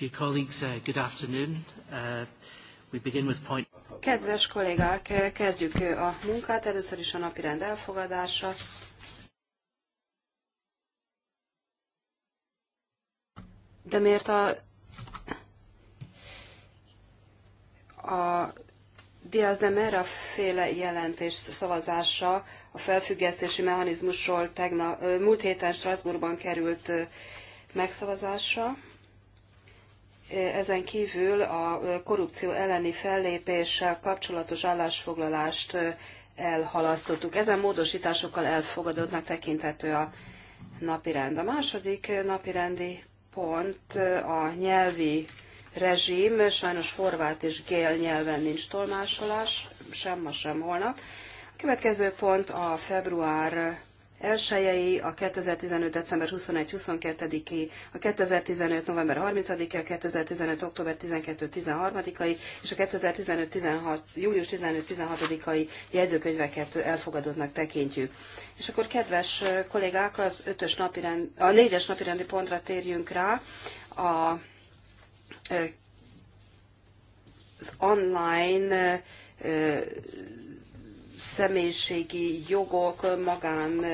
Dear colleagues, uh, good afternoon. Uh, we begin with point... Kedves kollégák, kezdjük a munkát. Először is a rend elfogadása. De miért a, a Diaz de Mera féle jelentés szavazása a felfüggesztési mechanizmusról tegnap, múlt héten Strasbourgban került megszavazásra. Ezen kívül a korrupció elleni fellépéssel kapcsolatos állásfoglalást elhalasztottuk. Ezen módosításokkal elfogadottnak tekintető a napirend. A második napirendi pont a nyelvi rezsim, sajnos horvát és gél nyelven nincs tolmásolás, sem ma, sem holnap. A következő pont a február elsőjei, a 2015. december 21-22-i, a 2015. november 30-i, a 2015. október 12-13-ai és a 2015. 16, július 15-16-ai jegyzőkönyveket elfogadottnak tekintjük. És akkor, kedves kollégák, az ötös napirend, a négyes napirendi pontra térjünk rá. A, az online személyiségi jogok, magán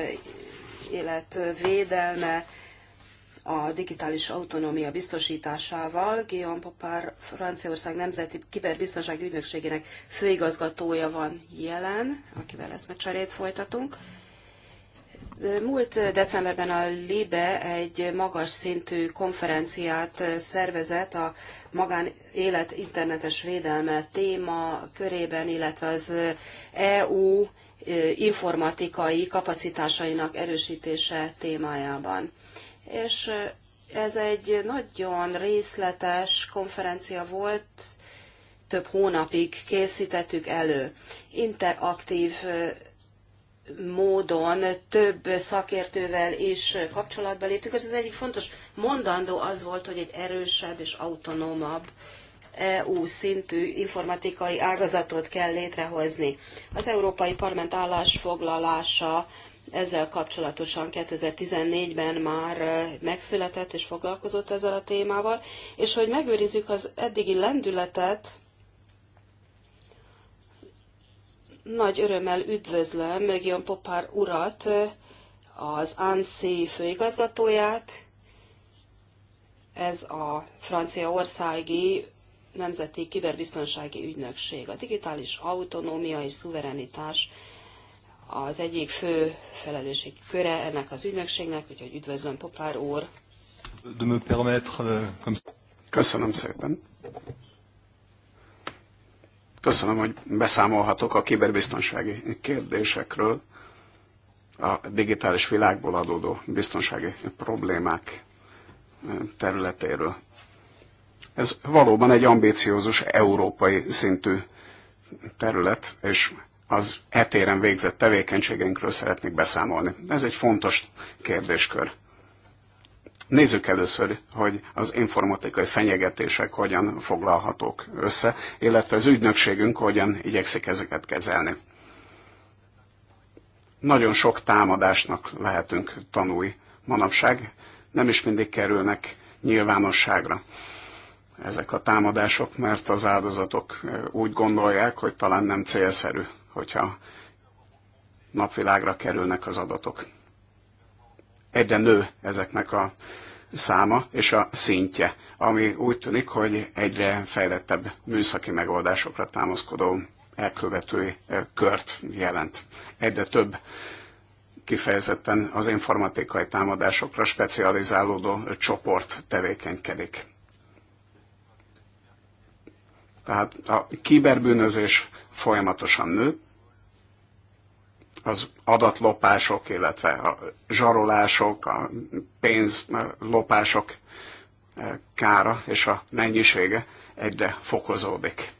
élet védelme, a digitális autonómia biztosításával. Guillaume Popár Franciaország Nemzeti Kiberbiztonsági Ügynökségének főigazgatója van jelen, akivel cserét folytatunk. Múlt decemberben a LIBE egy magas szintű konferenciát szervezett a magánélet internetes védelme téma körében, illetve az EU informatikai kapacitásainak erősítése témájában. És ez egy nagyon részletes konferencia volt, több hónapig készítettük elő. Interaktív módon több szakértővel is kapcsolatba léptünk, Ez az egyik fontos mondandó az volt, hogy egy erősebb és autonómabb EU szintű informatikai ágazatot kell létrehozni. Az Európai Parlament állásfoglalása ezzel kapcsolatosan 2014-ben már megszületett és foglalkozott ezzel a témával, és hogy megőrizzük az eddigi lendületet, Nagy örömmel üdvözlöm Guillaume Popár urat, az ANSZI főigazgatóját. Ez a franciaországi Nemzeti Kiberbiztonsági Ügynökség. A digitális autonómia és szuverenitás az egyik fő felelősség köre ennek az ügynökségnek, úgyhogy üdvözlöm Popár úr. Euh, Köszönöm szépen. Köszönöm, hogy beszámolhatok a kiberbiztonsági kérdésekről, a digitális világból adódó biztonsági problémák eh, területéről. Ez valóban egy ambíciózus európai szintű terület, és az etéren végzett tevékenységeinkről szeretnék beszámolni. Ez egy fontos kérdéskör. Nézzük először, hogy az informatikai fenyegetések hogyan foglalhatók össze, illetve az ügynökségünk hogyan igyekszik ezeket kezelni. Nagyon sok támadásnak lehetünk tanulni manapság, nem is mindig kerülnek nyilvánosságra ezek a támadások, mert az áldozatok úgy gondolják, hogy talán nem célszerű, hogyha napvilágra kerülnek az adatok egyre nő ezeknek a száma és a szintje, ami úgy tűnik, hogy egyre fejlettebb műszaki megoldásokra támaszkodó elkövetői kört jelent. Egyre több kifejezetten az informatikai támadásokra specializálódó csoport tevékenykedik. Tehát a kiberbűnözés folyamatosan nő, az adatlopások, illetve a zsarolások, a pénzlopások e, kára és a mennyisége egyre fokozódik.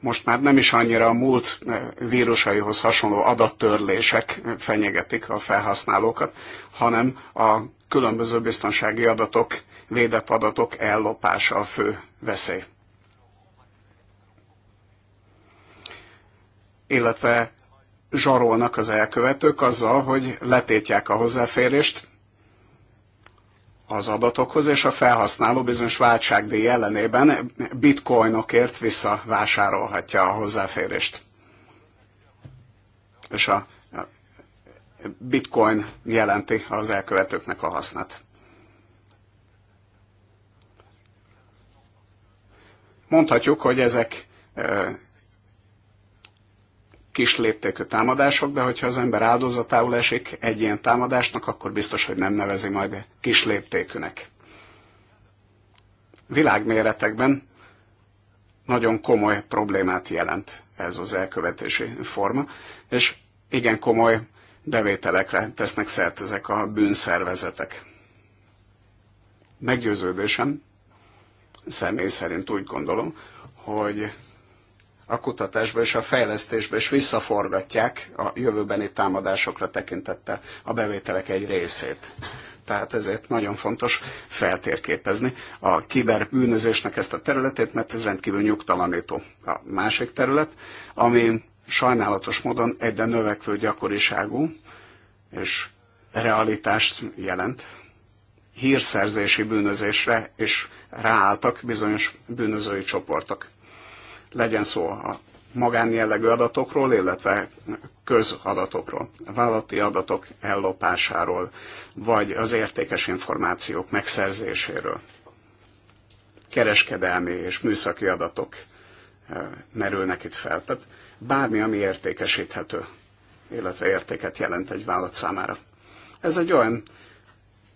Most már nem is annyira a múlt e, vírusaihoz hasonló adattörlések fenyegetik a felhasználókat, hanem a különböző biztonsági adatok, védett adatok ellopása a fő veszély. illetve zsarolnak az elkövetők azzal, hogy letétják a hozzáférést az adatokhoz, és a felhasználó bizonyos váltságdíj ellenében bitcoinokért visszavásárolhatja a hozzáférést. És a bitcoin jelenti az elkövetőknek a hasznát. Mondhatjuk, hogy ezek kis léptékű támadások, de hogyha az ember áldozatául esik egy ilyen támadásnak, akkor biztos, hogy nem nevezi majd kis léptékűnek. Világméretekben nagyon komoly problémát jelent ez az elkövetési forma, és igen komoly bevételekre tesznek szert ezek a bűnszervezetek. Meggyőződésem, személy szerint úgy gondolom, hogy a kutatásba és a fejlesztésbe is visszaforgatják a jövőbeni támadásokra tekintette a bevételek egy részét. Tehát ezért nagyon fontos feltérképezni a kiberbűnözésnek ezt a területét, mert ez rendkívül nyugtalanító. A másik terület, ami sajnálatos módon egyre növekvő gyakoriságú és realitást jelent, hírszerzési bűnözésre, és ráálltak bizonyos bűnözői csoportok legyen szó a magánjellegű adatokról, illetve közadatokról, vállalati adatok ellopásáról, vagy az értékes információk megszerzéséről. Kereskedelmi és műszaki adatok eh, merülnek itt fel. Tehát bármi, ami értékesíthető, illetve értéket jelent egy vállalat számára. Ez egy olyan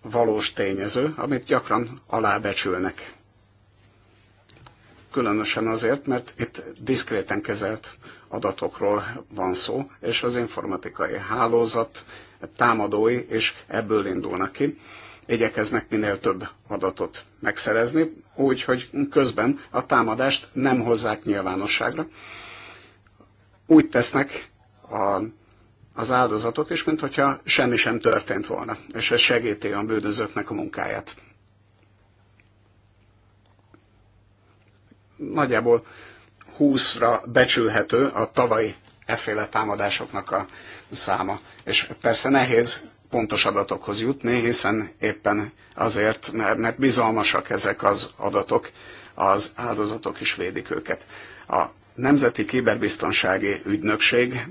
valós tényező, amit gyakran alábecsülnek Különösen azért, mert itt diszkréten kezelt adatokról van szó, és az informatikai hálózat támadói, és ebből indulnak ki. Igyekeznek minél több adatot megszerezni, úgy, hogy közben a támadást nem hozzák nyilvánosságra. Úgy tesznek a, az áldozatok is, mintha semmi sem történt volna, és ez segíti a bűnözőknek a munkáját. nagyjából 20-ra becsülhető a tavalyi efféle támadásoknak a száma. És persze nehéz pontos adatokhoz jutni, hiszen éppen azért, mert bizalmasak ezek az adatok, az áldozatok is védik őket. A Nemzeti Kiberbiztonsági Ügynökség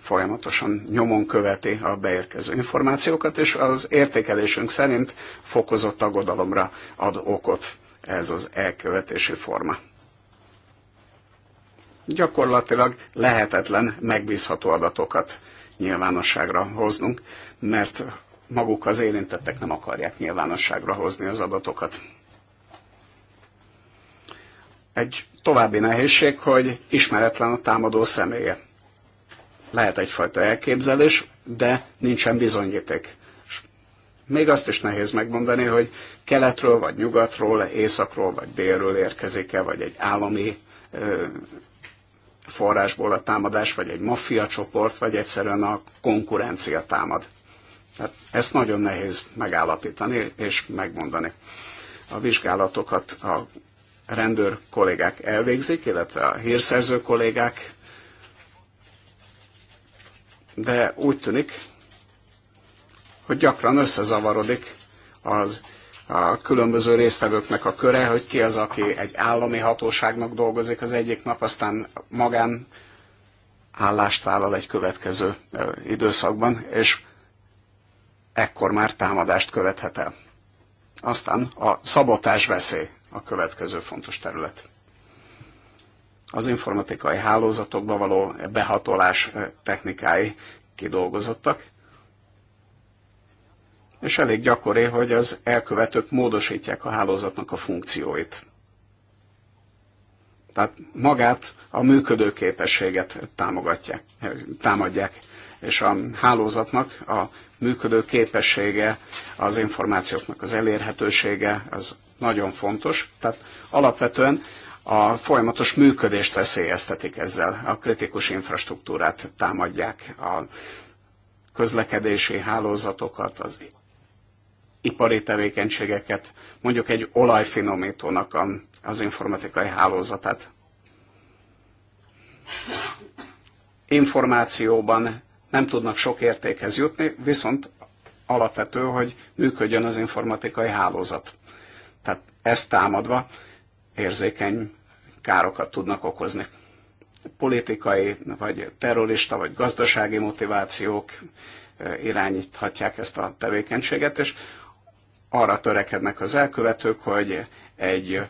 folyamatosan nyomon követi a beérkező információkat, és az értékelésünk szerint fokozott aggodalomra ad okot ez az elkövetési forma gyakorlatilag lehetetlen megbízható adatokat nyilvánosságra hoznunk, mert maguk az érintettek nem akarják nyilvánosságra hozni az adatokat. Egy további nehézség, hogy ismeretlen a támadó személye. Lehet egyfajta elképzelés, de nincsen bizonyíték. S még azt is nehéz megmondani, hogy keletről, vagy nyugatról, északról, vagy délről érkezik-e, vagy egy állami forrásból a támadás, vagy egy maffia csoport, vagy egyszerűen a konkurencia támad. Tehát ezt nagyon nehéz megállapítani és megmondani. A vizsgálatokat a rendőr kollégák elvégzik, illetve a hírszerző kollégák, de úgy tűnik, hogy gyakran összezavarodik az a különböző résztvevőknek a köre, hogy ki az, aki egy állami hatóságnak dolgozik az egyik nap, aztán magán állást vállal egy következő időszakban, és ekkor már támadást követhet el. Aztán a szabotás veszély a következő fontos terület. Az informatikai hálózatokba való behatolás technikái kidolgozottak, és elég gyakori, hogy az elkövetők módosítják a hálózatnak a funkcióit. Tehát magát a működőképességet támogatják, támadják, és a hálózatnak a működő képessége, az információknak az elérhetősége, az nagyon fontos. Tehát alapvetően a folyamatos működést veszélyeztetik ezzel, a kritikus infrastruktúrát támadják, a közlekedési hálózatokat, az ipari tevékenységeket, mondjuk egy olajfinomítónak az informatikai hálózatát. Információban nem tudnak sok értékhez jutni, viszont alapvető, hogy működjön az informatikai hálózat. Tehát ezt támadva érzékeny károkat tudnak okozni. Politikai, vagy terrorista, vagy gazdasági motivációk eh, irányíthatják ezt a tevékenységet, és arra törekednek az elkövetők, hogy egy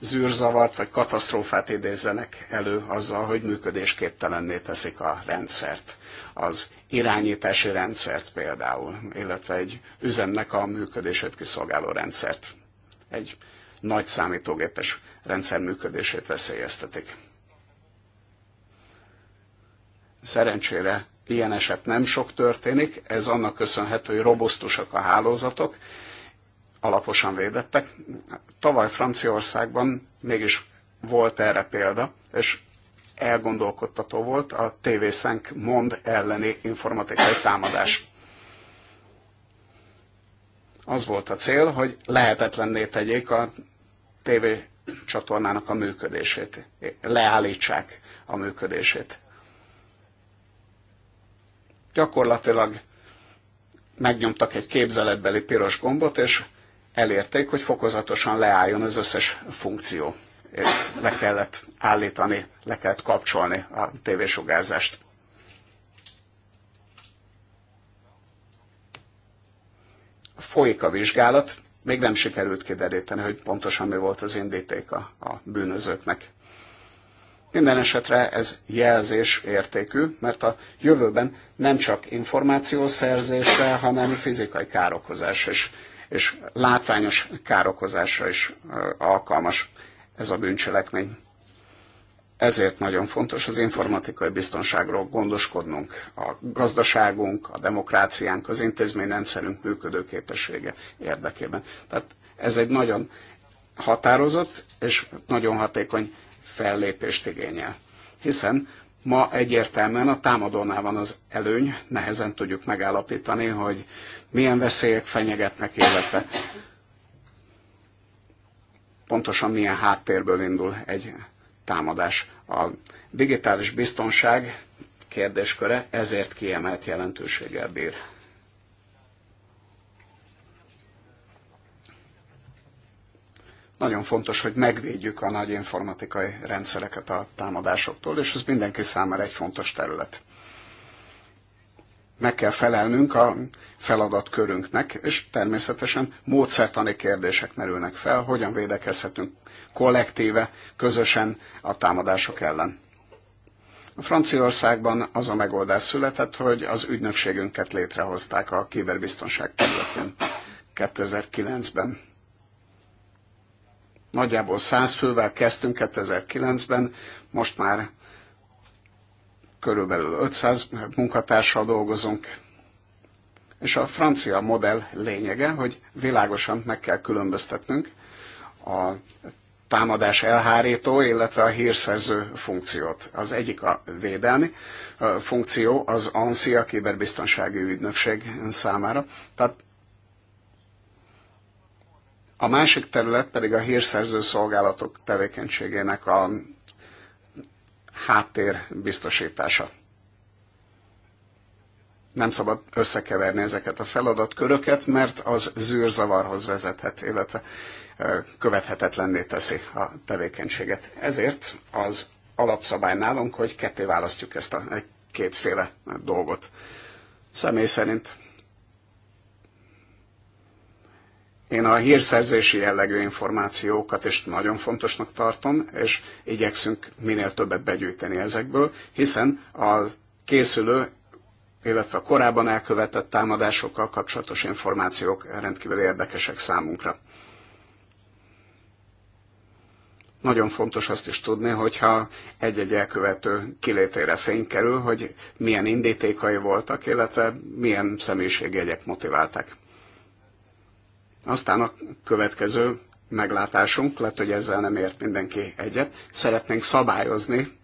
zűrzavart vagy katasztrófát idézzenek elő azzal, hogy működésképtelenné teszik a rendszert. Az irányítási rendszert például, illetve egy üzemnek a működését kiszolgáló rendszert. Egy nagy számítógépes rendszer működését veszélyeztetik. Szerencsére ilyen eset nem sok történik, ez annak köszönhető, hogy robusztusak a hálózatok, alaposan védettek. Tavaly Franciaországban mégis volt erre példa, és elgondolkodtató volt a tv Szenk mond elleni informatikai támadás. Az volt a cél, hogy lehetetlenné tegyék a TV csatornának a működését, leállítsák a működését. Gyakorlatilag megnyomtak egy képzeletbeli piros gombot, és elérték, hogy fokozatosan leálljon az összes funkció, és le kellett állítani, le kellett kapcsolni a tévésugárzást. Folyik a vizsgálat, még nem sikerült kideríteni, hogy pontosan mi volt az indítéka a bűnözőknek. Minden esetre ez jelzés értékű, mert a jövőben nem csak információszerzésre, hanem fizikai károkozás is és látványos károkozásra is alkalmas ez a bűncselekmény. Ezért nagyon fontos az informatikai biztonságról gondoskodnunk. A gazdaságunk, a demokráciánk, az intézményrendszerünk működőképessége érdekében. Tehát ez egy nagyon határozott és nagyon hatékony fellépést igényel. Hiszen Ma egyértelműen a támadónál van az előny, nehezen tudjuk megállapítani, hogy milyen veszélyek fenyegetnek, illetve pontosan milyen háttérből indul egy támadás. A digitális biztonság kérdésköre ezért kiemelt jelentőséggel bír. Nagyon fontos, hogy megvédjük a nagy informatikai rendszereket a támadásoktól, és ez mindenki számára egy fontos terület. Meg kell felelnünk a feladatkörünknek, és természetesen módszertani kérdések merülnek fel, hogyan védekezhetünk kollektíve, közösen a támadások ellen. A Franciaországban az a megoldás született, hogy az ügynökségünket létrehozták a kiberbiztonság területén 2009-ben. Nagyjából 100 fővel kezdtünk 2009-ben, most már körülbelül 500 munkatársal dolgozunk. És a francia modell lényege, hogy világosan meg kell különböztetnünk a támadás elhárító, illetve a hírszerző funkciót. Az egyik a védelmi funkció, az ansi a kiberbiztonsági ügynökség számára. Tehát a másik terület pedig a hírszerző szolgálatok tevékenységének a háttér biztosítása. Nem szabad összekeverni ezeket a feladatköröket, mert az zűrzavarhoz vezethet, illetve követhetetlenné teszi a tevékenységet. Ezért az alapszabály nálunk, hogy ketté választjuk ezt a kétféle dolgot. Személy szerint Én a hírszerzési jellegű információkat is nagyon fontosnak tartom, és igyekszünk minél többet begyűjteni ezekből, hiszen a készülő, illetve a korábban elkövetett támadásokkal kapcsolatos információk rendkívül érdekesek számunkra. Nagyon fontos azt is tudni, hogyha egy-egy elkövető kilétére fény kerül, hogy milyen indítékai voltak, illetve milyen személyiségjegyek motiválták. Aztán a következő meglátásunk, lehet, hogy ezzel nem ért mindenki egyet, szeretnénk szabályozni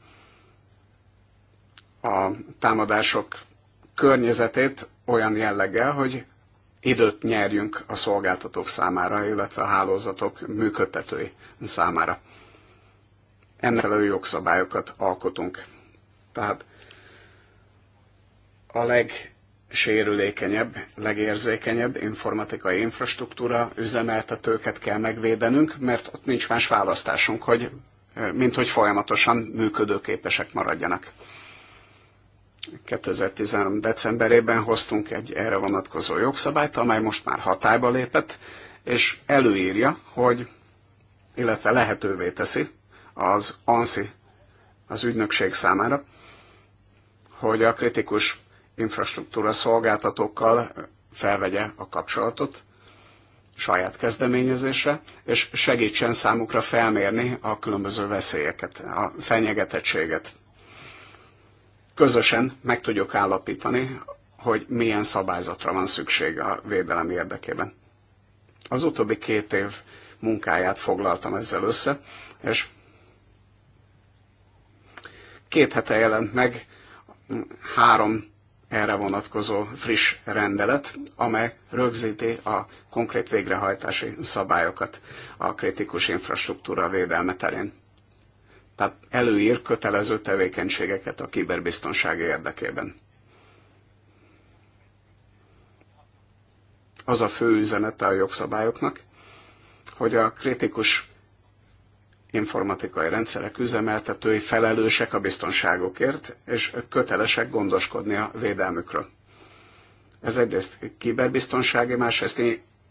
a támadások környezetét olyan jelleggel, hogy időt nyerjünk a szolgáltatók számára, illetve a hálózatok működtetői számára. Ennek felelő jogszabályokat alkotunk. Tehát a leg sérülékenyebb, legérzékenyebb informatikai infrastruktúra üzemeltetőket kell megvédenünk, mert ott nincs más választásunk, hogy, mint hogy folyamatosan működőképesek maradjanak. 2013. decemberében hoztunk egy erre vonatkozó jogszabályt, amely most már hatályba lépett, és előírja, hogy, illetve lehetővé teszi az ANSI, az ügynökség számára, hogy a kritikus infrastruktúra szolgáltatókkal felvegye a kapcsolatot saját kezdeményezésre, és segítsen számukra felmérni a különböző veszélyeket, a fenyegetettséget. Közösen meg tudjuk állapítani, hogy milyen szabályzatra van szükség a védelem érdekében. Az utóbbi két év munkáját foglaltam ezzel össze, és két hete jelent meg három erre vonatkozó friss rendelet, amely rögzíti a konkrét végrehajtási szabályokat a kritikus infrastruktúra védelme terén. Tehát előír kötelező tevékenységeket a kiberbiztonság érdekében. Az a fő üzenete a jogszabályoknak, hogy a kritikus informatikai rendszerek üzemeltetői felelősek a biztonságokért, és kötelesek gondoskodni a védelmükről. Ez egyrészt kiberbiztonsági, másrészt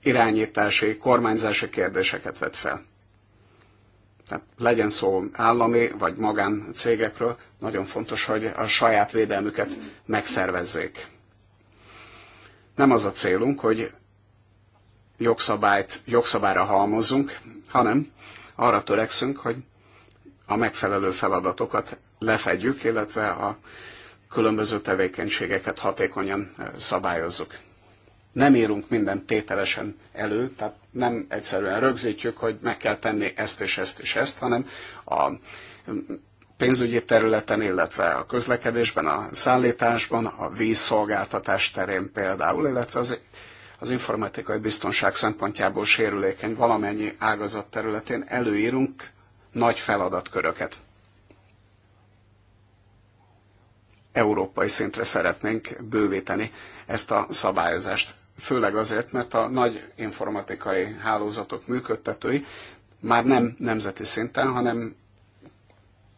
irányítási, kormányzási kérdéseket vet fel. Tehát legyen szó állami vagy magán cégekről, nagyon fontos, hogy a saját védelmüket megszervezzék. Nem az a célunk, hogy jogszabályt jogszabályra halmozzunk, hanem arra törekszünk, hogy a megfelelő feladatokat lefedjük, illetve a különböző tevékenységeket hatékonyan szabályozzuk. Nem írunk mindent tételesen elő, tehát nem egyszerűen rögzítjük, hogy meg kell tenni ezt és ezt és ezt, hanem a pénzügyi területen, illetve a közlekedésben, a szállításban, a vízszolgáltatás terén például, illetve az az informatikai biztonság szempontjából sérülékeny valamennyi ágazat területén előírunk nagy feladatköröket. Európai szintre szeretnénk bővíteni ezt a szabályozást. Főleg azért, mert a nagy informatikai hálózatok működtetői már nem nemzeti szinten, hanem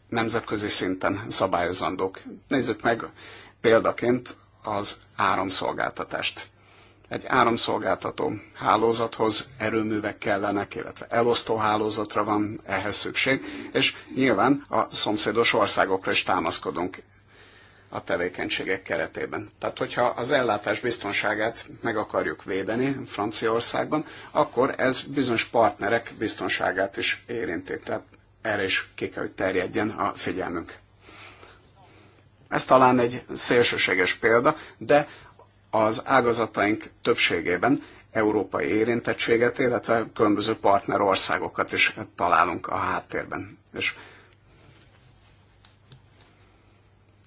nemzetközi szinten szabályozandók. Nézzük meg példaként az áramszolgáltatást egy áramszolgáltató hálózathoz erőművek kellenek, illetve elosztó hálózatra van ehhez szükség, és nyilván a szomszédos országokra is támaszkodunk a tevékenységek keretében. Tehát, hogyha az ellátás biztonságát meg akarjuk védeni Franciaországban, akkor ez bizonyos partnerek biztonságát is érinti. Tehát erre is ki kell, hogy terjedjen a figyelmünk. Ez talán egy szélsőséges példa, de az ágazataink többségében európai érintettséget, illetve különböző partnerországokat is találunk a háttérben. És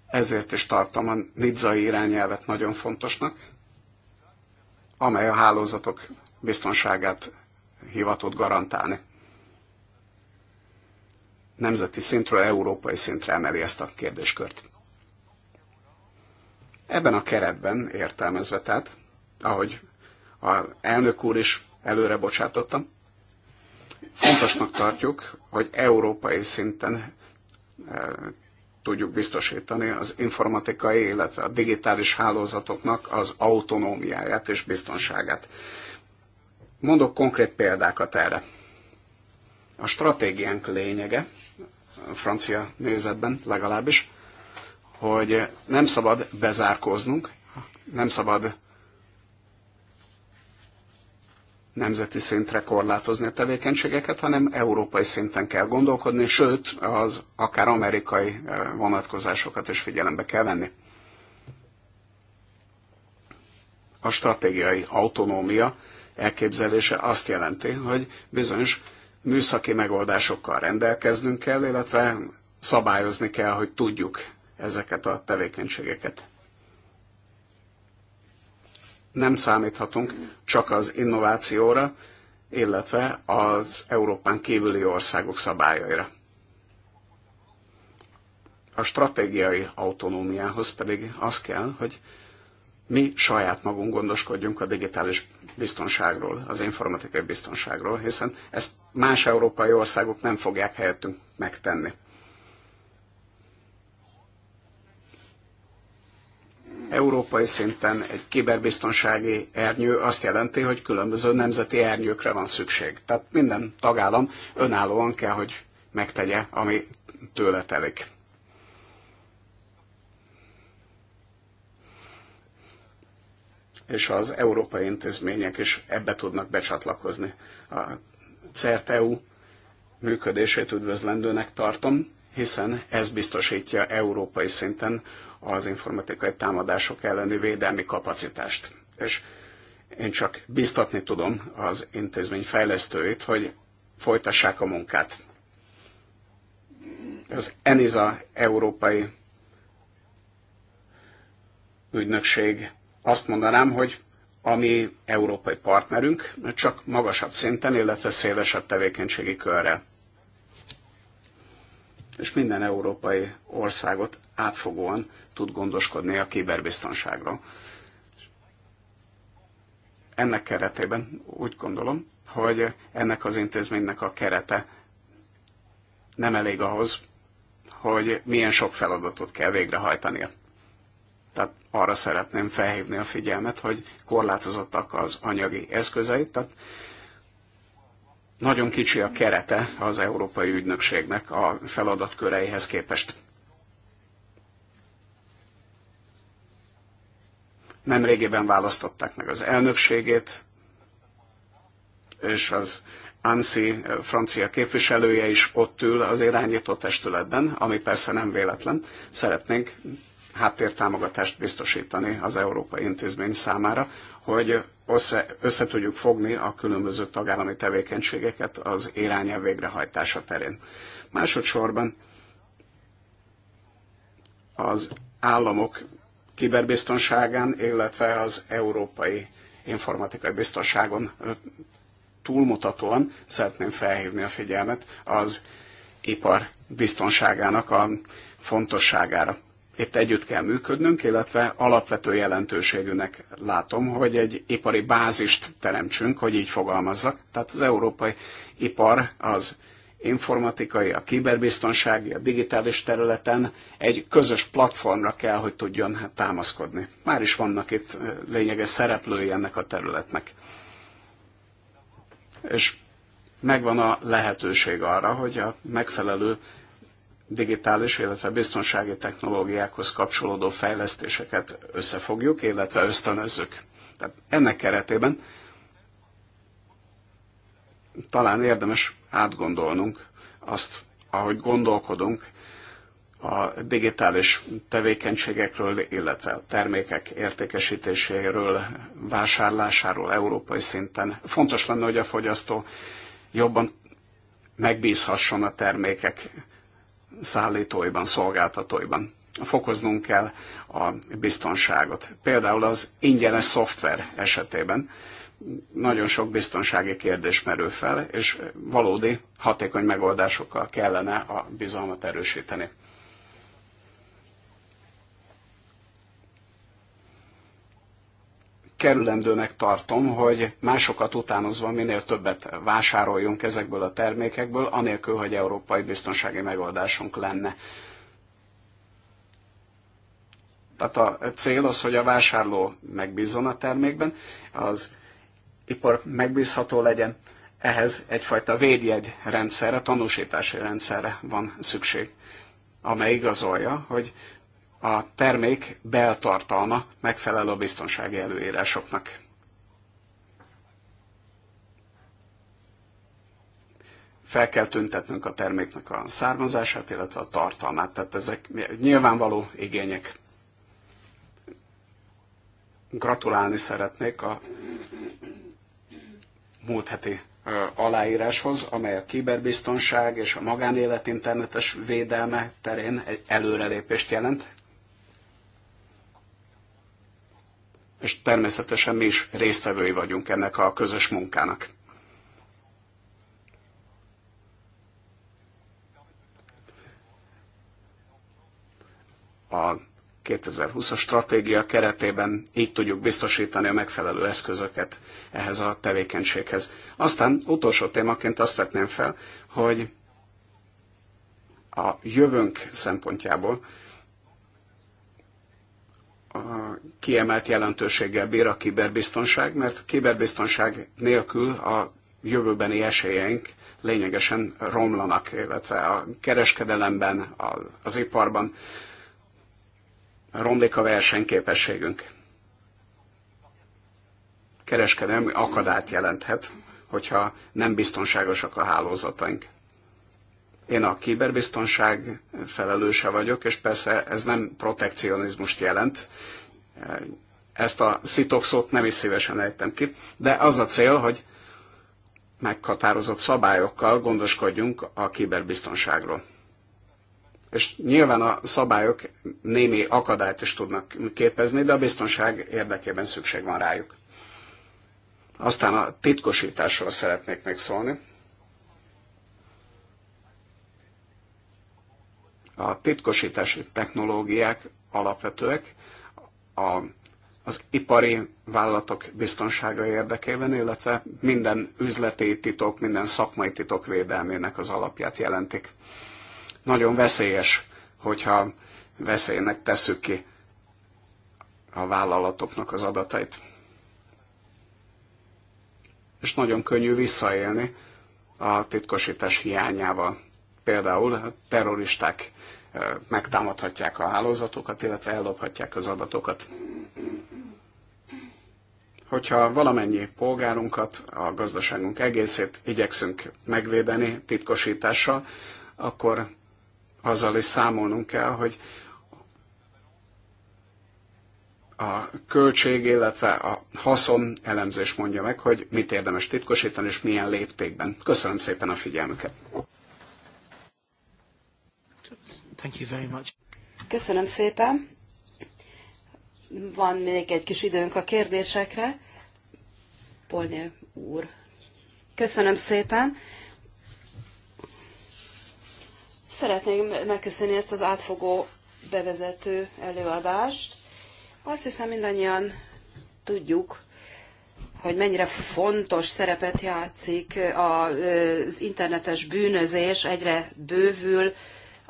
ezért is tartom a nidzai irányelvet nagyon fontosnak, amely a hálózatok biztonságát hivatott garantálni. Nemzeti szintről európai szintre emeli ezt a kérdéskört. Ebben a keretben értelmezve, tehát, ahogy az elnök úr is előre bocsátottam, fontosnak tartjuk, hogy európai szinten e, tudjuk biztosítani az informatikai, illetve a digitális hálózatoknak az autonómiáját és biztonságát. Mondok konkrét példákat erre. A stratégiánk lényege, a francia nézetben legalábbis, hogy nem szabad bezárkóznunk, nem szabad nemzeti szintre korlátozni a tevékenységeket, hanem európai szinten kell gondolkodni, sőt, az akár amerikai eh, vonatkozásokat is figyelembe kell venni. A stratégiai autonómia elképzelése azt jelenti, hogy bizonyos műszaki megoldásokkal rendelkeznünk kell, illetve szabályozni kell, hogy tudjuk ezeket a tevékenységeket. Nem számíthatunk csak az innovációra, illetve az Európán kívüli országok szabályaira. A stratégiai autonómiához pedig az kell, hogy mi saját magunk gondoskodjunk a digitális biztonságról, az informatikai biztonságról, hiszen ezt más európai országok nem fogják helyettünk megtenni. európai szinten egy kiberbiztonsági ernyő azt jelenti, hogy különböző nemzeti ernyőkre van szükség. Tehát minden tagállam önállóan kell, hogy megtegye, ami tőle telik. És az európai intézmények is ebbe tudnak becsatlakozni. A CERT-EU működését üdvözlendőnek tartom, hiszen ez biztosítja európai szinten az informatikai támadások elleni védelmi kapacitást. És én csak biztatni tudom az intézmény fejlesztőit, hogy folytassák a munkát. Az ENISA európai ügynökség azt mondanám, hogy ami európai partnerünk, csak magasabb szinten, illetve szélesebb tevékenységi körrel. És minden európai országot átfogóan tud gondoskodni a kiberbiztonságról. Ennek keretében úgy gondolom, hogy ennek az intézménynek a kerete nem elég ahhoz, hogy milyen sok feladatot kell végrehajtania. Tehát arra szeretném felhívni a figyelmet, hogy korlátozottak az anyagi eszközeit, tehát nagyon kicsi a kerete az Európai Ügynökségnek a feladatköreihez képest. Nemrégében választották meg az elnökségét, és az ANSI eh, francia képviselője is ott ül az irányító testületben, ami persze nem véletlen. Szeretnénk háttértámogatást biztosítani az Európai Intézmény számára, hogy össze, össze tudjuk fogni a különböző tagállami tevékenységeket az irányelv végrehajtása terén. Másodszorban az államok kiberbiztonságán, illetve az európai informatikai biztonságon túlmutatóan szeretném felhívni a figyelmet az ipar biztonságának a fontosságára. Itt együtt kell működnünk, illetve alapvető jelentőségűnek látom, hogy egy ipari bázist teremtsünk, hogy így fogalmazzak. Tehát az európai ipar az informatikai, a kiberbiztonsági, a digitális területen egy közös platformra kell, hogy tudjon hát, támaszkodni. Már is vannak itt lényeges szereplői ennek a területnek. És megvan a lehetőség arra, hogy a megfelelő digitális, illetve biztonsági technológiákhoz kapcsolódó fejlesztéseket összefogjuk, illetve ösztönözzük. Tehát ennek keretében talán érdemes átgondolnunk azt, ahogy gondolkodunk a digitális tevékenységekről, illetve a termékek értékesítéséről, vásárlásáról európai szinten. Fontos lenne, hogy a fogyasztó jobban megbízhasson a termékek szállítóiban, szolgáltatóiban. Fokoznunk kell a biztonságot. Például az ingyenes szoftver esetében nagyon sok biztonsági kérdés merül fel, és valódi hatékony megoldásokkal kellene a bizalmat erősíteni. kerülendőnek tartom, hogy másokat utánozva minél többet vásároljunk ezekből a termékekből, anélkül, hogy európai biztonsági megoldásunk lenne. Tehát a cél az, hogy a vásárló megbízzon a termékben, az ipar megbízható legyen, ehhez egyfajta védjegy rendszerre, tanúsítási rendszerre van szükség, amely igazolja, hogy a termék beltartalma megfelel a biztonsági előírásoknak. Fel kell tüntetnünk a terméknek a származását, illetve a tartalmát, tehát ezek nyilvánvaló igények. Gratulálni szeretnék a múlt heti aláíráshoz, amely a kiberbiztonság és a magánélet internetes védelme terén egy előrelépést jelent. És természetesen mi is résztvevői vagyunk ennek a közös munkának. A 2020-as stratégia keretében így tudjuk biztosítani a megfelelő eszközöket ehhez a tevékenységhez. Aztán utolsó témaként azt vetném fel, hogy a jövőnk szempontjából a kiemelt jelentőséggel bír a kiberbiztonság, mert kiberbiztonság nélkül a jövőbeni esélyeink lényegesen romlanak, illetve a kereskedelemben, az iparban, romlik a versenyképességünk. Kereskedelmi akadályt jelenthet, hogyha nem biztonságosak a hálózataink. Én a kiberbiztonság felelőse vagyok, és persze ez nem protekcionizmust jelent, ezt a szitokszót nem is szívesen ejtem ki, de az a cél, hogy meghatározott szabályokkal gondoskodjunk a kiberbiztonságról. És nyilván a szabályok némi akadályt is tudnak képezni, de a biztonság érdekében szükség van rájuk. Aztán a titkosításról szeretnék még szólni. A titkosítási technológiák alapvetőek a, az ipari vállalatok biztonsága érdekében, illetve minden üzleti titok, minden szakmai titok védelmének az alapját jelentik nagyon veszélyes, hogyha veszélynek tesszük ki a vállalatoknak az adatait. És nagyon könnyű visszaélni a titkosítás hiányával. Például a terroristák megtámadhatják a hálózatokat, illetve ellophatják az adatokat. Hogyha valamennyi polgárunkat, a gazdaságunk egészét igyekszünk megvédeni titkosítással, akkor azzal is számolnunk kell, hogy a költség, illetve a haszon elemzés mondja meg, hogy mit érdemes titkosítani, és milyen léptékben. Köszönöm szépen a figyelmüket. Köszönöm szépen. Van még egy kis időnk a kérdésekre. Polnyi úr. Köszönöm szépen. Szeretném megköszönni ezt az átfogó bevezető előadást. Azt hiszem mindannyian tudjuk, hogy mennyire fontos szerepet játszik az internetes bűnözés, egyre bővül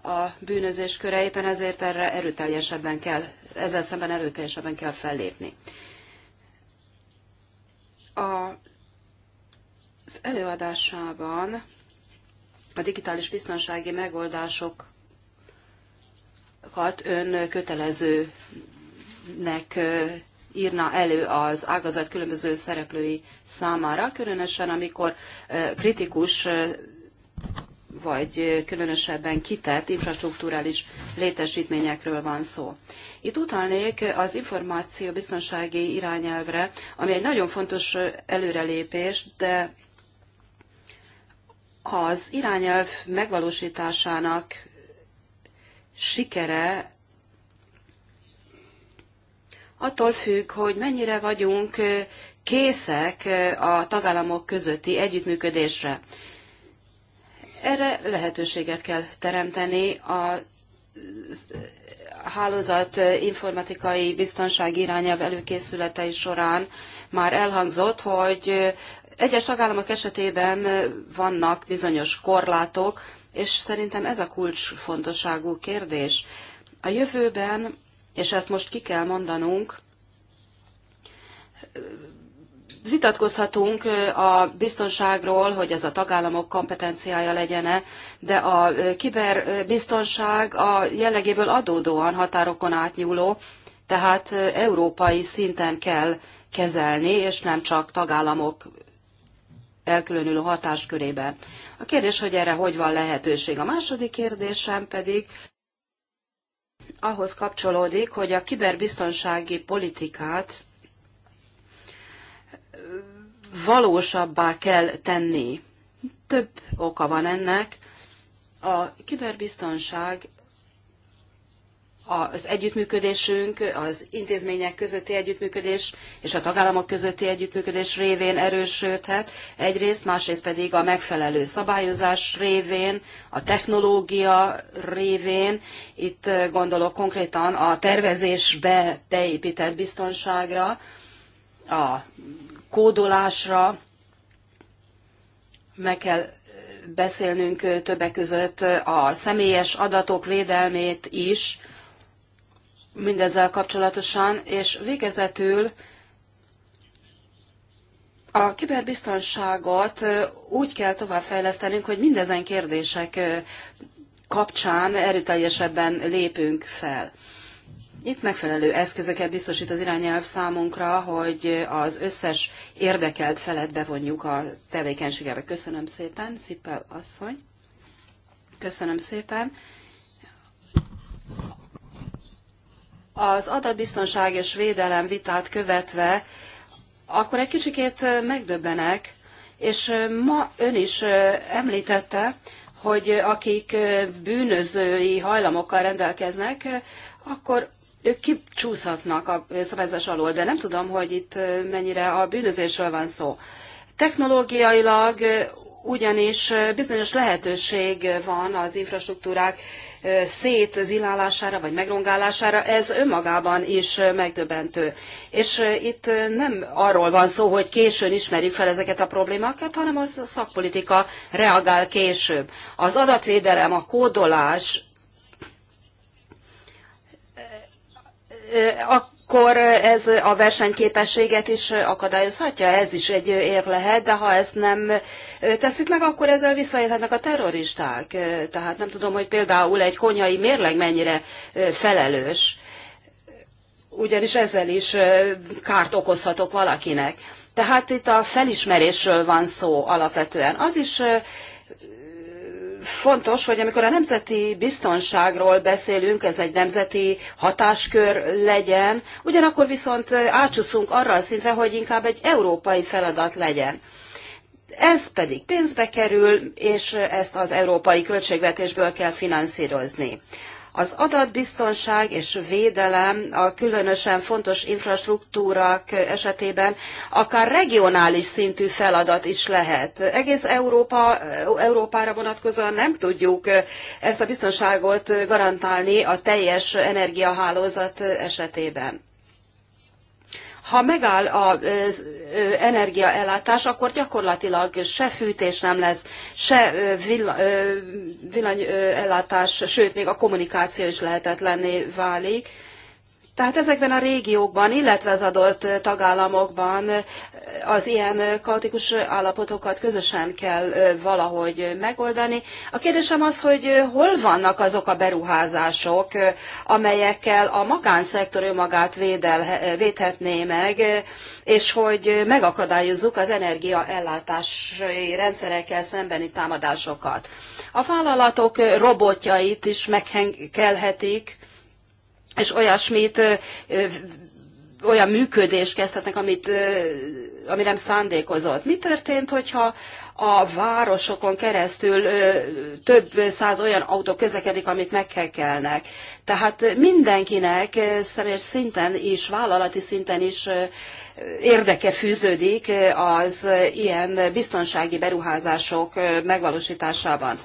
a bűnözés köre, éppen ezért erre erőteljesebben kell, ezzel szemben erőteljesebben kell fellépni. A, az előadásában a digitális biztonsági megoldásokat ön kötelezőnek írna elő az ágazat különböző szereplői számára, különösen amikor kritikus vagy különösebben kitett infrastruktúrális létesítményekről van szó. Itt utalnék az információ biztonsági irányelvre, ami egy nagyon fontos előrelépés, de az irányelv megvalósításának sikere attól függ, hogy mennyire vagyunk készek a tagállamok közötti együttműködésre. Erre lehetőséget kell teremteni a hálózat informatikai biztonság irányelv előkészületei során már elhangzott, hogy egyes tagállamok esetében vannak bizonyos korlátok, és szerintem ez a kulcsfontosságú kérdés. A jövőben, és ezt most ki kell mondanunk, vitatkozhatunk a biztonságról, hogy ez a tagállamok kompetenciája legyene, de a kiberbiztonság a jellegéből adódóan határokon átnyúló, tehát európai szinten kell kezelni, és nem csak tagállamok elkülönülő hatáskörében. A kérdés, hogy erre hogy van lehetőség. A második kérdésem pedig ahhoz kapcsolódik, hogy a kiberbiztonsági politikát valósabbá kell tenni. Több oka van ennek. A kiberbiztonság az együttműködésünk, az intézmények közötti együttműködés és a tagállamok közötti együttműködés révén erősödhet, egyrészt, másrészt pedig a megfelelő szabályozás révén, a technológia révén, itt eh, gondolok konkrétan a tervezésbe beépített biztonságra, a kódolásra, meg kell eh, beszélnünk eh, többek között a személyes adatok védelmét is, mindezzel kapcsolatosan, és végezetül a kiberbiztonságot úgy kell továbbfejlesztenünk, hogy mindezen kérdések kapcsán erőteljesebben lépünk fel. Itt megfelelő eszközöket biztosít az irányelv számunkra, hogy az összes érdekelt felet bevonjuk a tevékenységebe. Köszönöm szépen, Szippel asszony. Köszönöm szépen az adatbiztonság és védelem vitát követve, akkor egy kicsikét megdöbbenek, és ma ön is említette, hogy akik bűnözői hajlamokkal rendelkeznek, akkor ők kicsúszhatnak a szabályzás alól, de nem tudom, hogy itt mennyire a bűnözésről van szó. Technológiailag ugyanis bizonyos lehetőség van az infrastruktúrák szétzilálására vagy megrongálására, ez önmagában is megdöbentő. És itt nem arról van szó, hogy későn ismerjük fel ezeket a problémákat, hanem az a szakpolitika reagál később. Az adatvédelem, a kódolás, a akkor ez a versenyképességet is akadályozhatja, ez is egy ér lehet, de ha ezt nem tesszük meg, akkor ezzel visszaélhetnek a terroristák. Tehát nem tudom, hogy például egy konyhai mérleg mennyire felelős, ugyanis ezzel is kárt okozhatok valakinek. Tehát itt a felismerésről van szó alapvetően. Az is fontos, hogy amikor a nemzeti biztonságról beszélünk, ez egy nemzeti hatáskör legyen, ugyanakkor viszont átsúszunk arra a szintre, hogy inkább egy európai feladat legyen. Ez pedig pénzbe kerül, és ezt az európai költségvetésből kell finanszírozni. Az adatbiztonság és védelem a különösen fontos infrastruktúrák esetében akár regionális szintű feladat is lehet. Egész Európa, Európára vonatkozóan nem tudjuk ezt a biztonságot garantálni a teljes energiahálózat esetében. Ha megáll az energiaellátás, akkor gyakorlatilag se fűtés nem lesz, se villanyellátás, sőt, még a kommunikáció is lehetetlenné válik. Tehát ezekben a régiókban, illetve az adott tagállamokban az ilyen kaotikus állapotokat közösen kell valahogy megoldani. A kérdésem az, hogy hol vannak azok a beruházások, amelyekkel a magánszektor önmagát védel, védhetné meg, és hogy megakadályozzuk az energiaellátási rendszerekkel szembeni támadásokat. A vállalatok robotjait is megkelhetik, és olyasmit, olyan működést kezdhetnek, amit, ami nem szándékozott. Mi történt, hogyha a városokon keresztül több száz olyan autó közlekedik, amit meghekelnek. Tehát mindenkinek személyes szinten is, vállalati szinten is érdeke fűződik az ilyen biztonsági beruházások megvalósításában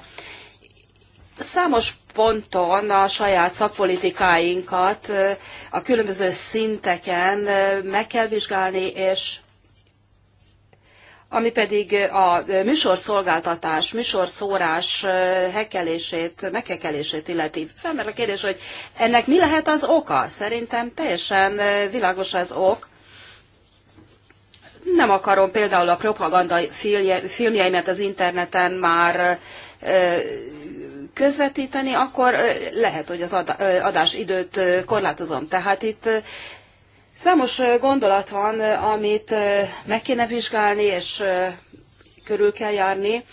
számos ponton a saját szakpolitikáinkat a különböző szinteken meg kell vizsgálni, és ami pedig a műsorszolgáltatás, műsorszórás hekelését, meghekelését illeti. Felmer a kérdés, hogy ennek mi lehet az oka? Szerintem teljesen világos az ok. Nem akarom például a propaganda filmjeimet az interneten már közvetíteni, akkor lehet, hogy az adásidőt korlátozom. Tehát itt számos gondolat van, amit meg kéne vizsgálni, és körül kell járni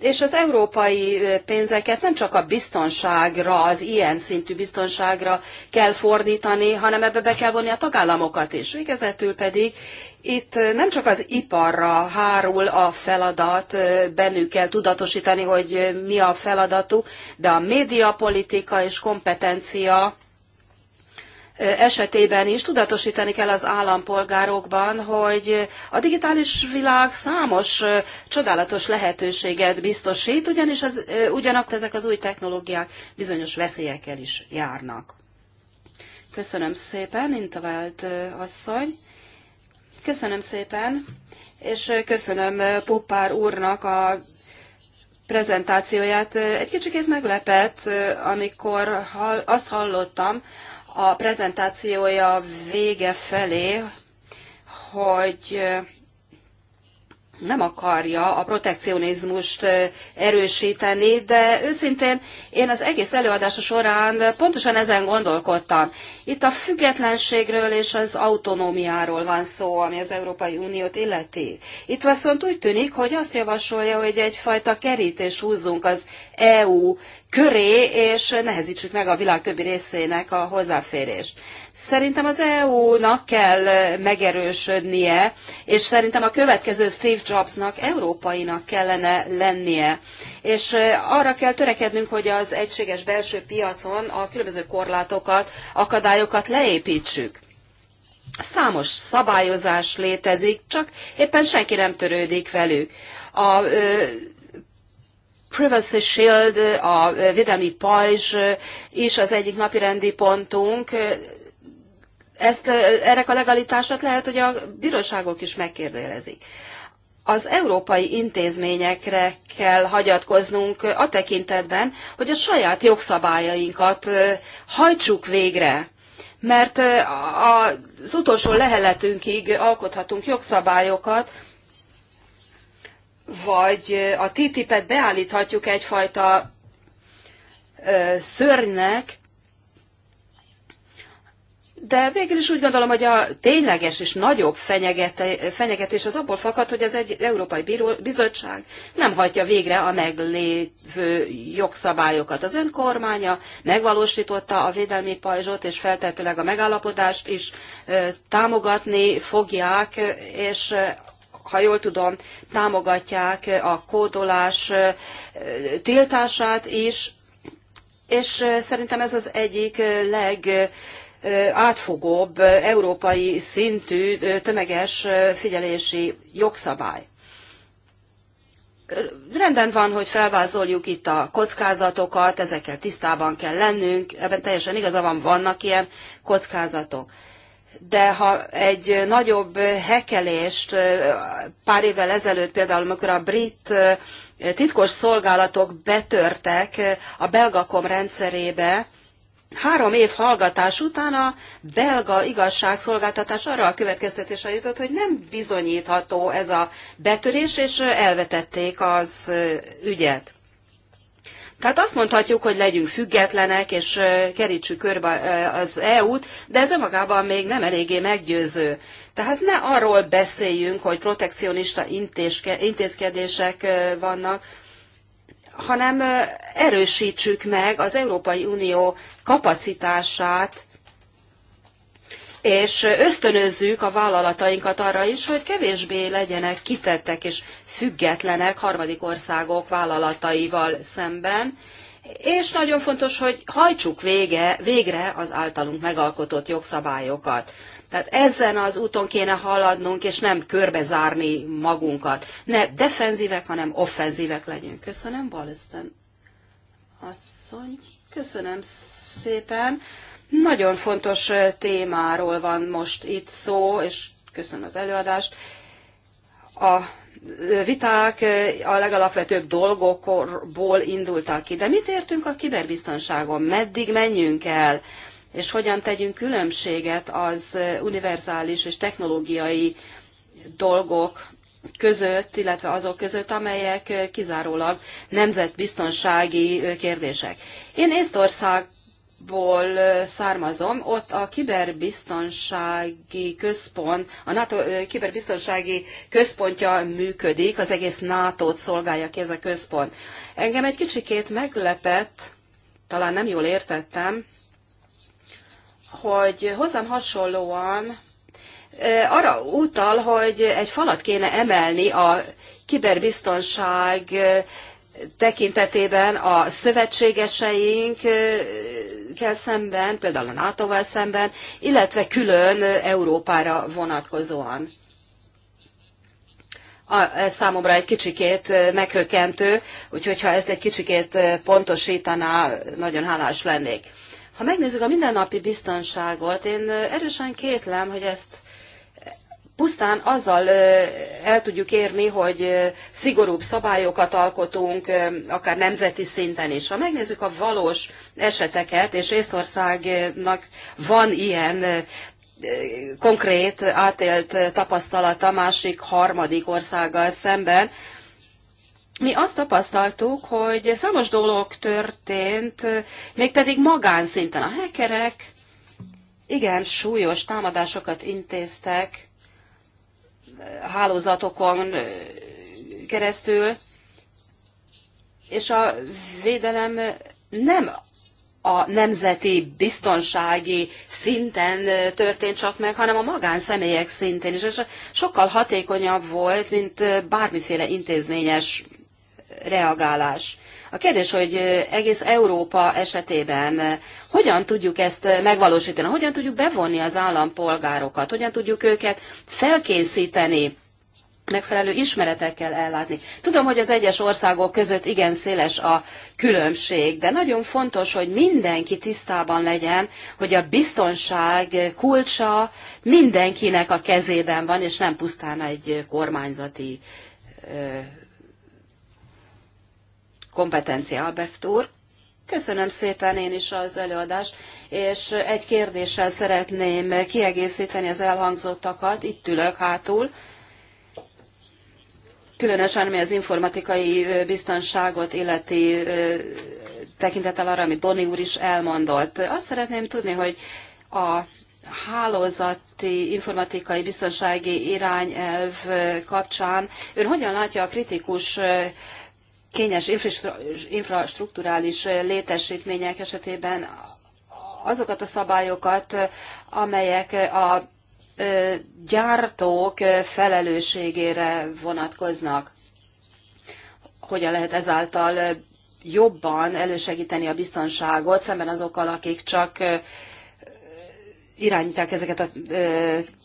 és az európai pénzeket nem csak a biztonságra, az ilyen szintű biztonságra kell fordítani, hanem ebbe be kell vonni a tagállamokat is. Végezetül pedig itt nem csak az iparra hárul a feladat, bennük kell tudatosítani, hogy mi a feladatuk, de a médiapolitika és kompetencia esetében is tudatosítani kell az állampolgárokban, hogy a digitális világ számos csodálatos lehetőséget biztosít, ugyanis az, ugyanak ezek az új technológiák bizonyos veszélyekkel is járnak. Köszönöm szépen, Intavált asszony. Köszönöm szépen, és köszönöm Poppár úrnak a prezentációját. Egy kicsikét meglepett, amikor azt hallottam, a prezentációja vége felé, hogy nem akarja a protekcionizmust erősíteni, de őszintén én az egész előadása során pontosan ezen gondolkodtam. Itt a függetlenségről és az autonómiáról van szó, ami az Európai Uniót illeti. Itt viszont úgy tűnik, hogy azt javasolja, hogy egyfajta kerítés húzzunk az EU köré, és nehezítsük meg a világ többi részének a hozzáférést. Szerintem az EU-nak kell megerősödnie, és szerintem a következő Steve Jobsnak európainak kellene lennie. És arra kell törekednünk, hogy az egységes belső piacon a különböző korlátokat, akadályokat leépítsük. Számos szabályozás létezik, csak éppen senki nem törődik velük. A ö, Privacy Shield, a védelmi pajzs is az egyik napirendi pontunk, ezt, erre a legalitását lehet, hogy a bíróságok is megkérdőjelezik. Az európai intézményekre kell hagyatkoznunk a tekintetben, hogy a saját jogszabályainkat hajtsuk végre. Mert az utolsó leheletünkig alkothatunk jogszabályokat, vagy a TTIP-et beállíthatjuk egyfajta szörnynek, de végül is úgy gondolom, hogy a tényleges és nagyobb fenyegetés az abból fakad, hogy az egy Európai Bíró, Bizottság nem hagyja végre a meglévő jogszabályokat. Az önkormánya megvalósította a védelmi pajzsot, és feltetőleg a megállapodást is támogatni fogják, és ha jól tudom, támogatják a kódolás tiltását is, és szerintem ez az egyik leg átfogóbb európai szintű tömeges figyelési jogszabály. Rendben van, hogy felvázoljuk itt a kockázatokat, ezekkel tisztában kell lennünk, ebben teljesen igaza van, vannak ilyen kockázatok. De ha egy nagyobb hekelést pár évvel ezelőtt, például amikor a brit titkos szolgálatok betörtek a belgakom rendszerébe, Három év hallgatás után a belga igazságszolgáltatás arra a következtetésre jutott, hogy nem bizonyítható ez a betörés, és elvetették az ügyet. Tehát azt mondhatjuk, hogy legyünk függetlenek, és kerítsük körbe az EU-t, de ez önmagában még nem eléggé meggyőző. Tehát ne arról beszéljünk, hogy protekcionista intézkedések vannak, hanem erősítsük meg az Európai Unió kapacitását, és ösztönözzük a vállalatainkat arra is, hogy kevésbé legyenek kitettek és függetlenek harmadik országok vállalataival szemben, és nagyon fontos, hogy hajtsuk vége, végre az általunk megalkotott jogszabályokat. Tehát ezen az úton kéne haladnunk, és nem körbezárni magunkat. Ne defenzívek, hanem offenzívek legyünk. Köszönöm, Balisten asszony. Köszönöm szépen. Nagyon fontos témáról van most itt szó, és köszönöm az előadást. A viták a legalapvetőbb dolgokból indultak ki. De mit értünk a kiberbiztonságon? Meddig menjünk el? és hogyan tegyünk különbséget az univerzális és technológiai dolgok között, illetve azok között, amelyek kizárólag nemzetbiztonsági kérdések. Én ból származom, ott a kiberbiztonsági központ, a NATO kiberbiztonsági központja működik, az egész NATO-t szolgálja ki ez a központ. Engem egy kicsikét meglepett, talán nem jól értettem, hogy hozzám hasonlóan arra utal, hogy egy falat kéne emelni a kiberbiztonság tekintetében a kell szemben, például a NATO-val szemben, illetve külön Európára vonatkozóan. A, ez számomra egy kicsikét meghökkentő, úgyhogy ha ezt egy kicsikét pontosítaná, nagyon hálás lennék. Ha megnézzük a mindennapi biztonságot, én erősen kétlem, hogy ezt pusztán azzal el tudjuk érni, hogy szigorúbb szabályokat alkotunk, akár nemzeti szinten is. Ha megnézzük a valós eseteket, és Észtországnak van ilyen konkrét átélt tapasztalata másik harmadik országgal szemben, mi azt tapasztaltuk, hogy számos dolog történt, mégpedig magánszinten. A hekerek igen súlyos támadásokat intéztek eh, hálózatokon eh, keresztül, és a védelem nem a nemzeti biztonsági szinten eh, történt csak meg, hanem a magánszemélyek szintén is, és sokkal hatékonyabb volt, mint bármiféle intézményes reagálás. A kérdés, hogy egész Európa esetében hogyan tudjuk ezt megvalósítani, hogyan tudjuk bevonni az állampolgárokat, hogyan tudjuk őket felkészíteni megfelelő ismeretekkel ellátni. Tudom, hogy az egyes országok között igen széles a különbség, de nagyon fontos, hogy mindenki tisztában legyen, hogy a biztonság kulcsa mindenkinek a kezében van, és nem pusztán egy kormányzati kompetencia, Albert úr. Köszönöm szépen én is az előadást, és egy kérdéssel szeretném kiegészíteni az elhangzottakat. Itt ülök hátul különösen ami az informatikai biztonságot illeti tekintettel arra, amit Boni úr is elmondott. Azt szeretném tudni, hogy a hálózati informatikai biztonsági irányelv kapcsán ön hogyan látja a kritikus kényes infrastruktúrális létesítmények esetében azokat a szabályokat, amelyek a gyártók felelősségére vonatkoznak. Hogyan lehet ezáltal jobban elősegíteni a biztonságot szemben azokkal, akik csak irányítják ezeket a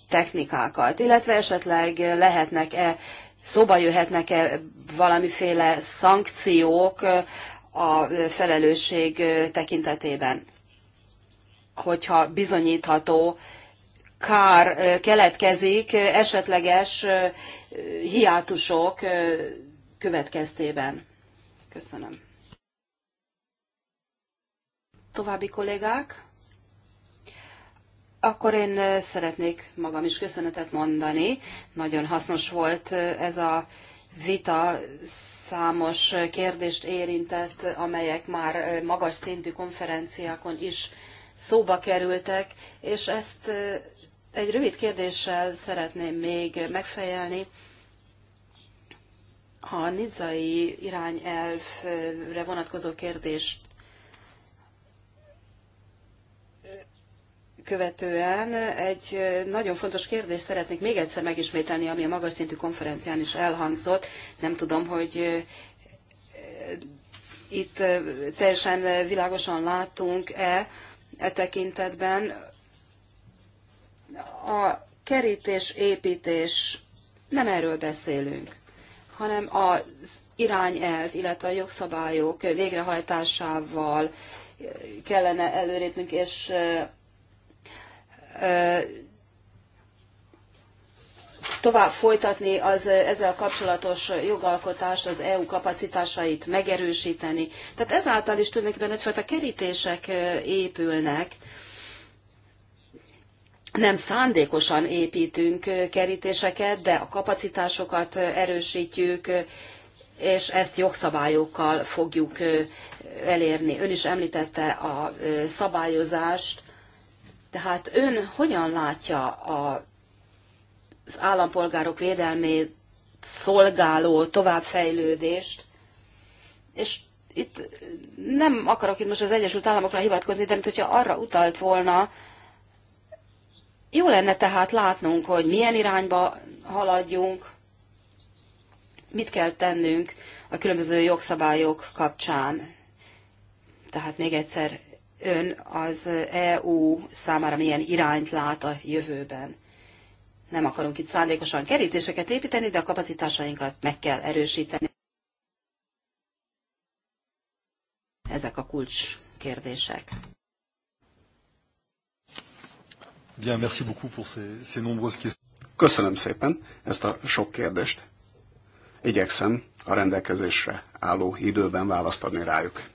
technikákat, illetve esetleg lehetnek-e szóba jöhetnek-e valamiféle szankciók a felelősség tekintetében, hogyha bizonyítható kár keletkezik esetleges hiátusok következtében. Köszönöm. További kollégák? akkor én szeretnék magam is köszönetet mondani. Nagyon hasznos volt ez a vita, számos kérdést érintett, amelyek már magas szintű konferenciákon is szóba kerültek, és ezt egy rövid kérdéssel szeretném még megfejelni. A nizzai irányelvre vonatkozó kérdést követően egy nagyon fontos kérdést szeretnék még egyszer megismételni, ami a magas szintű konferencián is elhangzott. Nem tudom, hogy itt teljesen világosan látunk-e e tekintetben. A kerítés, építés, nem erről beszélünk, hanem az irányelv, illetve a jogszabályok végrehajtásával kellene előrépnünk, és tovább folytatni az ezzel kapcsolatos jogalkotást, az EU kapacitásait megerősíteni. Tehát ezáltal is tulajdonképpen egyfajta kerítések épülnek. Nem szándékosan építünk kerítéseket, de a kapacitásokat erősítjük, és ezt jogszabályokkal fogjuk elérni. Ön is említette a szabályozást, tehát ön hogyan látja a, az állampolgárok védelmét szolgáló továbbfejlődést, és itt nem akarok itt most az Egyesült Államokra hivatkozni, de mint hogyha arra utalt volna, jó lenne tehát látnunk, hogy milyen irányba haladjunk, mit kell tennünk a különböző jogszabályok kapcsán. Tehát még egyszer ön az EU számára milyen irányt lát a jövőben. Nem akarunk itt szándékosan kerítéseket építeni, de a kapacitásainkat meg kell erősíteni. Ezek a kulcs kérdések. Bien, merci beaucoup pour ces, ces nombreuses questions. Köszönöm szépen ezt a sok kérdést. Igyekszem a rendelkezésre álló időben választ adni rájuk.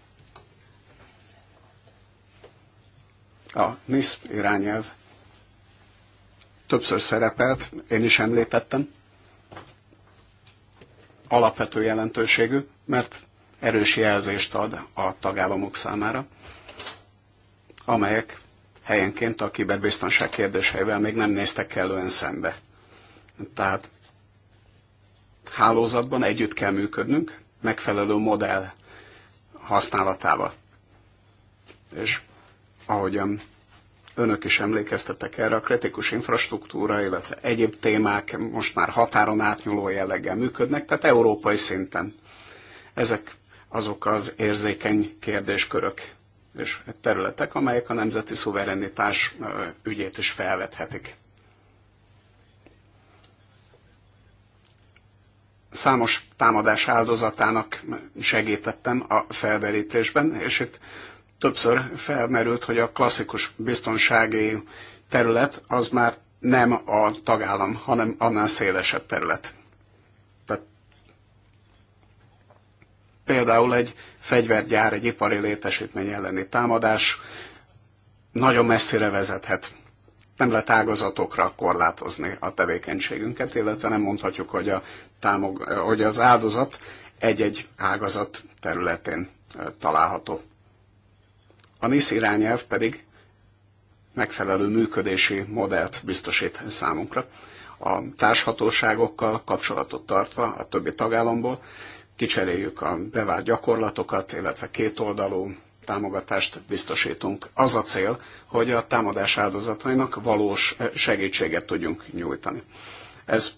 A NISZ irányelv többször szerepelt, én is említettem, alapvető jelentőségű, mert erős jelzést ad a tagállamok számára, amelyek helyenként a kiberbiztonság kérdéseivel még nem néztek kellően szembe. Tehát hálózatban együtt kell működnünk, megfelelő modell használatával. És ahogyan önök is emlékeztetek erre, a kritikus infrastruktúra, illetve egyéb témák most már határon átnyúló jelleggel működnek, tehát európai szinten. Ezek azok az érzékeny kérdéskörök és területek, amelyek a nemzeti szuverenitás ügyét is felvethetik. Számos támadás áldozatának segítettem a felderítésben, és itt többször felmerült, hogy a klasszikus biztonsági terület az már nem a tagállam, hanem annál szélesebb terület. Tehát például egy fegyvergyár, egy ipari létesítmény elleni támadás nagyon messzire vezethet. Nem lehet ágazatokra korlátozni a tevékenységünket, illetve nem mondhatjuk, hogy, a támog, hogy az áldozat egy-egy ágazat területén található. A NISZ irányelv pedig megfelelő működési modellt biztosít számunkra. A társhatóságokkal kapcsolatot tartva a többi tagállamból kicseréljük a bevált gyakorlatokat, illetve kétoldalú támogatást biztosítunk. Az a cél, hogy a támadás áldozatainak valós segítséget tudjunk nyújtani. Ez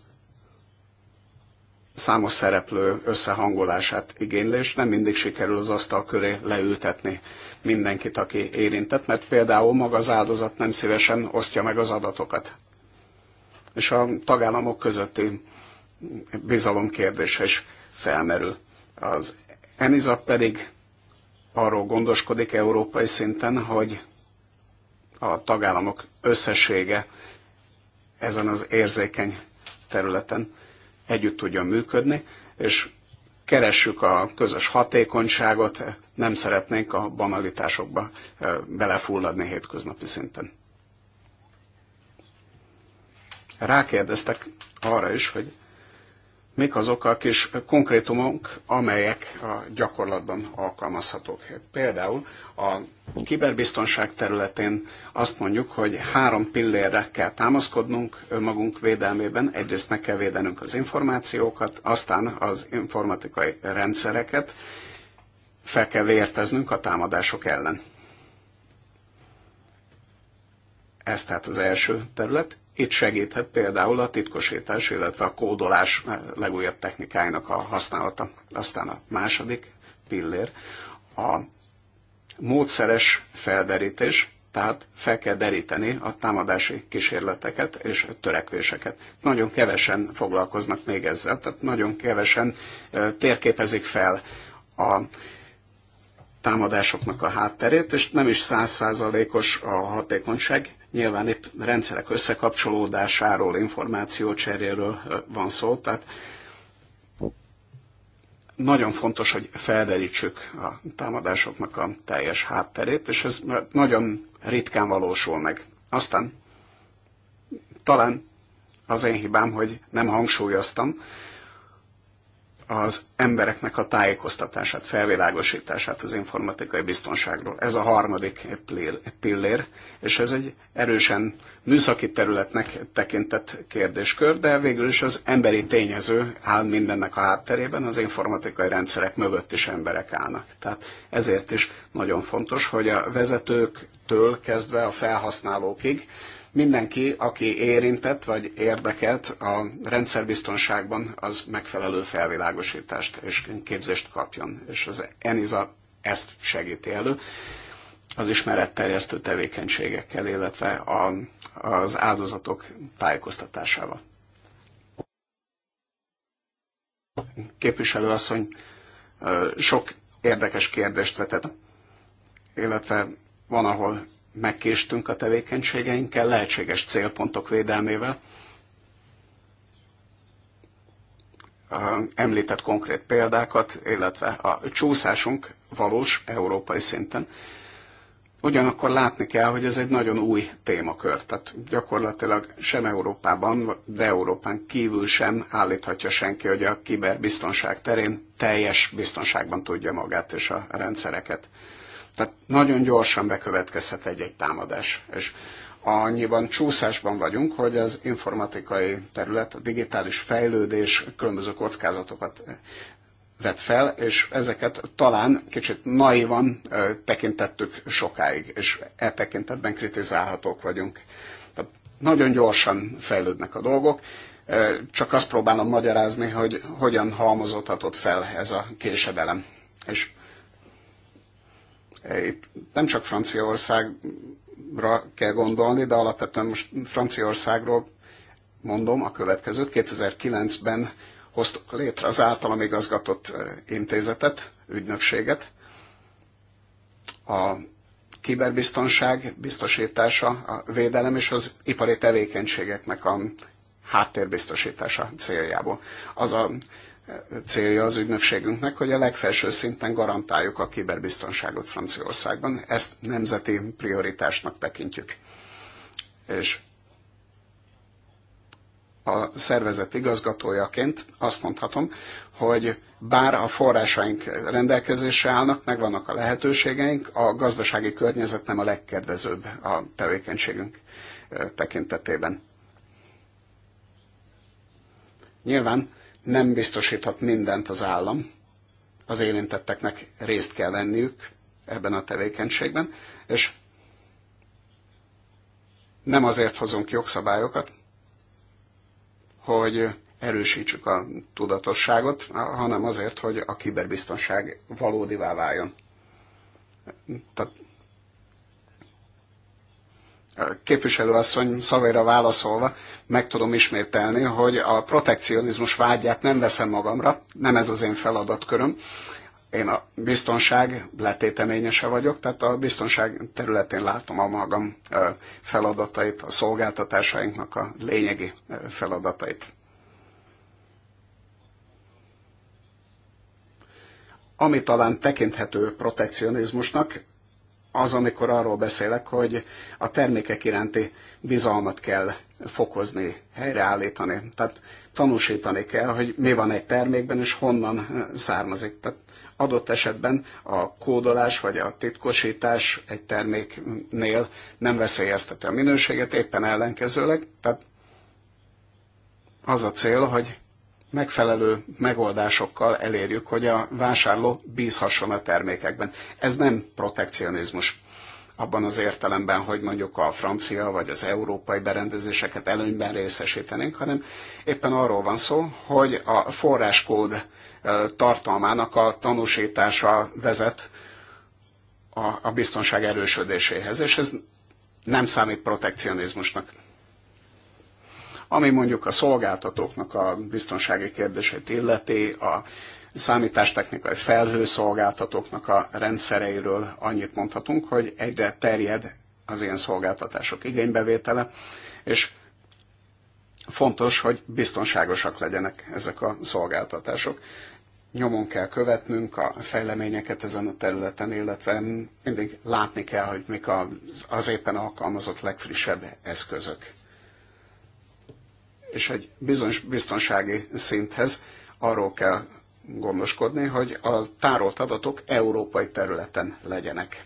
számos szereplő összehangolását igényli, és nem mindig sikerül az asztal köré leültetni mindenkit, aki érintett, mert például maga az áldozat nem szívesen osztja meg az adatokat. És a tagállamok közötti bizalom kérdése is felmerül. Az ENISA pedig arról gondoskodik európai szinten, hogy a tagállamok összessége ezen az érzékeny területen együtt tudjon működni, és keressük a közös hatékonyságot, nem szeretnénk a banalitásokba eh, belefulladni hétköznapi szinten. Rákérdeztek arra is, hogy mik azok a kis konkrétumok, amelyek a gyakorlatban alkalmazhatók. Hát például a kiberbiztonság területén azt mondjuk, hogy három pillérre kell támaszkodnunk önmagunk védelmében. Egyrészt meg kell védenünk az információkat, aztán az informatikai rendszereket, fel kell vérteznünk a támadások ellen. Ez tehát az első terület. Itt segíthet például a titkosítás, illetve a kódolás legújabb technikáinak a használata. Aztán a második pillér a módszeres felderítés, tehát fel kell deríteni a támadási kísérleteket és törekvéseket. Nagyon kevesen foglalkoznak még ezzel, tehát nagyon kevesen térképezik fel a támadásoknak a hátterét, és nem is százszázalékos a hatékonyság Nyilván itt rendszerek összekapcsolódásáról, információcseréről van szó, tehát nagyon fontos, hogy felderítsük a támadásoknak a teljes hátterét, és ez nagyon ritkán valósul meg. Aztán talán az én hibám, hogy nem hangsúlyoztam, az embereknek a tájékoztatását, felvilágosítását az informatikai biztonságról. Ez a harmadik pillér, és ez egy erősen műszaki területnek tekintett kérdéskör, de végül is az emberi tényező áll mindennek a hátterében, az informatikai rendszerek mögött is emberek állnak. Tehát ezért is nagyon fontos, hogy a vezetőktől kezdve a felhasználókig mindenki, aki érintett vagy érdekelt a rendszerbiztonságban, az megfelelő felvilágosítást és képzést kapjon. És az ENISA ezt segíti elő az ismeretterjesztő tevékenységekkel, illetve a, az áldozatok tájékoztatásával. Képviselő asszony sok érdekes kérdést vetett, illetve van, ahol megkéstünk a tevékenységeinkkel, lehetséges célpontok védelmével. Említett konkrét példákat, illetve a csúszásunk valós európai szinten. Ugyanakkor látni kell, hogy ez egy nagyon új témakör, tehát gyakorlatilag sem Európában, de Európán kívül sem állíthatja senki, hogy a kiberbiztonság terén teljes biztonságban tudja magát és a rendszereket. Tehát nagyon gyorsan bekövetkezhet egy-egy támadás. És annyiban csúszásban vagyunk, hogy az informatikai terület, a digitális fejlődés különböző kockázatokat eh, vett fel, és ezeket talán kicsit naivan eh, tekintettük sokáig, és e tekintetben kritizálhatók vagyunk. Tehát nagyon gyorsan fejlődnek a dolgok, eh, csak azt próbálom magyarázni, hogy hogyan halmozódhatott fel ez a késedelem. És Eh, itt nem csak Franciaországra kell gondolni, de alapvetően most Franciaországról mondom a következőt. 2009-ben hoztuk létre az általam igazgatott eh, intézetet, ügynökséget. A kiberbiztonság biztosítása, a védelem és az ipari tevékenységeknek a háttérbiztosítása céljából. Az a célja az ügynökségünknek, hogy a legfelső szinten garantáljuk a kiberbiztonságot Franciaországban. Ezt nemzeti prioritásnak tekintjük. És a szervezet igazgatójaként azt mondhatom, hogy bár a forrásaink rendelkezésre állnak, megvannak a lehetőségeink, a gazdasági környezet nem a legkedvezőbb a tevékenységünk tekintetében. Nyilván nem biztosíthat mindent az állam, az érintetteknek részt kell venniük ebben a tevékenységben, és nem azért hozunk jogszabályokat, hogy erősítsük a tudatosságot, hanem azért, hogy a kiberbiztonság valódivá váljon. Tehát képviselőasszony szavaira válaszolva meg tudom ismételni, hogy a protekcionizmus vágyát nem veszem magamra, nem ez az én feladatköröm. Én a biztonság letéteményese vagyok, tehát a biztonság területén látom a magam feladatait, a szolgáltatásainknak a lényegi feladatait. Ami talán tekinthető protekcionizmusnak, az, amikor arról beszélek, hogy a termékek iránti bizalmat kell fokozni, helyreállítani. Tehát tanúsítani kell, hogy mi van egy termékben, és honnan eh, származik. Tehát adott esetben a kódolás vagy a titkosítás egy terméknél nem veszélyezteti a minőséget, éppen ellenkezőleg. Tehát az a cél, hogy megfelelő megoldásokkal elérjük, hogy a vásárló bízhasson a termékekben. Ez nem protekcionizmus abban az értelemben, hogy mondjuk a francia vagy az európai berendezéseket előnyben részesítenénk, hanem éppen arról van szó, hogy a forráskód tartalmának a tanúsítása vezet a, biztonság erősödéséhez, és ez nem számít protekcionizmusnak ami mondjuk a szolgáltatóknak a biztonsági kérdését illeti, a számítástechnikai felhőszolgáltatóknak a rendszereiről annyit mondhatunk, hogy egyre terjed az ilyen szolgáltatások igénybevétele, és fontos, hogy biztonságosak legyenek ezek a szolgáltatások. Nyomon kell követnünk a fejleményeket ezen a területen, illetve mindig látni kell, hogy mik az éppen alkalmazott legfrissebb eszközök és egy bizonyos biztonsági szinthez arról kell gondoskodni, hogy a tárolt adatok európai területen legyenek.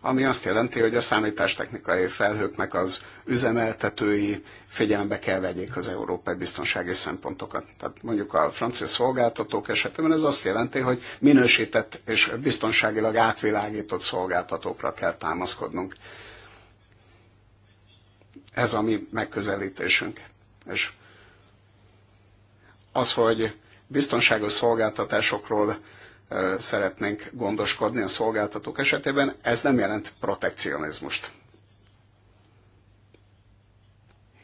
Ami azt jelenti, hogy a számítástechnikai felhőknek az üzemeltetői figyelembe kell vegyék az európai biztonsági szempontokat. Tehát mondjuk a francia szolgáltatók esetében ez azt jelenti, hogy minősített és biztonságilag átvilágított szolgáltatókra kell támaszkodnunk. Ez a mi megközelítésünk és az, hogy biztonságos szolgáltatásokról szeretnénk gondoskodni a szolgáltatók esetében, ez nem jelent protekcionizmust.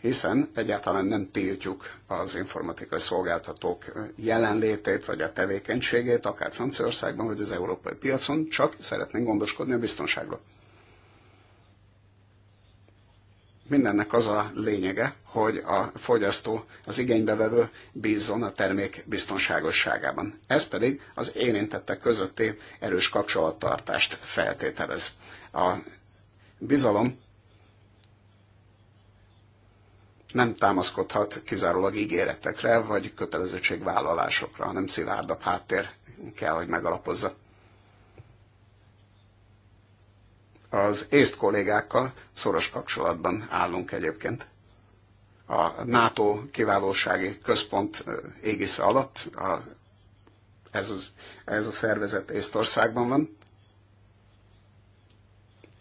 Hiszen egyáltalán nem tiltjuk az informatikai szolgáltatók jelenlétét vagy a tevékenységét, akár Franciaországban vagy az európai piacon, csak szeretnénk gondoskodni a biztonságról mindennek az a lényege, hogy a fogyasztó, az igénybevevő bízzon a termék biztonságosságában. Ez pedig az érintettek közötti erős kapcsolattartást feltételez. A bizalom nem támaszkodhat kizárólag ígéretekre vagy kötelezettségvállalásokra, hanem szilárdabb háttér kell, hogy megalapozza. Az észt kollégákkal szoros kapcsolatban állunk egyébként. A NATO kiválósági központ égisze alatt a, ez, az, ez a szervezet Észtországban van,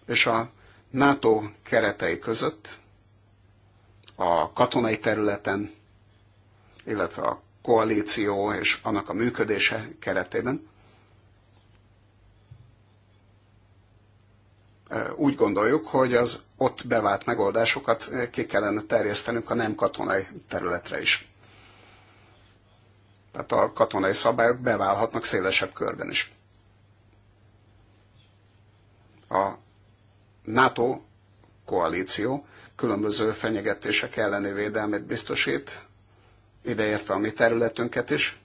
és a NATO keretei között a katonai területen, illetve a koalíció és annak a működése keretében úgy gondoljuk, hogy az ott bevált megoldásokat eh, ki kellene terjesztenünk a nem katonai területre is. Tehát a katonai szabályok beválhatnak szélesebb körben is. A NATO koalíció különböző fenyegetések elleni védelmet biztosít, ideértve a mi területünket is,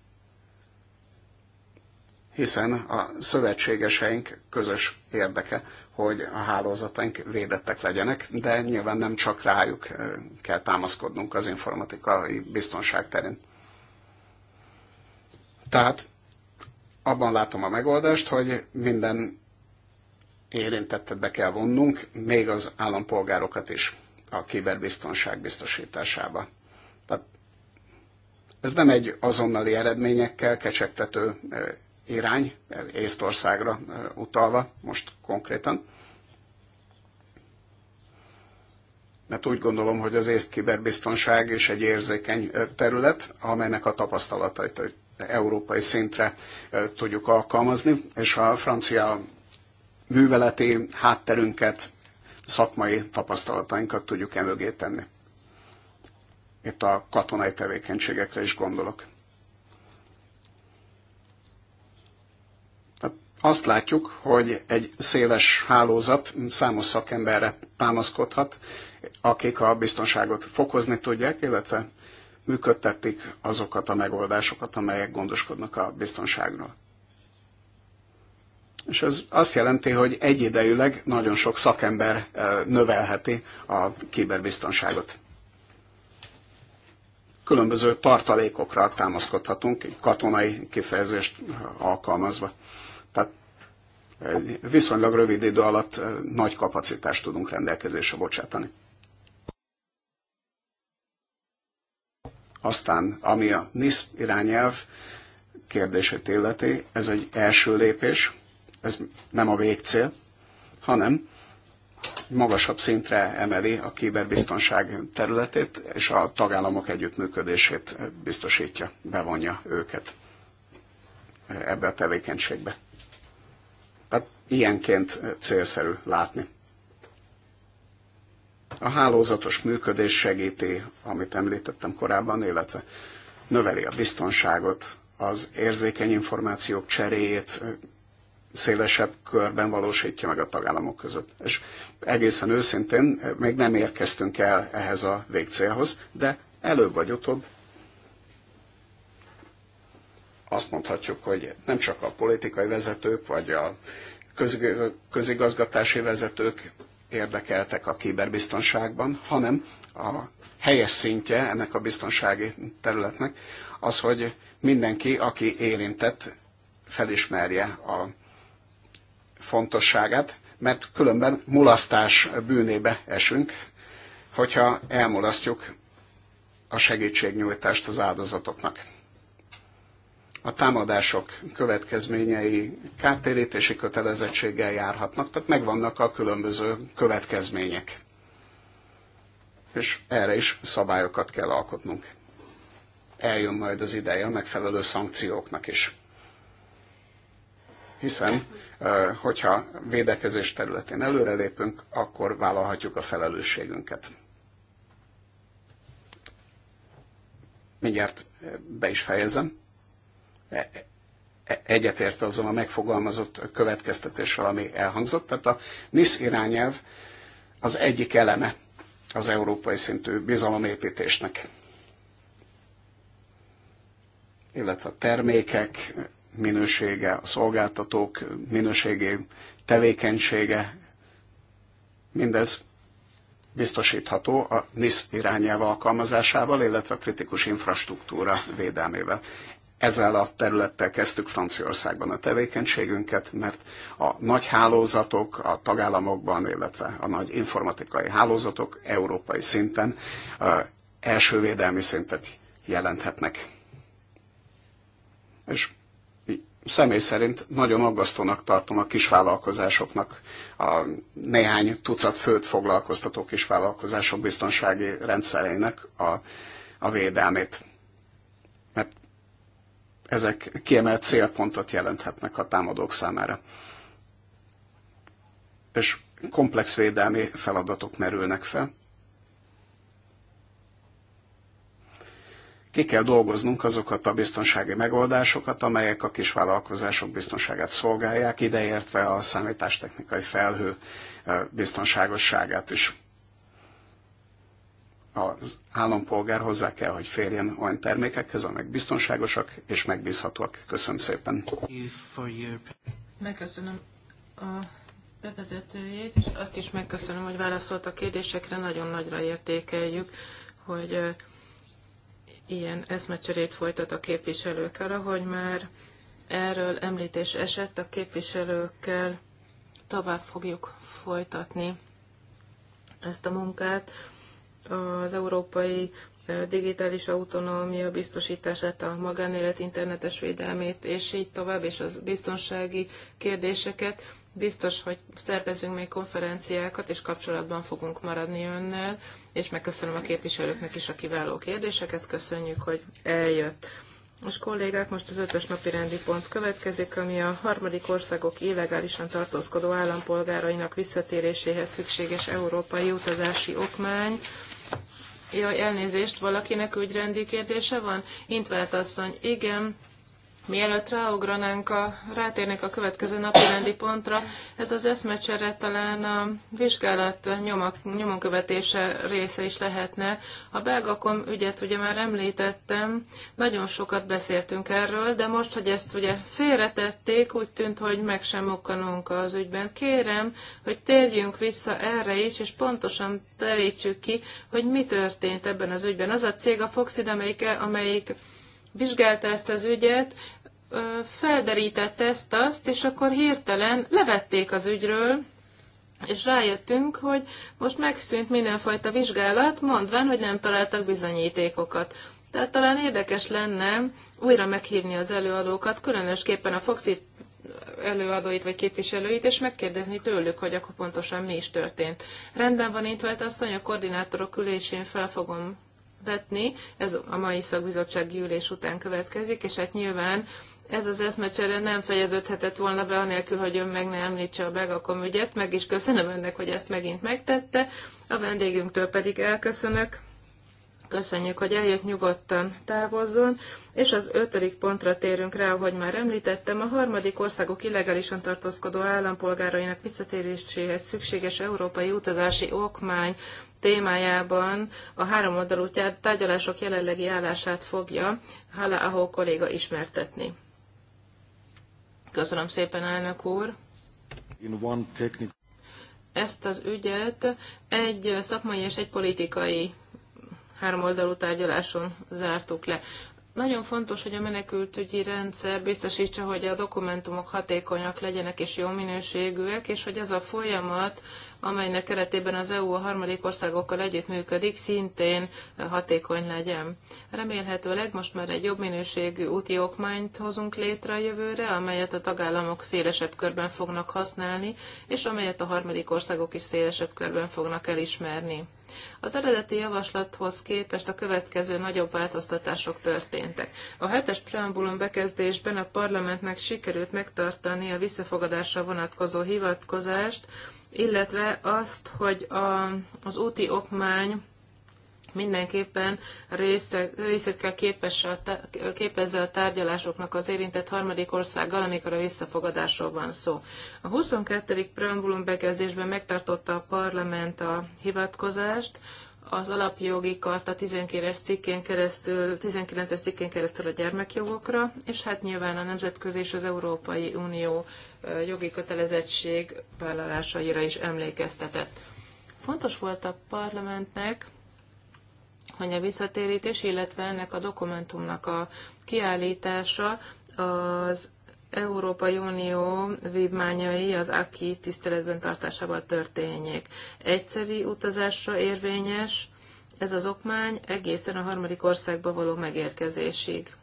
hiszen a szövetségeseink közös érdeke, hogy a hálózataink védettek legyenek, de nyilván nem csak rájuk kell támaszkodnunk az informatikai biztonság terén. Tehát abban látom a megoldást, hogy minden érintettet be kell vonnunk, még az állampolgárokat is a kiberbiztonság biztosításába. Tehát ez nem egy azonnali eredményekkel kecsegtető irány, Észtországra utalva most konkrétan. Mert úgy gondolom, hogy az észt kiberbiztonság is egy érzékeny terület, amelynek a tapasztalatait európai szintre tudjuk alkalmazni, és a francia műveleti hátterünket, szakmai tapasztalatainkat tudjuk emögé tenni. Itt a katonai tevékenységekre is gondolok. azt látjuk, hogy egy széles hálózat számos szakemberre támaszkodhat, akik a biztonságot fokozni tudják, illetve működtetik azokat a megoldásokat, amelyek gondoskodnak a biztonságról. És ez azt jelenti, hogy egyidejűleg nagyon sok szakember eh, növelheti a kiberbiztonságot. Különböző tartalékokra támaszkodhatunk, katonai kifejezést alkalmazva viszonylag rövid idő alatt eh, nagy kapacitást tudunk rendelkezésre bocsátani. Aztán, ami a NISZ irányelv kérdését illeti, ez egy első lépés, ez nem a végcél, hanem magasabb szintre emeli a kiberbiztonság területét, és a tagállamok együttműködését biztosítja, bevonja őket ebbe a tevékenységbe ilyenként célszerű látni. A hálózatos működés segíti, amit említettem korábban, illetve növeli a biztonságot, az érzékeny információk cseréjét szélesebb körben valósítja meg a tagállamok között. És egészen őszintén még nem érkeztünk el ehhez a végcélhoz, de előbb vagy utóbb azt mondhatjuk, hogy nem csak a politikai vezetők vagy a közigazgatási vezetők érdekeltek a kiberbiztonságban, hanem a helyes szintje ennek a biztonsági területnek az, hogy mindenki, aki érintett, felismerje a fontosságát, mert különben mulasztás bűnébe esünk, hogyha elmulasztjuk a segítségnyújtást az áldozatoknak a támadások következményei kártérítési kötelezettséggel járhatnak, tehát megvannak a különböző következmények. És erre is szabályokat kell alkotnunk. Eljön majd az ideje a megfelelő szankcióknak is. Hiszen, hogyha védekezés területén előrelépünk, akkor vállalhatjuk a felelősségünket. Mindjárt be is fejezem E, e, egyetért azzal a megfogalmazott következtetéssel, ami elhangzott. Tehát a NISZ irányelv az egyik eleme az európai szintű bizalomépítésnek, illetve a termékek minősége, a szolgáltatók minőségé, tevékenysége, mindez biztosítható a NISZ irányelv alkalmazásával, illetve a kritikus infrastruktúra védelmével ezzel a területtel kezdtük Franciaországban a tevékenységünket, mert a nagy hálózatok a tagállamokban, illetve a nagy informatikai hálózatok európai szinten első védelmi szintet jelenthetnek. És személy szerint nagyon aggasztónak tartom a kisvállalkozásoknak, a néhány tucat főt foglalkoztató kisvállalkozások biztonsági rendszereinek a, a védelmét ezek kiemelt célpontot jelenthetnek a támadók számára. És komplex védelmi feladatok merülnek fel. Ki kell dolgoznunk azokat a biztonsági megoldásokat, amelyek a kisvállalkozások biztonságát szolgálják, ideértve a számítástechnikai felhő eh, biztonságosságát is az állampolgár hozzá kell, hogy férjen olyan termékekhez, amelyek biztonságosak és megbízhatóak. Köszönöm szépen. Megköszönöm a bevezetőjét, és azt is megköszönöm, hogy válaszolt a kérdésekre. Nagyon nagyra értékeljük, hogy ilyen eszmecserét folytat a képviselőkkel, ahogy már erről említés esett, a képviselőkkel tovább fogjuk folytatni ezt a munkát az európai digitális autonómia biztosítását, a magánélet internetes védelmét, és így tovább, és az biztonsági kérdéseket. Biztos, hogy szervezünk még konferenciákat, és kapcsolatban fogunk maradni önnel, és megköszönöm a képviselőknek is a kiváló kérdéseket, köszönjük, hogy eljött. Most kollégák, most az ötös napi rendi pont következik, ami a harmadik országok illegálisan tartózkodó állampolgárainak visszatéréséhez szükséges európai utazási okmány. Jaj, elnézést, valakinek úgy rendi kérdése van? Intvált asszony, igen, Mielőtt ráugranánk, a, rátérnék a következő napi rendi pontra, ez az eszmecsere talán a vizsgálat nyomak, nyomon része is lehetne. A belgakom ügyet ugye már említettem, nagyon sokat beszéltünk erről, de most, hogy ezt ugye félretették, úgy tűnt, hogy meg sem mokkanunk az ügyben. Kérem, hogy térjünk vissza erre is, és pontosan terítsük ki, hogy mi történt ebben az ügyben. Az a cég, a Foxid, amelyik, amelyik vizsgálta ezt az ügyet, felderített ezt, azt, és akkor hirtelen levették az ügyről, és rájöttünk, hogy most megszűnt mindenfajta vizsgálat, mondván, hogy nem találtak bizonyítékokat. Tehát talán érdekes lenne újra meghívni az előadókat, különösképpen a Foxy előadóit vagy képviselőit, és megkérdezni tőlük, hogy akkor pontosan mi is történt. Rendben van Intvelt asszony, a koordinátorok ülésén fel fogom vetni, ez a mai szakbizottsági ülés után következik, és hát nyilván ez az eszmecsere nem fejeződhetett volna be, anélkül, hogy ön meg ne említse a Begakom ügyet. Meg is köszönöm önnek, hogy ezt megint megtette. A vendégünktől pedig elköszönök. Köszönjük, hogy eljött nyugodtan távozzon, és az ötödik pontra térünk rá, ahogy már említettem, a harmadik országok illegálisan tartózkodó állampolgárainak visszatéréséhez szükséges európai utazási okmány témájában a három oldalú tárgyalások jelenlegi állását fogja Hala Ahó kolléga ismertetni. Köszönöm szépen, elnök úr. Ezt az ügyet egy szakmai és egy politikai háromoldalú tárgyaláson zártuk le. Nagyon fontos, hogy a menekültügyi rendszer biztosítsa, hogy a dokumentumok hatékonyak legyenek és jó minőségűek, és hogy ez a folyamat amelynek keretében az EU a harmadik országokkal együttműködik, szintén hatékony legyen. Remélhetőleg most már egy jobb minőségű úti okmányt hozunk létre a jövőre, amelyet a tagállamok szélesebb körben fognak használni, és amelyet a harmadik országok is szélesebb körben fognak elismerni. Az eredeti javaslathoz képest a következő nagyobb változtatások történtek. A hetes preambulum bekezdésben a parlamentnek sikerült megtartani a visszafogadásra vonatkozó hivatkozást, illetve azt, hogy a, az úti okmány mindenképpen része, részét kell képesse a, képezze a tárgyalásoknak az érintett harmadik országgal, amikor a visszafogadásról van szó. A 22. preambulum bekezdésben megtartotta a parlament a hivatkozást, az alapjogi karta 19-es cikkén keresztül, 19 cikkén keresztül a gyermekjogokra, és hát nyilván a nemzetközi és az Európai Unió jogi kötelezettség vállalásaira is emlékeztetett. Fontos volt a parlamentnek, hogy a visszatérítés, illetve ennek a dokumentumnak a kiállítása az Európai Unió vívmányai az AKI tiszteletben tartásával történjék. Egyszeri utazásra érvényes ez az okmány egészen a harmadik országba való megérkezésig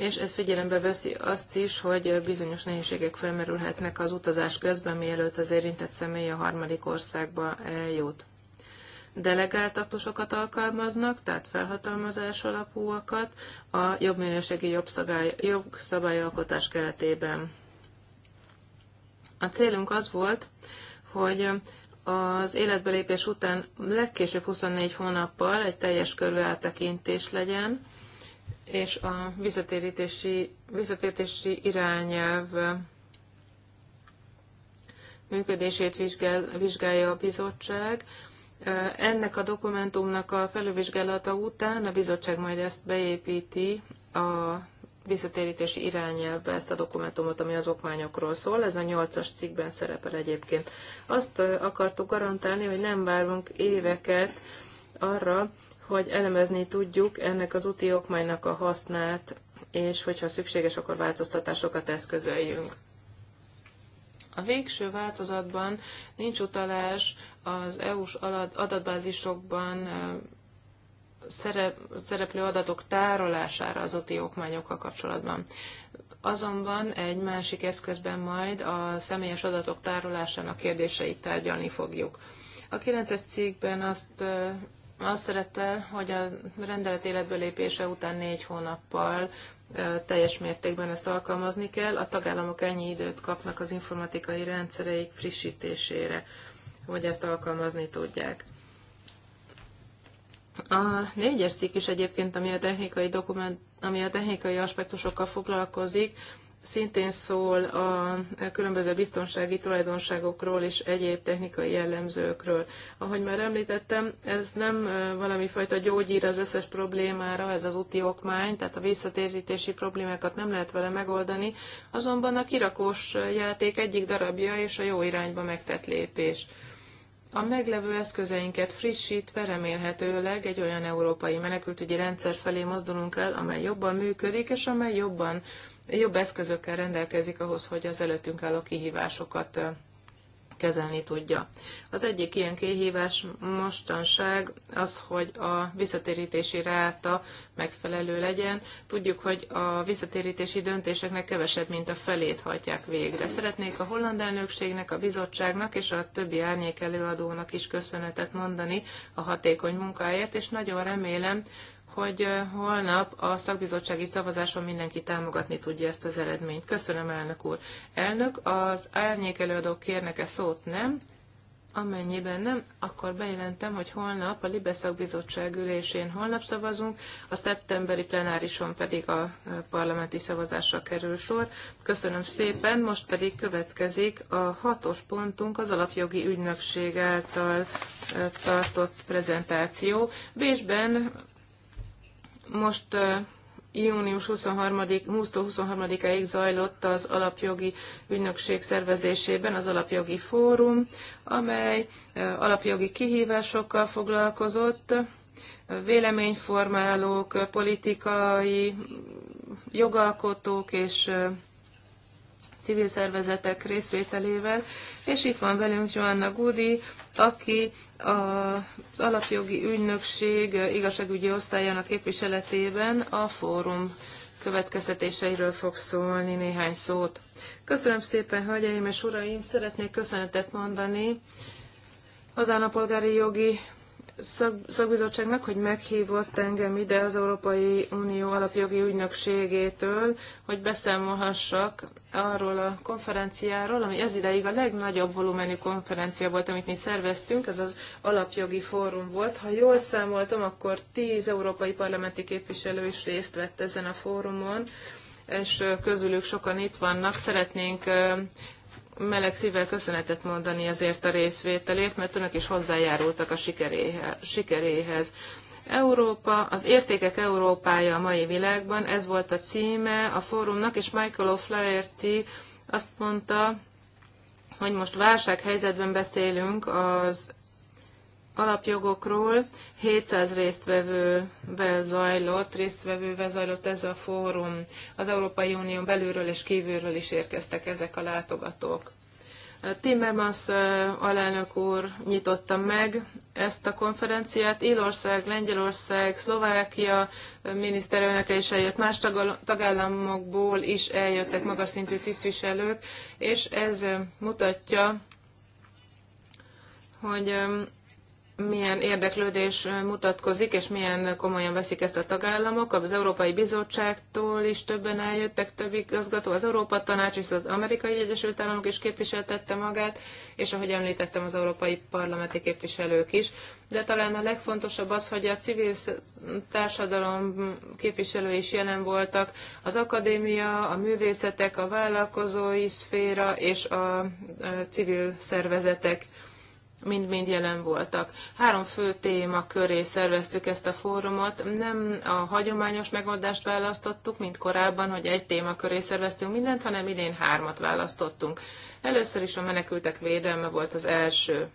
és ez figyelembe veszi azt is, hogy bizonyos nehézségek felmerülhetnek az utazás közben, mielőtt az érintett személy a harmadik országba eljut. Delegált aktusokat alkalmaznak, tehát felhatalmazás alapúakat a jobb minőségi jobb jogszabályalkotás keretében. A célunk az volt, hogy az életbelépés után legkésőbb 24 hónappal egy teljes körű áttekintés legyen, és a visszatérítési, visszatérítési irányelv működését vizsgál, vizsgálja a bizottság. Ennek a dokumentumnak a felülvizsgálata után a bizottság majd ezt beépíti a visszatérítési irányelvbe ezt a dokumentumot, ami az okmányokról szól. Ez a nyolcas cikkben szerepel egyébként. Azt akartuk garantálni, hogy nem várunk éveket arra, hogy elemezni tudjuk ennek az úti okmánynak a hasznát, és hogyha szükséges, akkor változtatásokat eszközöljünk. A végső változatban nincs utalás az EU-s adatbázisokban szereplő adatok tárolására az OTI okmányokkal kapcsolatban. Azonban egy másik eszközben majd a személyes adatok tárolásának kérdéseit tárgyalni fogjuk. A 9-es cikkben azt az szerepel, hogy a rendelet életbe lépése után négy hónappal teljes mértékben ezt alkalmazni kell. A tagállamok ennyi időt kapnak az informatikai rendszereik frissítésére, hogy ezt alkalmazni tudják. A négyes cikk is egyébként, ami a technikai, dokument, ami a technikai aspektusokkal foglalkozik, szintén szól a különböző biztonsági tulajdonságokról és egyéb technikai jellemzőkről. Ahogy már említettem, ez nem valami fajta gyógyír az összes problémára, ez az úti okmány, tehát a visszatérítési problémákat nem lehet vele megoldani, azonban a kirakós játék egyik darabja és a jó irányba megtett lépés. A meglevő eszközeinket frissítve remélhetőleg egy olyan európai menekültügyi rendszer felé mozdulunk el, amely jobban működik, és amely jobban jobb eszközökkel rendelkezik ahhoz, hogy az előttünk álló kihívásokat kezelni tudja. Az egyik ilyen kihívás mostanság az, hogy a visszatérítési ráta megfelelő legyen. Tudjuk, hogy a visszatérítési döntéseknek kevesebb, mint a felét hajtják végre. Szeretnék a holland elnökségnek, a bizottságnak és a többi árnyék előadónak is köszönetet mondani a hatékony munkáért, és nagyon remélem, hogy holnap a szakbizottsági szavazáson mindenki támogatni tudja ezt az eredményt. Köszönöm, elnök úr. Elnök, az árnyék előadók kérnek-e szót? Nem. Amennyiben nem, akkor bejelentem, hogy holnap a Libe szakbizottság ülésén holnap szavazunk, a szeptemberi plenárison pedig a parlamenti szavazásra kerül sor. Köszönöm szépen, most pedig következik a hatos pontunk az alapjogi ügynökség által tartott prezentáció. Bécsben most június 23. 23 áig zajlott az alapjogi ügynökség szervezésében az alapjogi fórum, amely alapjogi kihívásokkal foglalkozott, véleményformálók, politikai, jogalkotók és civil szervezetek részvételével, és itt van velünk Joanna Gudi, aki az alapjogi ügynökség igazságügyi osztályának képviseletében a fórum következtetéseiről fog szólni néhány szót. Köszönöm szépen, hölgyeim és uraim! Szeretnék köszönetet mondani az Állampolgári Jogi szak, szakbizottságnak, hogy meghívott engem ide az Európai Unió alapjogi ügynökségétől, hogy beszámolhassak arról a konferenciáról, ami ez ideig a legnagyobb volumenű konferencia volt, amit mi szerveztünk, ez az alapjogi fórum volt. Ha jól számoltam, akkor tíz európai parlamenti képviselő is részt vett ezen a fórumon, és közülük sokan itt vannak. Szeretnénk meleg szívvel köszönetet mondani ezért a részvételért, mert önök is hozzájárultak a sikeréhez. Európa, az értékek Európája a mai világban, ez volt a címe a fórumnak, és Michael O'Flaherty azt mondta, hogy most válsághelyzetben beszélünk az alapjogokról. 700 résztvevővel zajlott, résztvevővel zajlott ez a fórum. Az Európai Unión belülről és kívülről is érkeztek ezek a látogatók. Timmermans alelnök úr nyitotta meg ezt a konferenciát. Írország, Lengyelország, Szlovákia miniszterelnöke is eljött, más tagállamokból is eljöttek magas szintű tisztviselők, és ez mutatja, hogy milyen érdeklődés mutatkozik, és milyen komolyan veszik ezt a tagállamok. Az Európai Bizottságtól is többen eljöttek, több igazgató, az Európa Tanács és az Amerikai Egyesült Államok is képviseltette magát, és ahogy említettem, az Európai Parlamenti képviselők is. De talán a legfontosabb az, hogy a civil társadalom képviselői is jelen voltak, az akadémia, a művészetek, a vállalkozói szféra és a civil szervezetek mind-mind jelen voltak. Három fő téma köré szerveztük ezt a fórumot. Nem a hagyományos megoldást választottuk, mint korábban, hogy egy téma köré szerveztünk mindent, hanem idén hármat választottunk. Először is a menekültek védelme volt az első.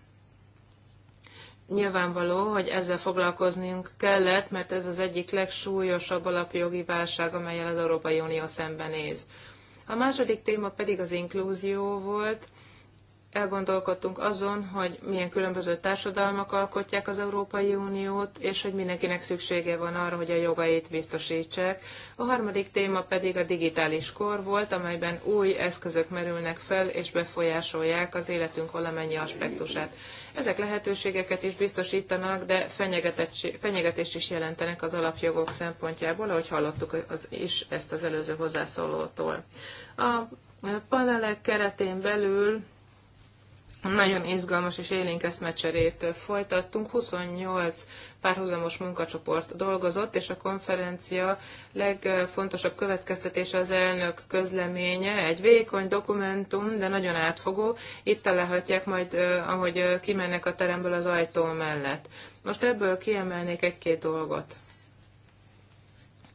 Nyilvánvaló, hogy ezzel foglalkoznunk kellett, mert ez az egyik legsúlyosabb alapjogi válság, amelyel az Európai Unió szembenéz. A második téma pedig az inklúzió volt, elgondolkodtunk azon, hogy milyen különböző társadalmak alkotják az Európai Uniót, és hogy mindenkinek szüksége van arra, hogy a jogait biztosítsák. A harmadik téma pedig a digitális kor volt, amelyben új eszközök merülnek fel, és befolyásolják az életünk valamennyi aspektusát. Ezek lehetőségeket is biztosítanak, de fenyegetést is jelentenek az alapjogok szempontjából, ahogy hallottuk az, is ezt az előző hozzászólótól. A panelek keretén belül nagyon izgalmas és élénk eszmecserét folytattunk. 28 párhuzamos munkacsoport dolgozott, és a konferencia legfontosabb következtetése az elnök közleménye, egy vékony dokumentum, de nagyon átfogó. Itt találhatják majd, ahogy kimennek a teremből az ajtó mellett. Most ebből kiemelnék egy-két dolgot.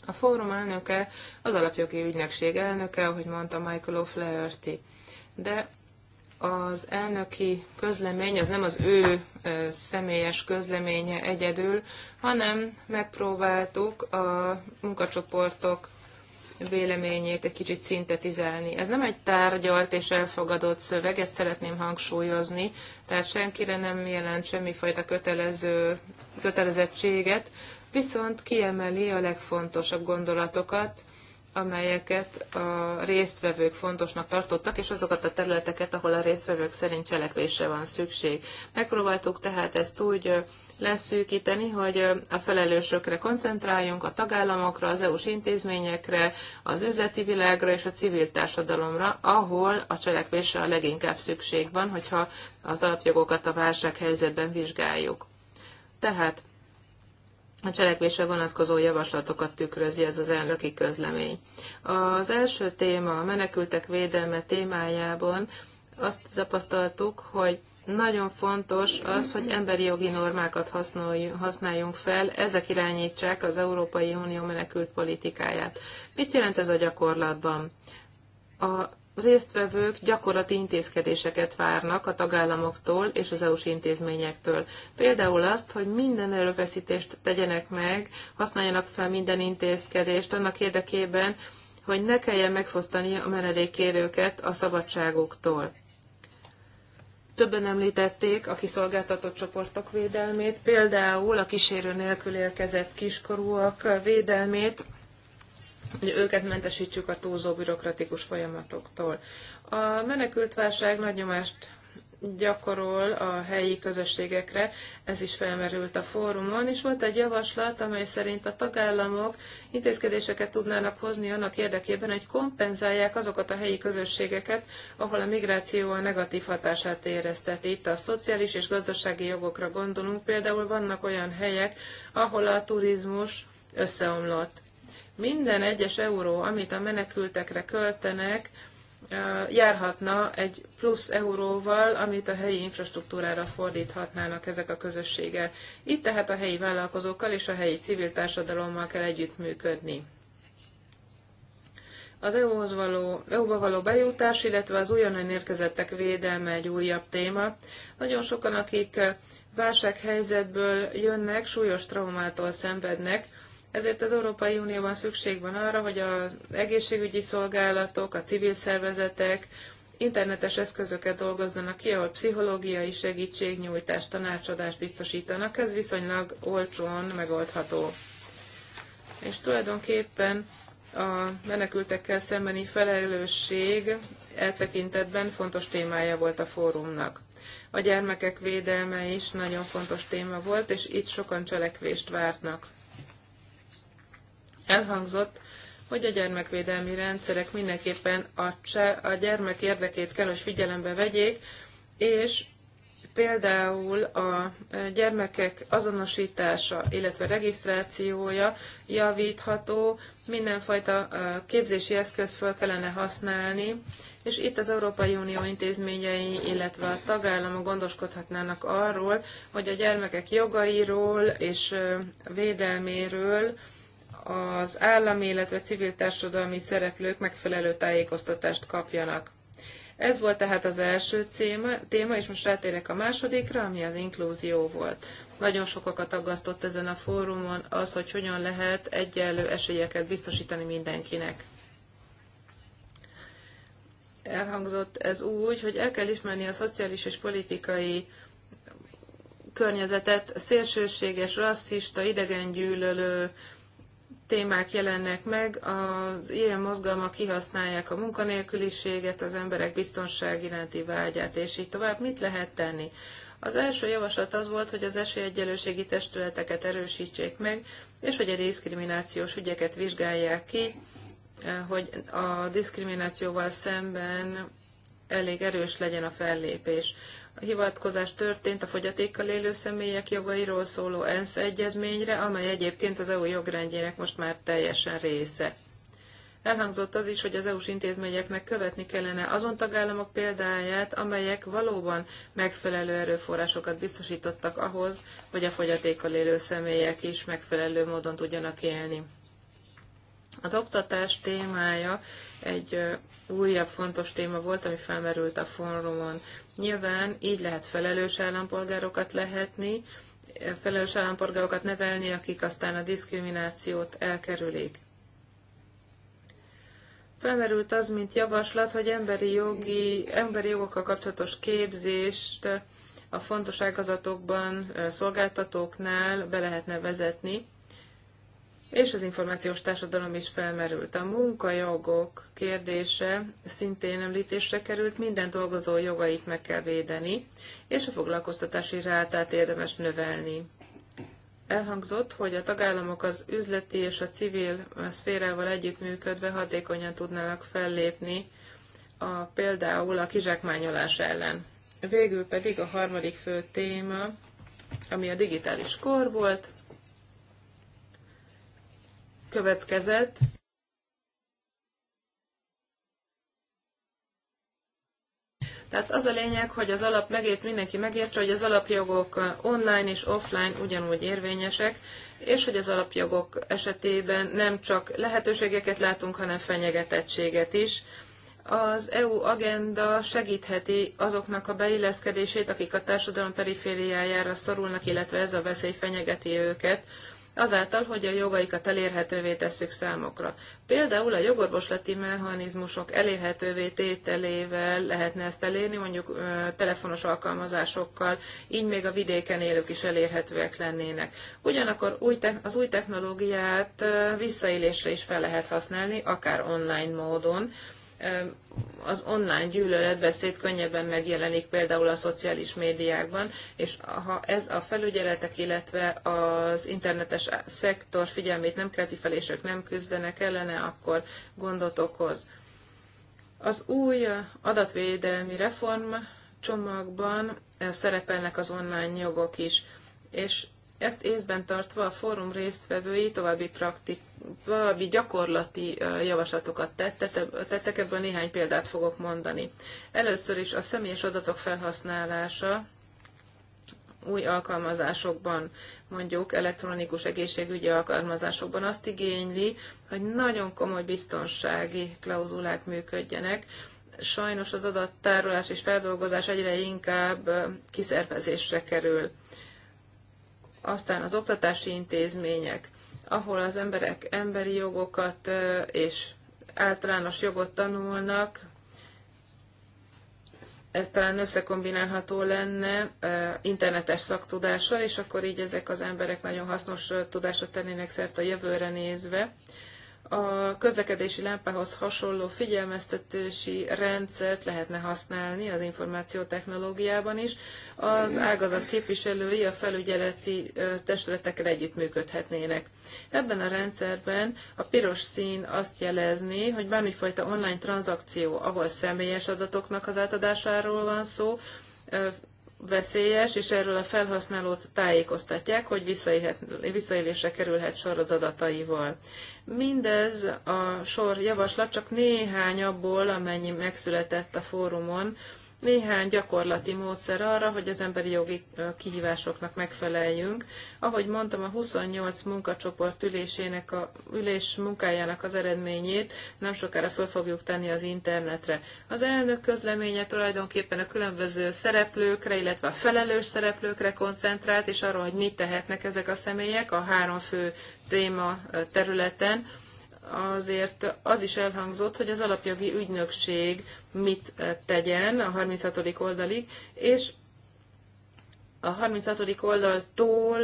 A fórum elnöke az alapjogi ügynökség elnöke, ahogy mondta Michael O'Flaherty. De az elnöki közlemény az nem az ő személyes közleménye egyedül, hanem megpróbáltuk a munkacsoportok véleményét egy kicsit szintetizálni. Ez nem egy tárgyalt és elfogadott szöveg, ezt szeretném hangsúlyozni, tehát senkire nem jelent semmifajta kötelező, kötelezettséget, viszont kiemeli a legfontosabb gondolatokat, amelyeket a résztvevők fontosnak tartottak, és azokat a területeket, ahol a résztvevők szerint cselekvésre van szükség. Megpróbáltuk tehát ezt úgy leszűkíteni, hogy a felelősökre koncentráljunk, a tagállamokra, az EU-s intézményekre, az üzleti világra és a civil társadalomra, ahol a cselekvésre a leginkább szükség van, hogyha az alapjogokat a válsághelyzetben vizsgáljuk. Tehát a cselekvésre vonatkozó javaslatokat tükrözi ez az elnöki közlemény. Az első téma a menekültek védelme témájában azt tapasztaltuk, hogy nagyon fontos az, hogy emberi jogi normákat használjunk fel, ezek irányítsák az Európai Unió menekült politikáját. Mit jelent ez a gyakorlatban? A résztvevők gyakorlati intézkedéseket várnak a tagállamoktól és az EU-s intézményektől. Például azt, hogy minden erőfeszítést tegyenek meg, használjanak fel minden intézkedést annak érdekében, hogy ne kelljen megfosztani a menedékkérőket a szabadságuktól. Többen említették a kiszolgáltatott csoportok védelmét, például a kísérő nélkül érkezett kiskorúak védelmét, hogy őket mentesítsük a túlzó bürokratikus folyamatoktól. A menekültválság nagy nyomást gyakorol a helyi közösségekre, ez is felmerült a fórumon, és volt egy javaslat, amely szerint a tagállamok intézkedéseket tudnának hozni annak érdekében, hogy kompenzálják azokat a helyi közösségeket, ahol a migráció a negatív hatását érezteti. Itt a szociális és gazdasági jogokra gondolunk, például vannak olyan helyek, ahol a turizmus összeomlott minden egyes euró, amit a menekültekre költenek, járhatna egy plusz euróval, amit a helyi infrastruktúrára fordíthatnának ezek a közösségek. Itt tehát a helyi vállalkozókkal és a helyi civil társadalommal kell együttműködni. Az EU-hoz való, EU-ba való bejutás, illetve az újonnan érkezettek védelme egy újabb téma. Nagyon sokan, akik válsághelyzetből jönnek, súlyos traumától szenvednek, ezért az Európai Unióban szükség van arra, hogy az egészségügyi szolgálatok, a civil szervezetek internetes eszközöket dolgozzanak ki, ahol pszichológiai segítségnyújtást, tanácsadást biztosítanak. Ez viszonylag olcsón megoldható. És tulajdonképpen a menekültekkel szembeni felelősség eltekintetben fontos témája volt a fórumnak. A gyermekek védelme is nagyon fontos téma volt, és itt sokan cselekvést várnak Elhangzott, hogy a gyermekvédelmi rendszerek mindenképpen a, a gyermek érdekét kell, hogy figyelembe vegyék, és például a gyermekek azonosítása, illetve regisztrációja javítható, mindenfajta képzési eszköz föl kellene használni, és itt az Európai Unió intézményei, illetve a tagállamok gondoskodhatnának arról, hogy a gyermekek jogairól és védelméről az állami, illetve civil társadalmi szereplők megfelelő tájékoztatást kapjanak. Ez volt tehát az első téma, és most rátérek a másodikra, ami az inklúzió volt. Nagyon sokakat aggasztott ezen a fórumon az, hogy hogyan lehet egyenlő esélyeket biztosítani mindenkinek. Elhangzott ez úgy, hogy el kell ismerni a szociális és politikai környezetet, szélsőséges, rasszista, idegengyűlölő, témák jelennek meg. Az ilyen mozgalmak kihasználják a munkanélküliséget, az emberek biztonság iránti vágyát, és így tovább. Mit lehet tenni? Az első javaslat az volt, hogy az esélyegyelőségi testületeket erősítsék meg, és hogy a diszkriminációs ügyeket vizsgálják ki, eh, hogy a diszkriminációval szemben elég erős legyen a fellépés. A hivatkozás történt a fogyatékkal élő személyek jogairól szóló ENSZ egyezményre, amely egyébként az EU jogrendjének most már teljesen része. Elhangzott az is, hogy az EU-s intézményeknek követni kellene azon tagállamok példáját, amelyek valóban megfelelő erőforrásokat biztosítottak ahhoz, hogy a fogyatékkal élő személyek is megfelelő módon tudjanak élni. Az oktatás témája egy újabb fontos téma volt, ami felmerült a fórumon. Nyilván így lehet felelős állampolgárokat lehetni, felelős állampolgárokat nevelni, akik aztán a diszkriminációt elkerülik. Felmerült az, mint javaslat, hogy emberi, jogi, emberi jogokkal kapcsolatos képzést a fontos ágazatokban, szolgáltatóknál be lehetne vezetni, és az információs társadalom is felmerült. A munkajogok kérdése szintén említésre került, minden dolgozó jogait meg kell védeni, és a foglalkoztatási rátát érdemes növelni. Elhangzott, hogy a tagállamok az üzleti és a civil szférával együttműködve hatékonyan tudnának fellépni a, például a kizsákmányolás ellen. Végül pedig a harmadik fő téma, ami a digitális kor volt, következett. Tehát az a lényeg, hogy az alap megért, mindenki megértse, hogy az alapjogok online és offline ugyanúgy érvényesek, és hogy az alapjogok esetében nem csak lehetőségeket látunk, hanem fenyegetettséget is. Az EU agenda segítheti azoknak a beilleszkedését, akik a társadalom perifériájára szorulnak, illetve ez a veszély fenyegeti őket azáltal, hogy a jogaikat elérhetővé tesszük számokra. Például a jogorvoslati mechanizmusok elérhetővé tételével lehetne ezt elérni, mondjuk telefonos alkalmazásokkal, így még a vidéken élők is elérhetőek lennének. Ugyanakkor az új technológiát visszaélésre is fel lehet használni, akár online módon, az online gyűlöletbeszéd könnyebben megjelenik például a szociális médiákban, és ha ez a felügyeletek, illetve az internetes szektor figyelmét nem kelti fel, és ők nem küzdenek ellene, akkor gondot okoz. Az új adatvédelmi reform csomagban szerepelnek az online jogok is, és ezt észben tartva a fórum résztvevői további, praktik, további gyakorlati javaslatokat tettek, ebből néhány példát fogok mondani. Először is a személyes adatok felhasználása új alkalmazásokban, mondjuk elektronikus egészségügyi alkalmazásokban azt igényli, hogy nagyon komoly biztonsági klauzulák működjenek, sajnos az adattárolás és feldolgozás egyre inkább kiszervezésre kerül. Aztán az oktatási intézmények, ahol az emberek emberi jogokat és általános jogot tanulnak, ez talán összekombinálható lenne internetes szaktudással, és akkor így ezek az emberek nagyon hasznos tudásra tennének szert a jövőre nézve a közlekedési lámpához hasonló figyelmeztetési rendszert lehetne használni az információtechnológiában is. Az ágazat képviselői a felügyeleti testületekkel együttműködhetnének. Ebben a rendszerben a piros szín azt jelezné, hogy bármifajta online tranzakció, ahol személyes adatoknak az átadásáról van szó, veszélyes, és erről a felhasználót tájékoztatják, hogy visszaélésre kerülhet sor az adataival. Mindez a sor javaslat csak néhány abból, amennyi megszületett a fórumon, néhány gyakorlati módszer arra, hogy az emberi jogi kihívásoknak megfeleljünk. Ahogy mondtam, a 28 munkacsoport ülésének a, ülés munkájának az eredményét nem sokára föl fogjuk tenni az internetre. Az elnök közleménye tulajdonképpen a különböző szereplőkre, illetve a felelős szereplőkre koncentrált, és arra, hogy mit tehetnek ezek a személyek a három fő téma területen azért az is elhangzott, hogy az alapjogi ügynökség mit eh, tegyen a 36. oldalig, és a 36. oldaltól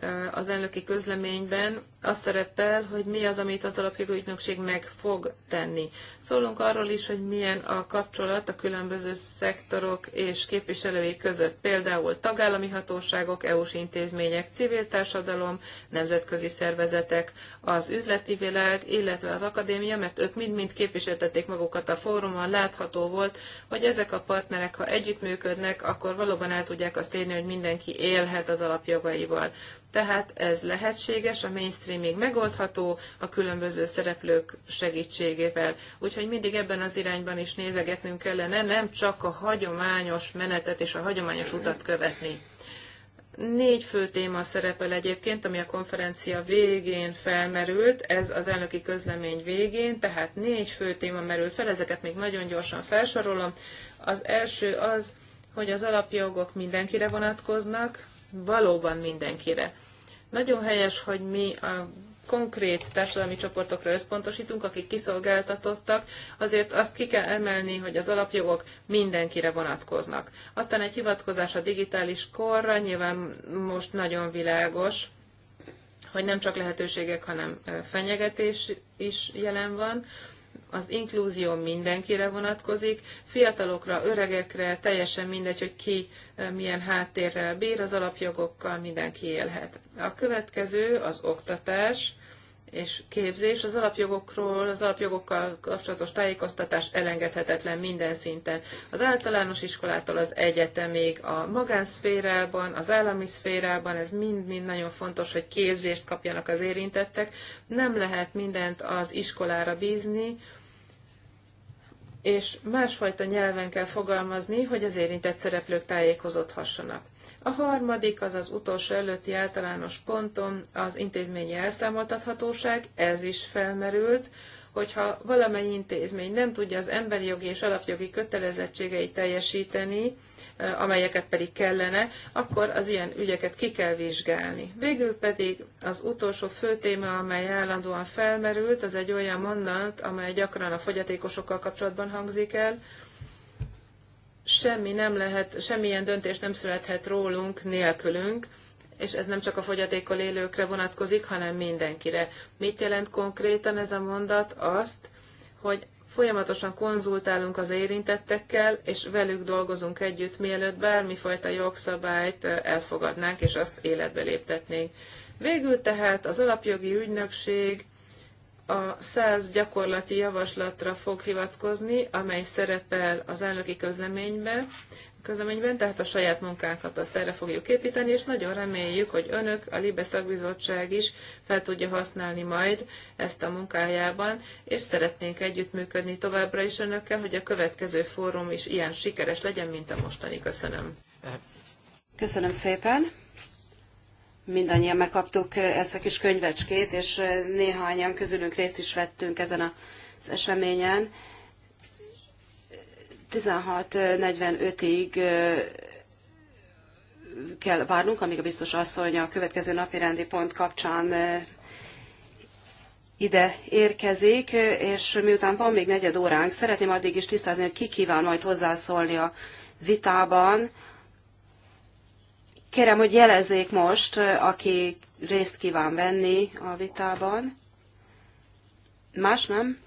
eh, az elnöki közleményben az szerepel, hogy mi az, amit az alapjogi ügynökség meg fog tenni. Szólunk arról is, hogy milyen a kapcsolat a különböző szektorok és képviselői között, például tagállami hatóságok, EU-s intézmények, civil társadalom, nemzetközi szervezetek, az üzleti világ, illetve az akadémia, mert ők mind-mind képviseltették magukat a fórumon, látható volt, hogy ezek a partnerek, ha együttműködnek, akkor valóban el tudják azt érni, hogy mindenki élhet az alapjogaival. Tehát ez lehetséges a mainstream ismétli, még megoldható a különböző szereplők segítségével. Úgyhogy mindig ebben az irányban is nézegetnünk kellene, nem csak a hagyományos menetet és a hagyományos utat követni. Négy fő téma szerepel egyébként, ami a konferencia végén felmerült, ez az elnöki közlemény végén, tehát négy fő téma merült fel, ezeket még nagyon gyorsan felsorolom. Az első az, hogy az alapjogok mindenkire vonatkoznak, valóban mindenkire. Nagyon helyes, hogy mi a konkrét társadalmi csoportokra összpontosítunk, akik kiszolgáltatottak, azért azt ki kell emelni, hogy az alapjogok mindenkire vonatkoznak. Aztán egy hivatkozás a digitális korra, nyilván most nagyon világos, hogy nem csak lehetőségek, hanem fenyegetés is jelen van az inklúzió mindenkire vonatkozik, fiatalokra, öregekre, teljesen mindegy, hogy ki eh, milyen háttérrel bír, az alapjogokkal mindenki élhet. A következő az oktatás és képzés, az alapjogokról, az alapjogokkal kapcsolatos tájékoztatás elengedhetetlen minden szinten. Az általános iskolától az egyetemig, a magánszférában, az állami szférában, ez mind-mind nagyon fontos, hogy képzést kapjanak az érintettek. Nem lehet mindent az iskolára bízni, és másfajta nyelven kell fogalmazni, hogy az érintett szereplők tájékozódhassanak. A harmadik, az az utolsó előtti általános pontom, az intézményi elszámoltathatóság, ez is felmerült hogyha valamely intézmény nem tudja az emberi jogi és alapjogi kötelezettségeit teljesíteni, amelyeket pedig kellene, akkor az ilyen ügyeket ki kell vizsgálni. Végül pedig az utolsó fő téma, amely állandóan felmerült, az egy olyan mondat, amely gyakran a fogyatékosokkal kapcsolatban hangzik el, semmi nem lehet, semmilyen döntés nem születhet rólunk nélkülünk, és ez nem csak a fogyatékkal élőkre vonatkozik, hanem mindenkire. Mit jelent konkrétan ez a mondat? Azt, hogy folyamatosan konzultálunk az érintettekkel, és velük dolgozunk együtt, mielőtt bármifajta jogszabályt elfogadnánk, és azt életbe léptetnénk. Végül tehát az alapjogi ügynökség a száz gyakorlati javaslatra fog hivatkozni, amely szerepel az elnöki közleményben, közleményben, tehát a saját munkánkat azt erre fogjuk építeni, és nagyon reméljük, hogy önök, a Libe szakbizottság is fel tudja használni majd ezt a munkájában, és szeretnénk együttműködni továbbra is önökkel, hogy a következő fórum is ilyen sikeres legyen, mint a mostani. Köszönöm. Köszönöm szépen. Mindannyian megkaptuk ezt a kis könyvecskét, és néhányan közülünk részt is vettünk ezen az eseményen 16.45-ig kell várnunk, amíg a biztos asszony a következő napi rendi pont kapcsán ide érkezik, és miután van még negyed óránk, szeretném addig is tisztázni, hogy ki kíván majd hozzászólni a vitában. Kérem, hogy jelezzék most, aki részt kíván venni a vitában. Más nem?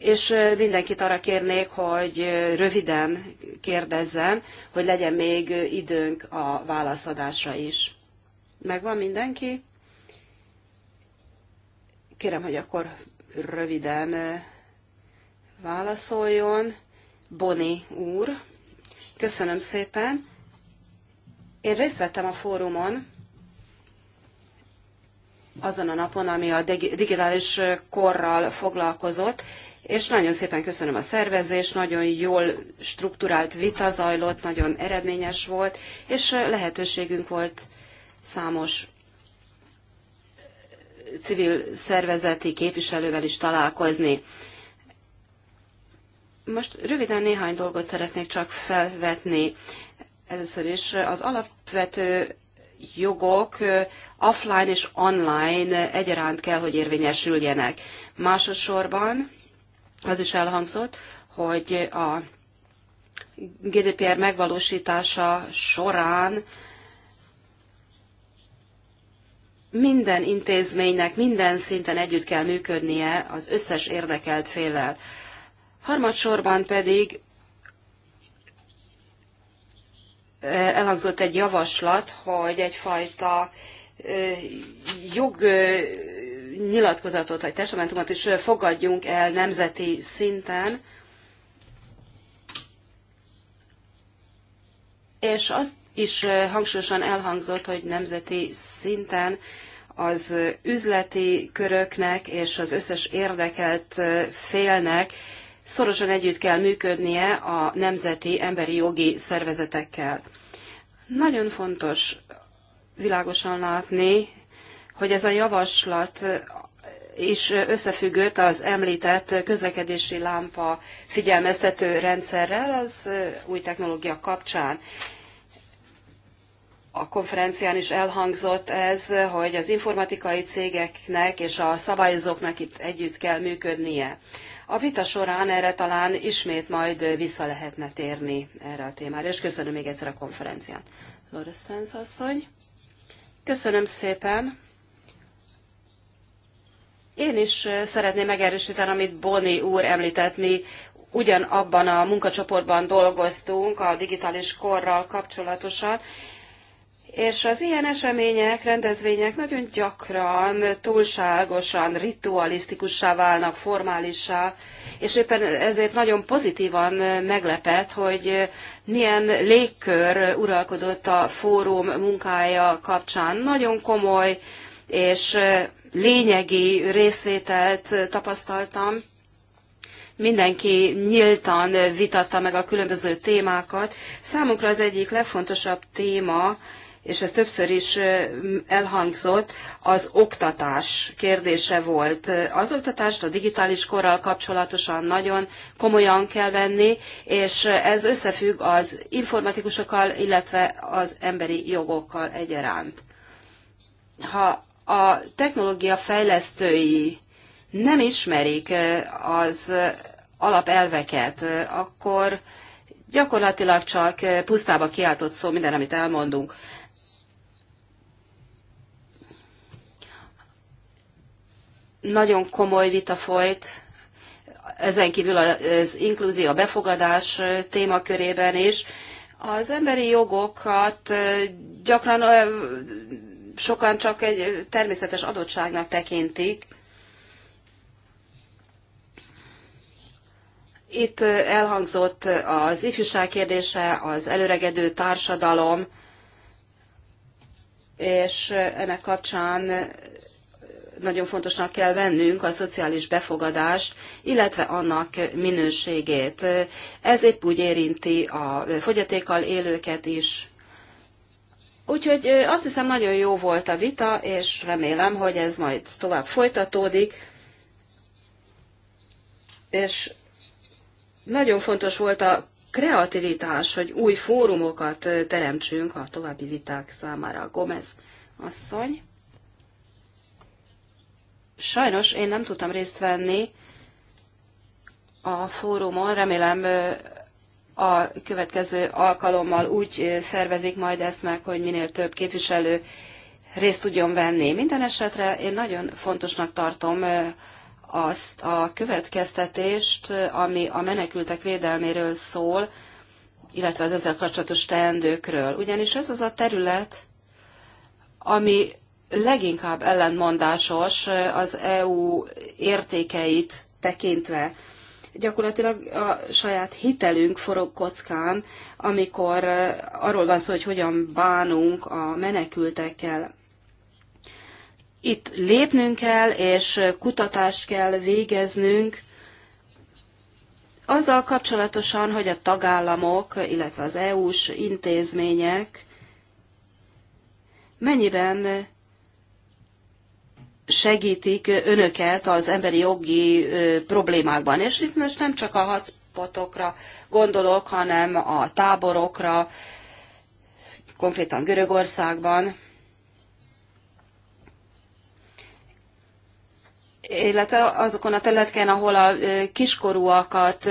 és mindenkit arra kérnék, hogy röviden kérdezzen, hogy legyen még időnk a válaszadásra is. Megvan mindenki? Kérem, hogy akkor röviden válaszoljon. Boni úr, köszönöm szépen. Én részt vettem a fórumon, azon a napon, ami a digitális korral foglalkozott, és nagyon szépen köszönöm a szervezést, nagyon jól strukturált vita zajlott, nagyon eredményes volt, és lehetőségünk volt számos civil szervezeti képviselővel is találkozni. Most röviden néhány dolgot szeretnék csak felvetni. Először is az alapvető jogok offline és online egyaránt kell, hogy érvényesüljenek. Másodszorban az is elhangzott, hogy a GDPR megvalósítása során minden intézménynek minden szinten együtt kell működnie az összes érdekelt féllel. Harmadsorban pedig elhangzott egy javaslat, hogy egyfajta jog nyilatkozatot vagy testamentumot is fogadjunk el nemzeti szinten. És azt is hangsúlyosan elhangzott, hogy nemzeti szinten az üzleti köröknek és az összes érdekelt félnek szorosan együtt kell működnie a nemzeti emberi jogi szervezetekkel. Nagyon fontos világosan látni, hogy ez a javaslat is összefüggött az említett közlekedési lámpa figyelmeztető rendszerrel az új technológia kapcsán. A konferencián is elhangzott ez, hogy az informatikai cégeknek és a szabályozóknak itt együtt kell működnie. A vita során erre talán ismét majd vissza lehetne térni erre a témára, és köszönöm még egyszer a konferencián. Loresztánz asszony. Köszönöm szépen. Én is szeretném megerősíteni, amit Boni úr említett, mi ugyanabban a munkacsoportban dolgoztunk a digitális korral kapcsolatosan, és az ilyen események, rendezvények nagyon gyakran túlságosan ritualisztikussá válnak, formálissá, és éppen ezért nagyon pozitívan meglepett, hogy milyen légkör uralkodott a fórum munkája kapcsán. Nagyon komoly és lényegi részvételt tapasztaltam. Mindenki nyíltan vitatta meg a különböző témákat. Számunkra az egyik legfontosabb téma, és ez többször is elhangzott, az oktatás kérdése volt. Az oktatást a digitális korral kapcsolatosan nagyon komolyan kell venni, és ez összefügg az informatikusokkal, illetve az emberi jogokkal egyaránt. Ha a technológia fejlesztői nem ismerik eh, az eh, alapelveket, eh, akkor gyakorlatilag csak pusztába kiáltott szó minden, amit elmondunk. Nagyon komoly vita folyt, ezen kívül az inkluzió, a befogadás témakörében is. Az emberi jogokat gyakran sokan csak egy természetes adottságnak tekintik. Itt elhangzott az ifjúság kérdése, az előregedő társadalom, és ennek kapcsán nagyon fontosnak kell vennünk a szociális befogadást, illetve annak minőségét. Ez épp úgy érinti a fogyatékkal élőket is, Úgyhogy azt hiszem nagyon jó volt a vita, és remélem, hogy ez majd tovább folytatódik. És nagyon fontos volt a kreativitás, hogy új fórumokat teremtsünk a további viták számára. Gomez asszony. Sajnos én nem tudtam részt venni a fórumon, remélem a következő alkalommal úgy eh, szervezik majd ezt meg, hogy minél több képviselő részt tudjon venni. Minden esetre én nagyon fontosnak tartom eh, azt a következtetést, eh, ami a menekültek védelméről szól, illetve az ezzel kapcsolatos teendőkről. Ugyanis ez az a terület, ami leginkább ellenmondásos az EU értékeit tekintve gyakorlatilag a saját hitelünk forog kockán, amikor arról van szó, hogy hogyan bánunk a menekültekkel. Itt lépnünk kell, és kutatást kell végeznünk, azzal kapcsolatosan, hogy a tagállamok, illetve az EU-s intézmények mennyiben segítik önöket az emberi jogi problémákban. És itt most nem csak a hotspotokra gondolok, hanem a táborokra, konkrétan Görögországban. illetve azokon a területeken, ahol a kiskorúakat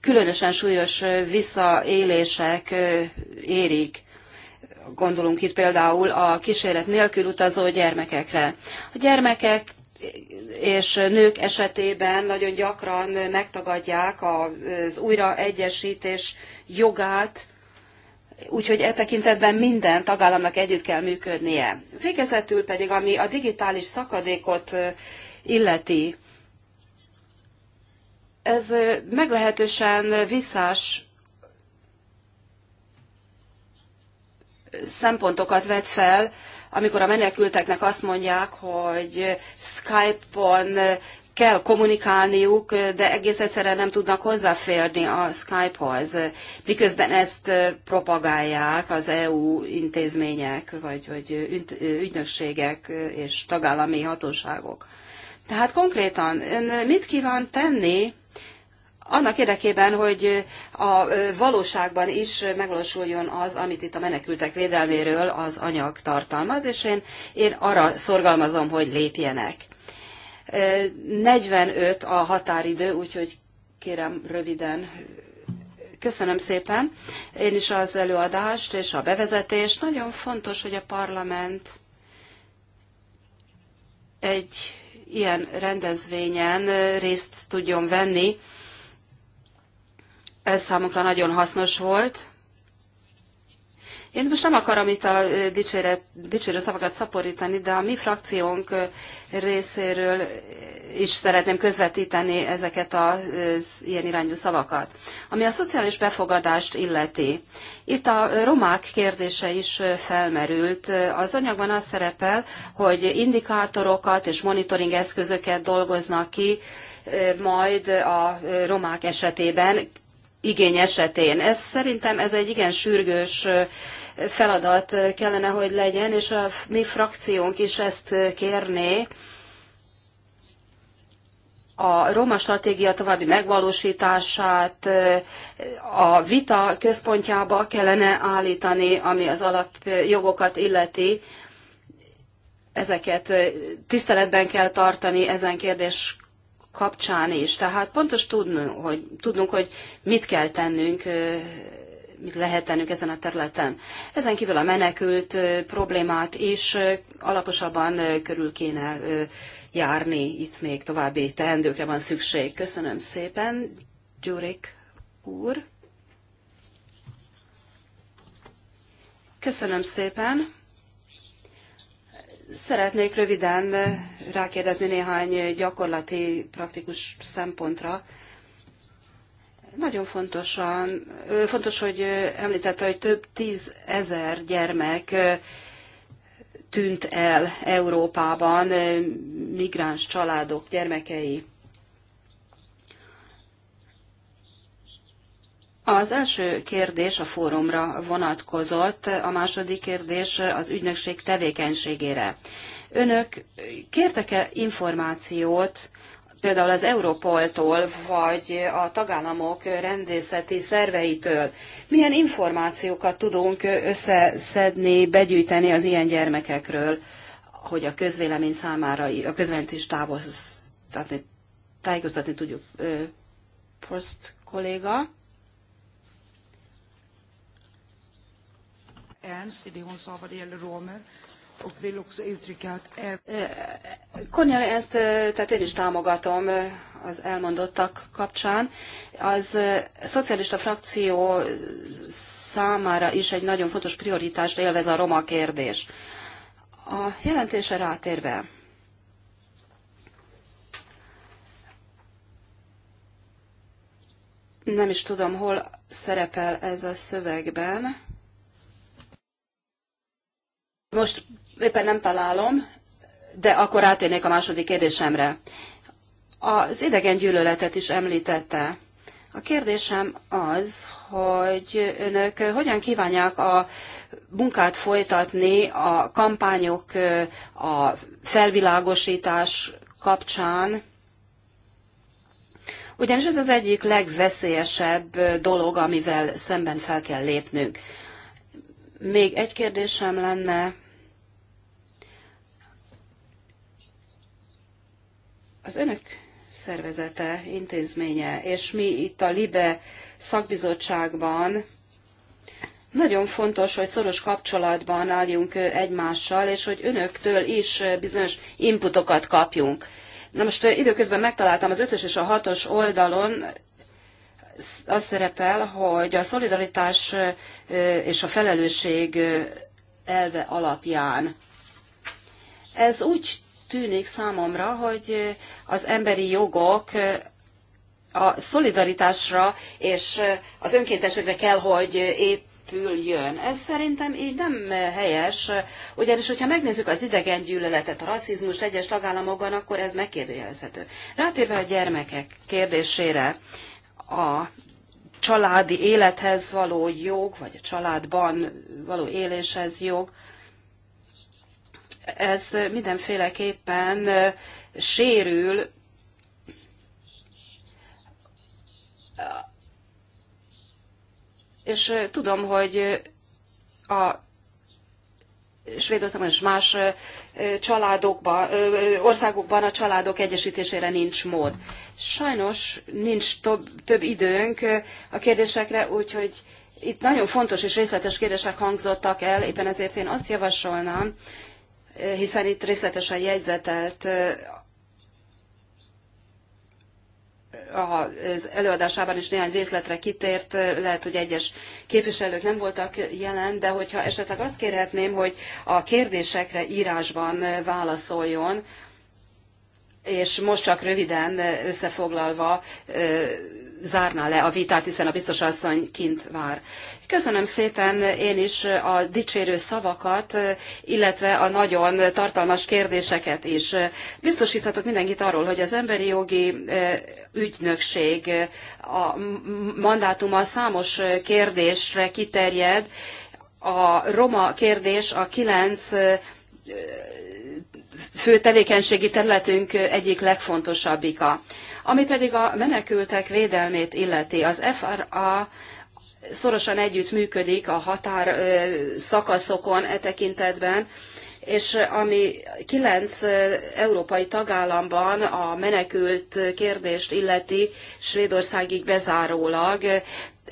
különösen súlyos visszaélések érik. Gondolunk itt például a kísérlet nélkül utazó gyermekekre. A gyermekek és nők esetében nagyon gyakran megtagadják az újraegyesítés jogát, úgyhogy e tekintetben minden tagállamnak együtt kell működnie. Végezetül pedig, ami a digitális szakadékot illeti, ez meglehetősen visszás szempontokat vet fel, amikor a menekülteknek azt mondják, hogy Skype-on kell kommunikálniuk, de egész egyszerűen nem tudnak hozzáférni a Skype-hoz, miközben ezt propagálják az EU intézmények, vagy, vagy ügynökségek és tagállami hatóságok. Tehát konkrétan ön mit kíván tenni annak érdekében, hogy a valóságban is megvalósuljon az, amit itt a menekültek védelméről az anyag tartalmaz, és én, én arra szorgalmazom, hogy lépjenek. 45 a határidő, úgyhogy kérem röviden Köszönöm szépen. Én is az előadást és a bevezetést. Nagyon fontos, hogy a parlament egy ilyen rendezvényen részt tudjon venni, ez számunkra nagyon hasznos volt. Én most nem akarom itt a dicsére, dicsérő szavakat szaporítani, de a mi frakciónk részéről is szeretném közvetíteni ezeket az ilyen irányú szavakat. Ami a szociális befogadást illeti, itt a romák kérdése is felmerült. Az anyagban az szerepel, hogy indikátorokat és monitoring eszközöket dolgoznak ki, majd a romák esetében igény esetén. Ez szerintem ez egy igen sürgős feladat kellene, hogy legyen, és a mi frakciónk is ezt kérné. A Roma stratégia további megvalósítását a vita központjába kellene állítani, ami az alapjogokat illeti. Ezeket tiszteletben kell tartani ezen kérdés kapcsán is. Tehát pontos tudnunk, hogy, tudnunk, hogy mit kell tennünk, mit lehet tennünk ezen a területen. Ezen kívül a menekült problémát is alaposabban körül kéne járni. Itt még további teendőkre van szükség. Köszönöm szépen, Gyurik úr. Köszönöm szépen. Szeretnék röviden eh, rákérdezni néhány eh, gyakorlati, praktikus szempontra. Nagyon fontosan, fontos, hogy eh, említette, hogy több tízezer gyermek tűnt el Európában migráns családok gyermekei. Az első kérdés a fórumra vonatkozott, a második kérdés az ügynökség tevékenységére. Önök kértek-e információt például az Európoltól, vagy a tagállamok rendészeti szerveitől? Milyen információkat tudunk összeszedni, begyűjteni az ilyen gyermekekről, hogy a közvélemény számára, a közvélemény is távol, tájékoztatni tudjuk? Post kolléga. Ernst i det hon sa vad det gäller romer. Och vill också uttrycka att... Eh, Cornelia Ernst, eh, tehát én is támogatom eh, az elmondottak kapcsán. Az szocialista frakció számára is egy nagyon fontos prioritást élvez a roma kérdés. A jelentése rátérve, nem is tudom, hol szerepel ez a szövegben. Most éppen nem találom, de akkor átérnék a második kérdésemre. Az idegen gyűlöletet is említette. A kérdésem az, hogy önök hogyan kívánják a munkát folytatni a kampányok, a felvilágosítás kapcsán, ugyanis ez az egyik legveszélyesebb dolog, amivel szemben fel kell lépnünk. Még egy kérdésem lenne, Az önök szervezete, intézménye, és mi itt a LIBE szakbizottságban nagyon fontos, hogy szoros kapcsolatban álljunk egymással, és hogy önöktől is bizonyos inputokat kapjunk. Na most időközben megtaláltam az ötös és a hatos oldalon, az szerepel, hogy a szolidaritás és a felelősség elve alapján. Ez úgy tűnik számomra, hogy az emberi jogok a szolidaritásra és az önkéntesekre kell, hogy épp épüljön. Ez szerintem így nem helyes, ugyanis, hogyha megnézzük az idegen gyűlöletet, a rasszizmus egyes tagállamokban, akkor ez megkérdőjelezhető. Rátérve a gyermekek kérdésére, a családi élethez való jog, vagy a családban való éléshez jog, ez mindenféleképpen sérül és tudom, hogy a Svédországban és más családokban, országokban a családok egyesítésére nincs mód. Sajnos nincs több, több időnk a kérdésekre, úgyhogy itt nagyon fontos és részletes kérdések hangzottak el, éppen ezért én azt javasolnám, hiszen itt részletesen jegyzetelt az előadásában is néhány részletre kitért, lehet, hogy egyes képviselők nem voltak jelen, de hogyha esetleg azt kérhetném, hogy a kérdésekre írásban válaszoljon, és most csak röviden összefoglalva zárná le a vitát, hiszen a biztos asszony kint vár. Köszönöm szépen én is a dicsérő szavakat, illetve a nagyon tartalmas kérdéseket is. Biztosíthatok mindenkit arról, hogy az emberi jogi e, ügynökség a mandátuma számos kérdésre kiterjed. A roma kérdés a kilenc e, fő tevékenységi területünk egyik legfontosabbika. Ami pedig a menekültek védelmét illeti, az FRA szorosan együttműködik a határ szakaszokon e tekintetben, és ami kilenc európai tagállamban a menekült kérdést illeti Svédországig bezárólag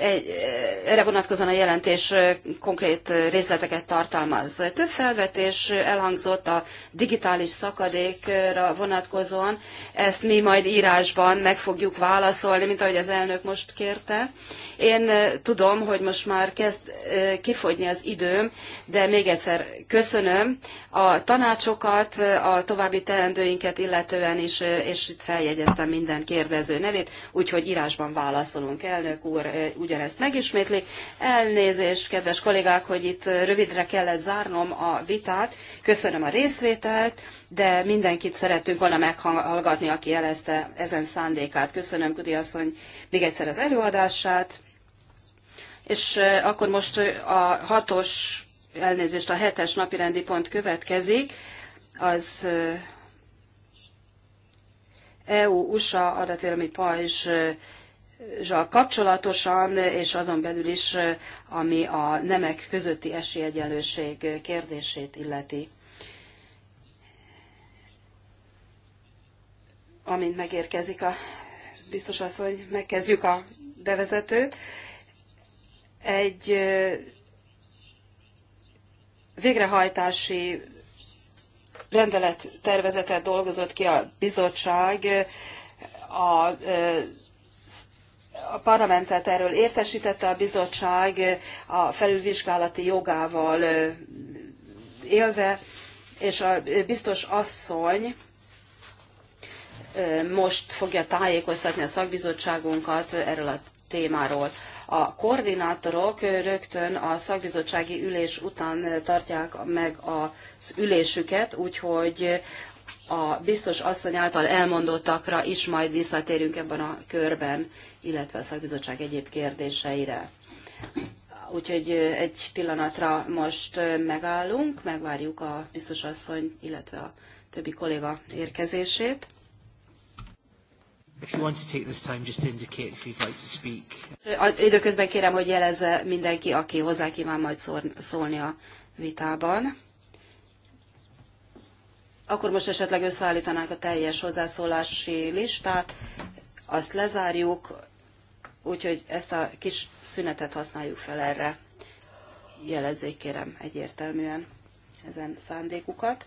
egy, eh, erre vonatkozóan a jelentés eh, konkrét eh, részleteket tartalmaz. Több felvetés elhangzott a digitális szakadékra vonatkozóan, ezt mi majd írásban meg fogjuk válaszolni, mint ahogy az elnök most kérte. Én tudom, hogy most már kezd kifogyni az időm, de még egyszer köszönöm a tanácsokat, a további teendőinket illetően is, és itt feljegyeztem minden kérdező nevét, úgyhogy írásban válaszolunk. Elnök úr, úgy ugyanezt megismétlik. Elnézést, kedves kollégák, hogy itt rövidre kellett zárnom a vitát. Köszönöm a részvételt, de mindenkit szerettünk volna meghallgatni, aki jelezte ezen szándékát. Köszönöm Kudi asszony még egyszer az előadását. És akkor most a hatos, elnézést, a hetes napirendi pont következik. Az EU-USA adatvédelmi pajzs kapcsolatosan, és azon belül is, ami a nemek közötti esélyegyenlőség kérdését illeti. Amint megérkezik a biztos asszony, megkezdjük a bevezetőt. Egy végrehajtási rendelet tervezetet dolgozott ki a bizottság a a parlamentet erről értesítette a bizottság a felülvizsgálati jogával élve, és a biztos asszony most fogja tájékoztatni a szakbizottságunkat erről a témáról. A koordinátorok rögtön a szakbizottsági ülés után tartják meg az ülésüket, úgyhogy a biztos asszony által elmondottakra is majd visszatérünk ebben a körben illetve a szakbizottság egyéb kérdéseire. Úgyhogy egy pillanatra most megállunk, megvárjuk a biztosasszony, illetve a többi kolléga érkezését. If you want to take this time, just indicate if you'd like to speak. Időközben kérem, hogy jelezze mindenki, aki hozzá kíván majd szólni a vitában. Akkor most esetleg összeállítanánk a teljes hozzászólási listát, azt lezárjuk, Úgyhogy ezt a kis szünetet használjuk fel erre. Jelezzék kérem egyértelműen ezen szándékukat.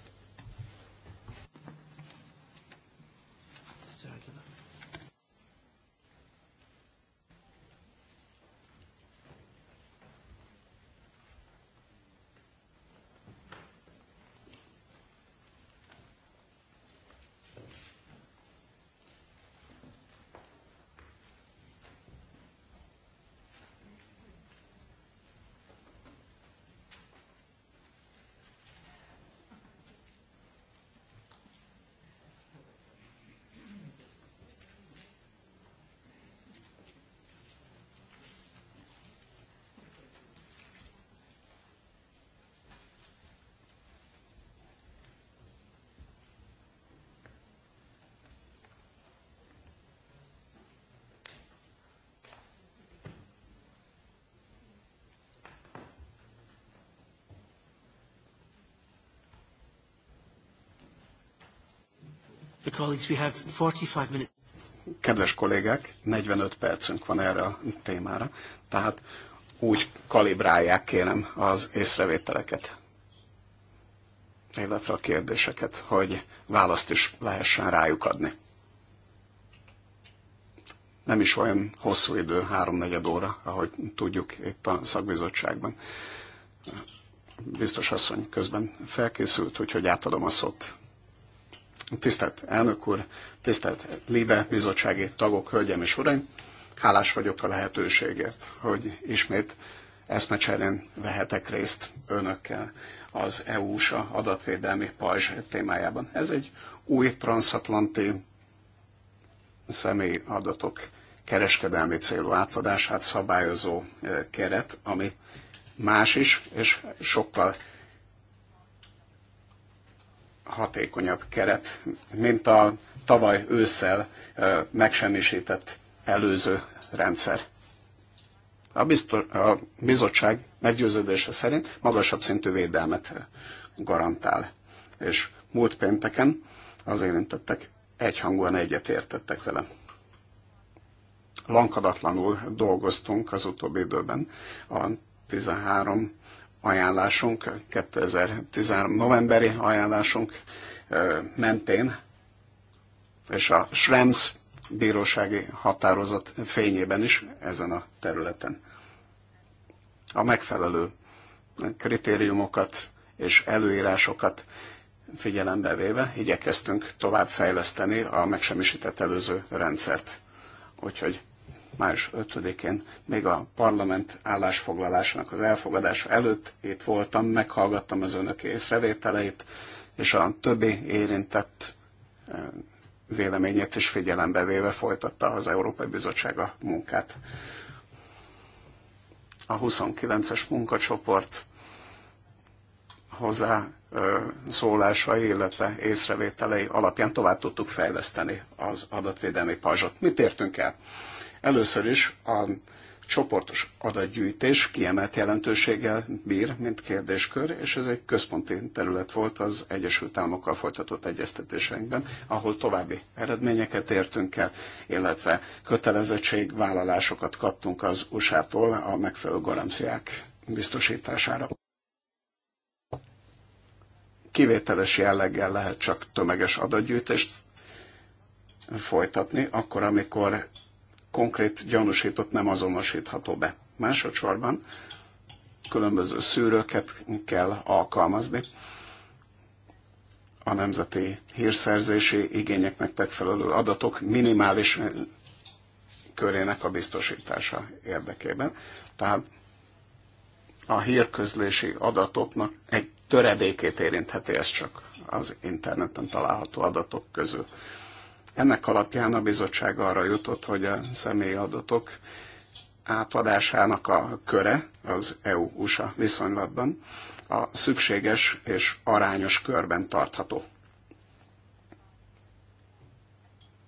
Kedves kollégák, 45 percünk van erre a témára, tehát úgy kalibrálják, kérem, az észrevételeket, illetve a kérdéseket, hogy választ is lehessen rájuk adni. Nem is olyan hosszú idő, háromnegyed óra, ahogy tudjuk itt a szakbizottságban. Biztos asszony közben felkészült, úgyhogy átadom a szót. Tisztelt elnök úr, tisztelt Libe bizottsági tagok, hölgyeim és uraim, hálás vagyok a lehetőségért, hogy ismét eszmecserén vehetek részt önökkel az EU-sa adatvédelmi pajzs témájában. Ez egy új transatlanti személyi adatok kereskedelmi célú átadását szabályozó eh, keret, ami más is, és sokkal hatékonyabb keret, mint a tavaly ősszel megsemmisített előző rendszer. A, biztos, a bizottság meggyőződése szerint magasabb szintű védelmet garantál. És múlt pénteken az érintettek egyhangúan egyetértettek velem. Lankadatlanul dolgoztunk az utóbbi időben a 13 ajánlásunk, 2013 novemberi ajánlásunk mentén, és a Schrems bírósági határozat fényében is ezen a területen. A megfelelő kritériumokat és előírásokat figyelembe véve igyekeztünk továbbfejleszteni a megsemmisített előző rendszert. Úgyhogy május 5-én, még a parlament állásfoglalásának az elfogadása előtt itt voltam, meghallgattam az önök észrevételeit, és a többi érintett eh, véleményét is figyelembe véve folytatta az Európai Bizottság a munkát. A 29-es munkacsoport hozzá eh, szólásai, illetve észrevételei alapján tovább tudtuk fejleszteni az adatvédelmi pajzsot. Mit értünk el? Először is a csoportos adatgyűjtés kiemelt jelentőséggel bír, mint kérdéskör, és ez egy központi terület volt az Egyesült Államokkal folytatott egyeztetéseinkben, ahol további eredményeket értünk el, illetve kötelezettségvállalásokat kaptunk az USA-tól a megfelelő garanciák biztosítására. Kivételes jelleggel lehet csak tömeges adatgyűjtést folytatni, akkor, amikor konkrét gyanúsított nem azonosítható be. Másodszorban különböző szűrőket kell alkalmazni a nemzeti hírszerzési igényeknek megfelelő adatok minimális körének a biztosítása érdekében. Tehát a hírközlési adatoknak egy töredékét érintheti ez csak az interneten található adatok közül. Ennek alapján a bizottság arra jutott, hogy a személyi adatok átadásának a köre az EU-USA viszonylatban a szükséges és arányos körben tartható.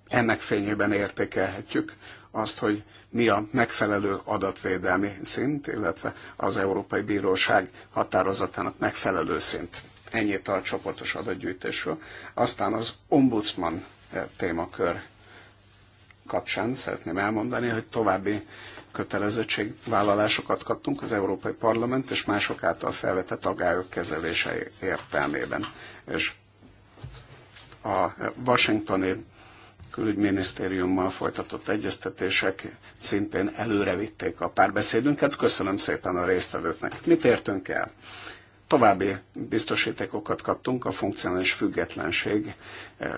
Ennek fényében értékelhetjük azt, hogy mi a megfelelő adatvédelmi szint, illetve az Európai Bíróság határozatának megfelelő szint. Ennyit a csoportos adatgyűjtésről. Aztán az ombudsman témakör kapcsán szeretném elmondani, hogy további kötelezettségvállalásokat kaptunk az Európai Parlament és mások által felvetett agályok kezelése értelmében. És a washingtoni külügyminisztériummal folytatott egyeztetések szintén előrevitték a párbeszédünket. Köszönöm szépen a résztvevőknek. Mit értünk el? További biztosítékokat kaptunk a funkcionális függetlenség eh,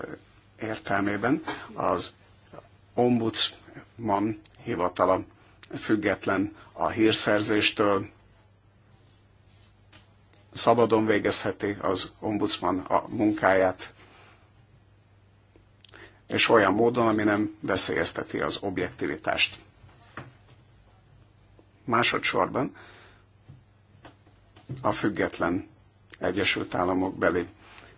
értelmében az ombudsman hivatala független a hírszerzéstől, szabadon végezheti az ombudsman a munkáját, és olyan módon, ami nem veszélyezteti az objektivitást. Másodszorban a független Egyesült Államok beli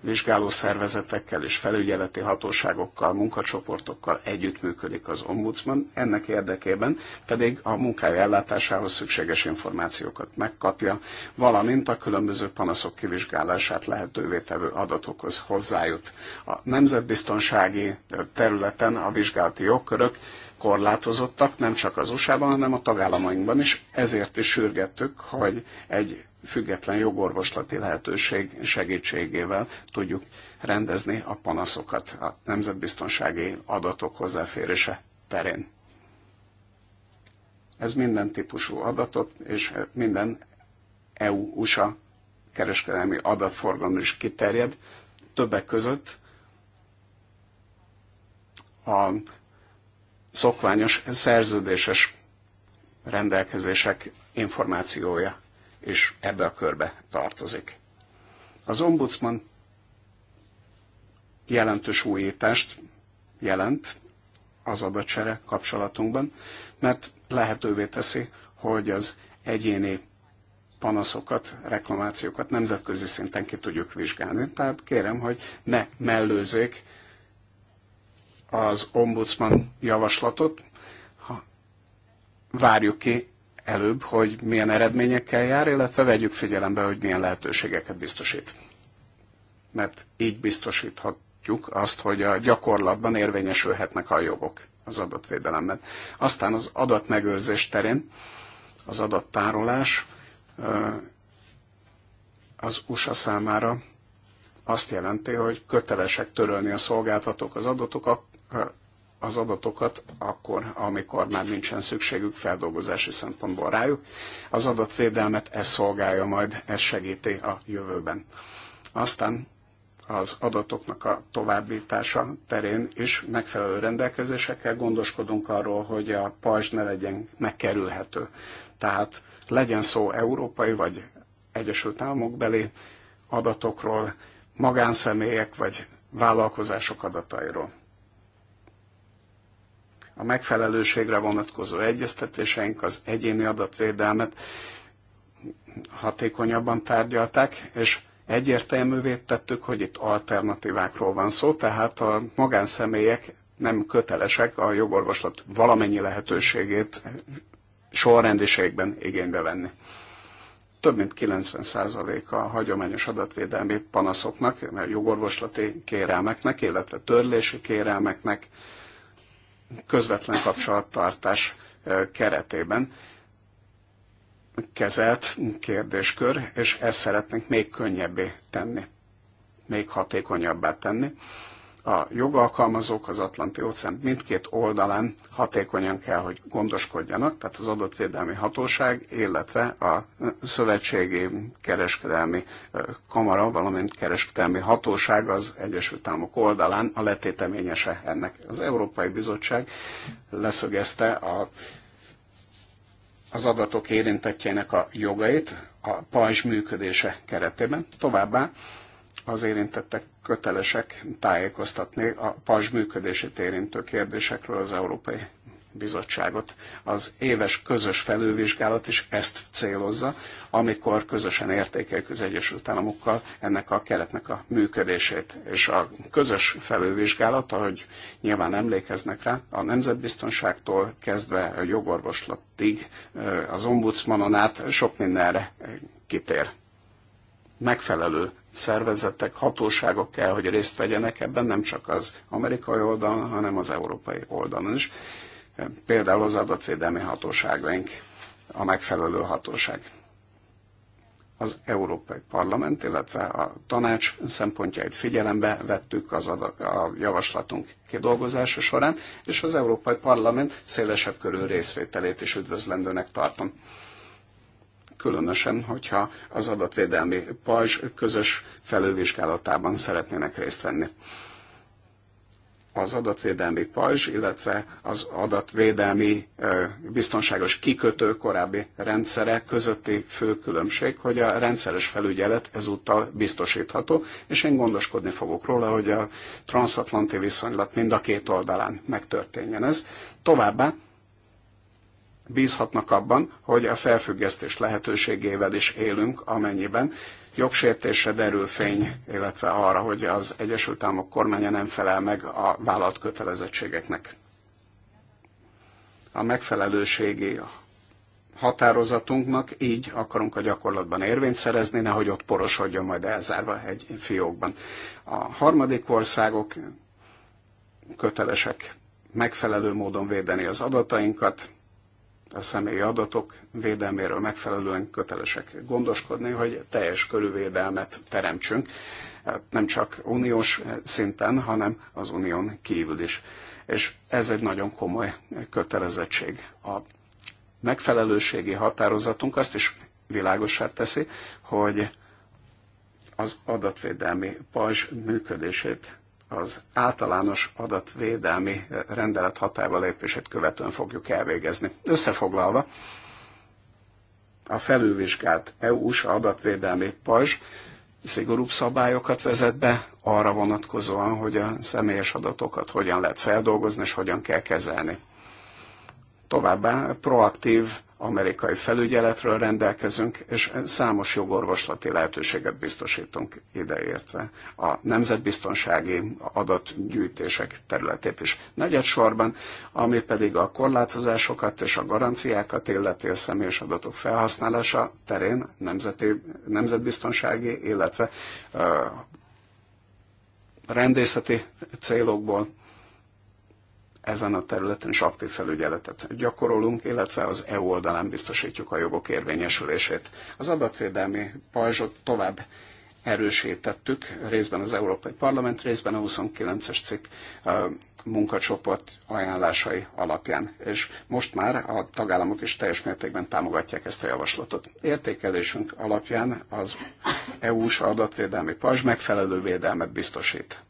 vizsgáló szervezetekkel és felügyeleti hatóságokkal, munkacsoportokkal együttműködik az ombudsman, ennek érdekében pedig a munkája ellátásához szükséges információkat megkapja, valamint a különböző panaszok kivizsgálását lehetővé tevő adatokhoz hozzájut. A nemzetbiztonsági területen a vizsgálati jogkörök korlátozottak, nem csak az USA-ban, hanem a tagállamainkban is. Ezért is sürgettük, hogy egy független jogorvoslati lehetőség segítségével tudjuk rendezni a panaszokat a nemzetbiztonsági adatok hozzáférése terén. Ez minden típusú adatot és minden EU-USA kereskedelmi adatforgalom is kiterjed, többek között a szokványos szerződéses rendelkezések információja és ebbe a körbe tartozik. Az ombudsman jelentős újítást jelent az adatsere kapcsolatunkban, mert lehetővé teszi, hogy az egyéni panaszokat, reklamációkat nemzetközi szinten ki tudjuk vizsgálni. Tehát kérem, hogy ne mellőzzék az ombudsman javaslatot, ha várjuk ki előbb, hogy milyen eredményekkel jár, illetve vegyük figyelembe, hogy milyen lehetőségeket biztosít. Mert így biztosíthatjuk azt, hogy a gyakorlatban érvényesülhetnek a jogok az adatvédelemben. Aztán az adatmegőrzés terén az adattárolás az USA számára azt jelenti, hogy kötelesek törölni a szolgáltatók az adatokat az adatokat akkor, amikor már nincsen szükségük feldolgozási szempontból rájuk. Az adatvédelmet ez szolgálja majd, ez segíti a jövőben. Aztán az adatoknak a továbbítása terén is megfelelő rendelkezésekkel gondoskodunk arról, hogy a pajzs ne legyen megkerülhető. Tehát legyen szó európai vagy Egyesült Államok beli adatokról, magánszemélyek vagy vállalkozások adatairól a megfelelőségre vonatkozó egyeztetéseink az egyéni adatvédelmet hatékonyabban tárgyalták, és egyértelművé tettük, hogy itt alternatívákról van szó, tehát a magánszemélyek nem kötelesek a jogorvoslat valamennyi lehetőségét sorrendiségben igénybe venni. Több mint 90%-a a hagyományos adatvédelmi panaszoknak, mert jogorvoslati kérelmeknek, illetve törlési kérelmeknek közvetlen kapcsolattartás keretében kezelt kérdéskör, és ezt szeretnénk még könnyebbé tenni, még hatékonyabbá tenni, a jogalkalmazók az Atlanti-óceán mindkét oldalán hatékonyan kell, hogy gondoskodjanak, tehát az adatvédelmi hatóság, illetve a szövetségi kereskedelmi kamara, valamint kereskedelmi hatóság az Egyesült Államok oldalán a letéteményese ennek. Az Európai Bizottság leszögezte a az adatok érintettjének a jogait a pajzs működése keretében. Továbbá az érintettek kötelesek tájékoztatni a PAS működését érintő kérdésekről az Európai Bizottságot. Az éves közös felülvizsgálat is ezt célozza, amikor közösen értékeljük az Egyesült Államokkal ennek a keretnek a működését. És a közös felülvizsgálat, ahogy nyilván emlékeznek rá, a nemzetbiztonságtól kezdve a jogorvoslatig, az ombudsmanon át sok mindenre kitér megfelelő szervezetek, hatóságok kell, hogy részt vegyenek ebben, nem csak az amerikai oldalon, hanem az európai oldalon is. Például az adatvédelmi hatóságaink a megfelelő hatóság. Az Európai Parlament, illetve a tanács szempontjait figyelembe vettük az a javaslatunk kidolgozása során, és az Európai Parlament szélesebb körű részvételét is üdvözlendőnek tartom különösen, hogyha az adatvédelmi pajzs közös felülvizsgálatában szeretnének részt venni. Az adatvédelmi pajzs, illetve az adatvédelmi biztonságos kikötő korábbi rendszere közötti fő különbség, hogy a rendszeres felügyelet ezúttal biztosítható, és én gondoskodni fogok róla, hogy a transatlanti viszonylat mind a két oldalán megtörténjen ez. Továbbá bízhatnak abban, hogy a felfüggesztés lehetőségével is élünk, amennyiben jogsértésre derül fény, illetve arra, hogy az Egyesült Államok kormánya nem felel meg a vállalt kötelezettségeknek. A megfelelőségi határozatunknak így akarunk a gyakorlatban érvényt szerezni, nehogy ott porosodjon majd elzárva egy fiókban. A harmadik országok kötelesek megfelelő módon védeni az adatainkat, a személyi adatok védelméről megfelelően kötelesek gondoskodni, hogy teljes körülvédelmet teremtsünk, hát nem csak uniós szinten, hanem az unión kívül is. És ez egy nagyon komoly kötelezettség. A megfelelőségi határozatunk azt is világosá teszi, hogy az adatvédelmi pajzs működését az általános adatvédelmi eh, rendelet hatályba lépését követően fogjuk elvégezni. Összefoglalva, a felülvizsgált EU-s adatvédelmi pajzs szigorúbb szabályokat vezet be arra vonatkozóan, hogy a személyes adatokat hogyan lehet feldolgozni és hogyan kell kezelni. Továbbá proaktív amerikai felügyeletről rendelkezünk, és számos jogorvoslati lehetőséget biztosítunk ideértve a nemzetbiztonsági adatgyűjtések területét is. Negyed sorban, ami pedig a korlátozásokat és a garanciákat illeti a személyes adatok felhasználása terén nemzeti, nemzetbiztonsági, illetve uh, rendészeti célokból ezen a területen is aktív felügyeletet gyakorolunk, illetve az EU oldalán biztosítjuk a jogok érvényesülését. Az adatvédelmi pajzsot tovább erősítettük, részben az Európai Parlament, részben a 29-es cikk munkacsoport ajánlásai alapján. És most már a tagállamok is teljes mértékben támogatják ezt a javaslatot. Értékelésünk alapján az EU-s adatvédelmi pajzs megfelelő védelmet biztosít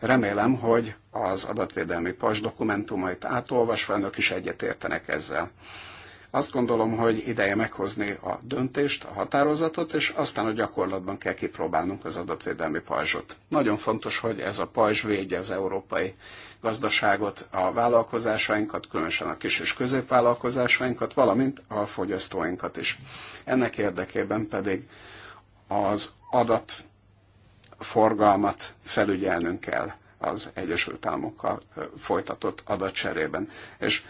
Remélem, hogy az adatvédelmi pas dokumentumait átolvasva önök is egyetértenek ezzel. Azt gondolom, hogy ideje meghozni a döntést, a határozatot, és aztán a gyakorlatban kell kipróbálnunk az adatvédelmi pajzsot. Nagyon fontos, hogy ez a pajzs védje az európai gazdaságot, a vállalkozásainkat, különösen a kis és középvállalkozásainkat, valamint a fogyasztóinkat is. Ennek érdekében pedig az adat forgalmat felügyelnünk kell az Egyesült Államokkal folytatott adatcserében. És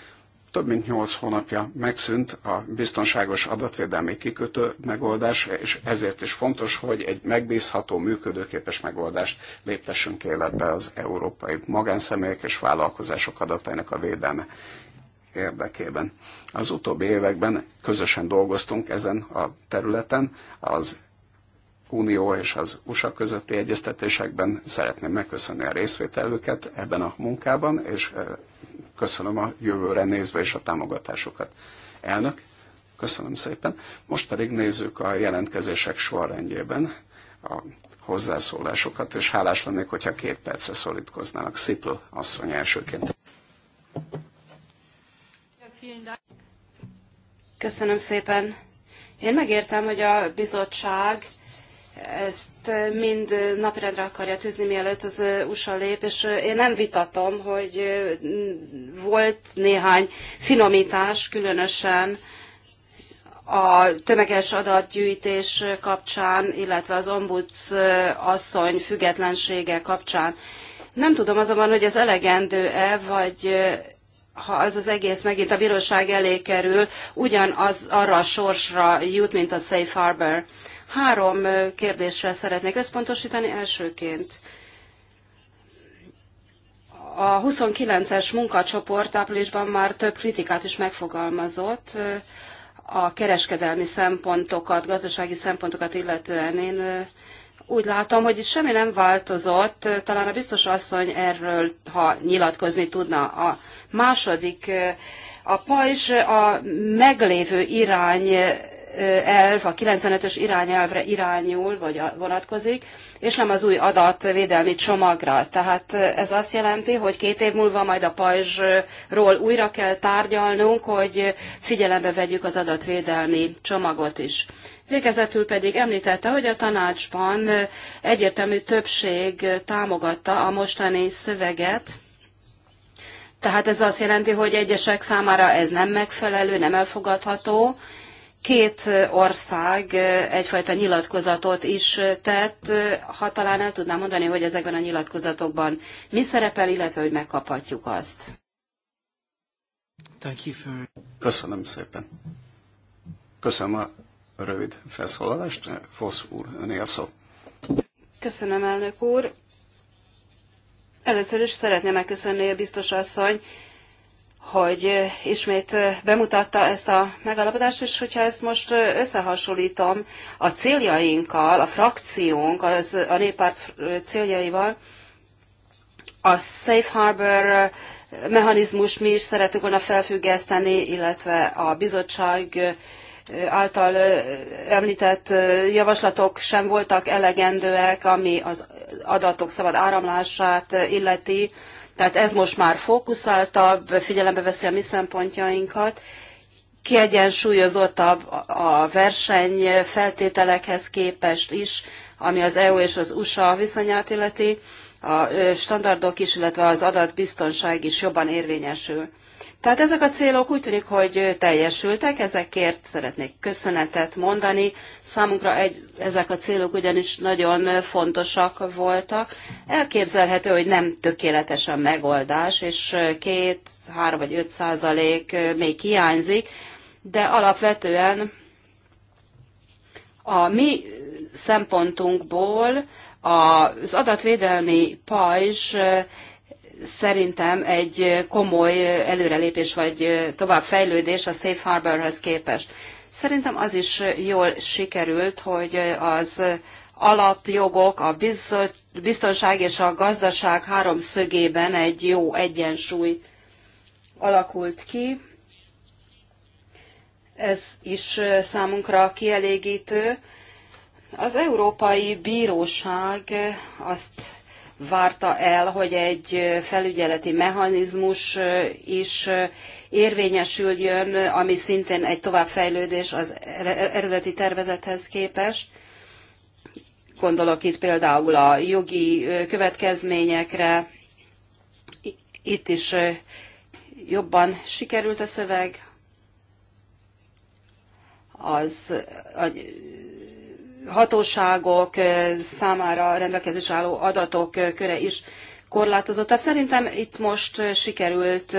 több mint 8 hónapja megszűnt a biztonságos adatvédelmi kikötő megoldás, és ezért is fontos, hogy egy megbízható, működőképes megoldást léptessünk életbe az európai magánszemélyek és vállalkozások adatainak a védelme érdekében. Az utóbbi években közösen dolgoztunk ezen a területen, az Unió és az USA közötti egyeztetésekben. Szeretném megköszönni a részvételüket ebben a munkában, és eh, köszönöm a jövőre nézve és a támogatásokat. Elnök, köszönöm szépen. Most pedig nézzük a jelentkezések sorrendjében a hozzászólásokat, és hálás lennék, hogyha két percre szorítkoznának. Szipl asszony elsőként. Köszönöm szépen. Én megértem, hogy a bizottság ezt mind napirendre akarja tűzni, mielőtt az USA lép, és én nem vitatom, hogy volt néhány finomítás, különösen a tömeges adatgyűjtés kapcsán, illetve az ombuds asszony függetlensége kapcsán. Nem tudom azonban, hogy ez elegendő-e, vagy ha az az egész megint a bíróság elé kerül, ugyanaz arra a sorsra jut, mint a Safe Harbor. Három kérdésre szeretnék összpontosítani. Elsőként a 29-es munkacsoport áprilisban már több kritikát is megfogalmazott a kereskedelmi szempontokat, gazdasági szempontokat illetően. Én úgy látom, hogy itt semmi nem változott, talán a biztos asszony erről, ha nyilatkozni tudna. A második, a pajzs a meglévő irány elv a 95-ös irányelvre irányul, vagy vonatkozik, és nem az új adatvédelmi csomagra. Tehát ez azt jelenti, hogy két év múlva majd a pajzsról újra kell tárgyalnunk, hogy figyelembe vegyük az adatvédelmi csomagot is. Végezetül pedig említette, hogy a tanácsban egyértelmű többség támogatta a mostani szöveget, tehát ez azt jelenti, hogy egyesek számára ez nem megfelelő, nem elfogadható, két ország egyfajta nyilatkozatot is tett. Ha talán el tudnám mondani, hogy ezekben a nyilatkozatokban mi szerepel, illetve hogy megkaphatjuk azt. Köszönöm szépen. Köszönöm a rövid felszólalást. Fosz úr, a szó. Köszönöm, elnök úr. Először is szeretném megköszönni a biztos asszony hogy ismét bemutatta ezt a megállapodást, és hogyha ezt most összehasonlítom a céljainkkal, a frakciónk, az, a néppárt céljaival, a Safe Harbor mechanizmus mi is szeretük volna felfüggeszteni, illetve a bizottság által említett javaslatok sem voltak elegendőek, ami az adatok szabad áramlását illeti. Tehát ez most már fókuszáltabb, figyelembe veszi a mi szempontjainkat, kiegyensúlyozottabb a verseny feltételekhez képest is, ami az EU és az USA viszonyát illeti, a standardok is, illetve az adatbiztonság is jobban érvényesül. Tehát ezek a célok úgy tűnik, hogy teljesültek, ezekért szeretnék köszönetet mondani. Számunkra egy, ezek a célok ugyanis nagyon fontosak voltak. Elképzelhető, hogy nem tökéletes a megoldás, és két, három vagy öt százalék még hiányzik, de alapvetően a mi szempontunkból az adatvédelmi pajzs szerintem egy komoly előrelépés vagy továbbfejlődés a Safe Harborhoz képest. Szerintem az is jól sikerült, hogy az alapjogok, a biztonság és a gazdaság háromszögében egy jó egyensúly alakult ki. Ez is számunkra kielégítő. Az Európai Bíróság azt várta el, hogy egy felügyeleti mechanizmus is érvényesüljön, ami szintén egy továbbfejlődés az er-, er-, eredeti tervezethez képest. Gondolok itt például a jogi következményekre. Itt is jobban sikerült a szöveg, az hatóságok eh, számára rendelkezés álló adatok eh, köre is korlátozottabb. Szerintem itt most eh, sikerült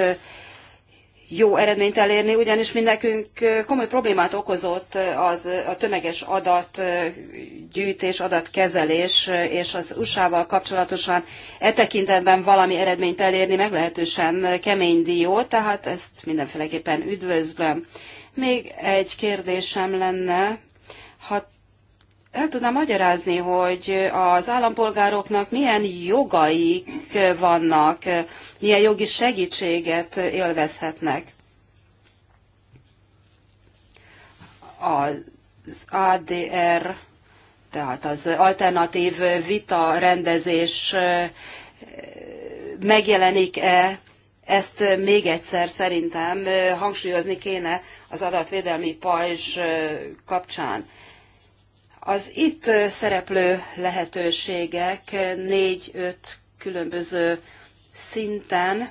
jó eredményt elérni, ugyanis mindenkünk komoly problémát okozott az a tömeges adatgyűjtés, adatkezelés, és az USA-val kapcsolatosan e tekintetben valami eredményt elérni meglehetősen kemény dió, tehát ezt mindenféleképpen üdvözlöm. Még egy kérdésem lenne, ha el tudná magyarázni, hogy az állampolgároknak milyen jogaik vannak, milyen jogi segítséget élvezhetnek. Az ADR, tehát az alternatív vita rendezés megjelenik-e, ezt még egyszer szerintem hangsúlyozni kéne az adatvédelmi pajzs kapcsán az itt szereplő lehetőségek négy-öt különböző szinten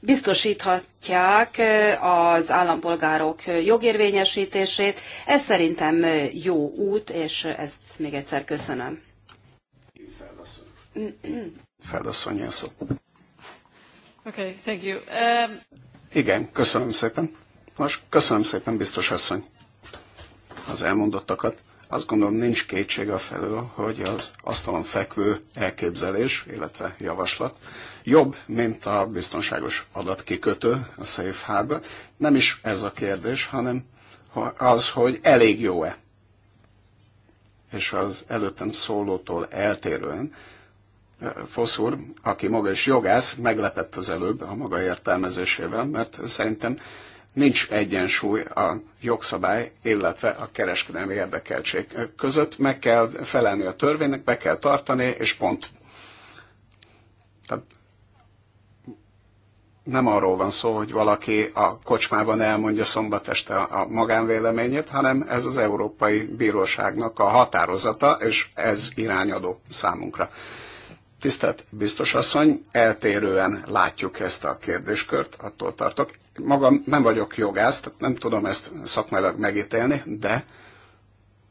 biztosíthatják az állampolgárok jogérvényesítését. Ez szerintem jó út, és ezt még egyszer köszönöm. Feldasszony szó. Okay, thank you. Um... Igen, köszönöm szépen. Nos, köszönöm szépen, biztos asszony az elmondottakat. Azt gondolom nincs kétség a felől, hogy az asztalon fekvő elképzelés, illetve javaslat jobb, mint a biztonságos adatkikötő, a Safe Harbor. Nem is ez a kérdés, hanem az, hogy elég jó-e. És az előttem szólótól eltérően Foszúr, aki maga is jogász, meglepett az előbb a maga értelmezésével, mert szerintem nincs egyensúly a jogszabály, illetve a kereskedelmi érdekeltség között. Meg kell felelni a törvénynek, be kell tartani, és pont. Tehát nem arról van szó, hogy valaki a kocsmában elmondja szombat este a magánvéleményét, hanem ez az Európai Bíróságnak a határozata, és ez irányadó számunkra. Tisztelt biztos asszony, eltérően látjuk ezt a kérdéskört, attól tartok. Magam nem vagyok jogász, tehát nem tudom ezt szakmailag megítélni, de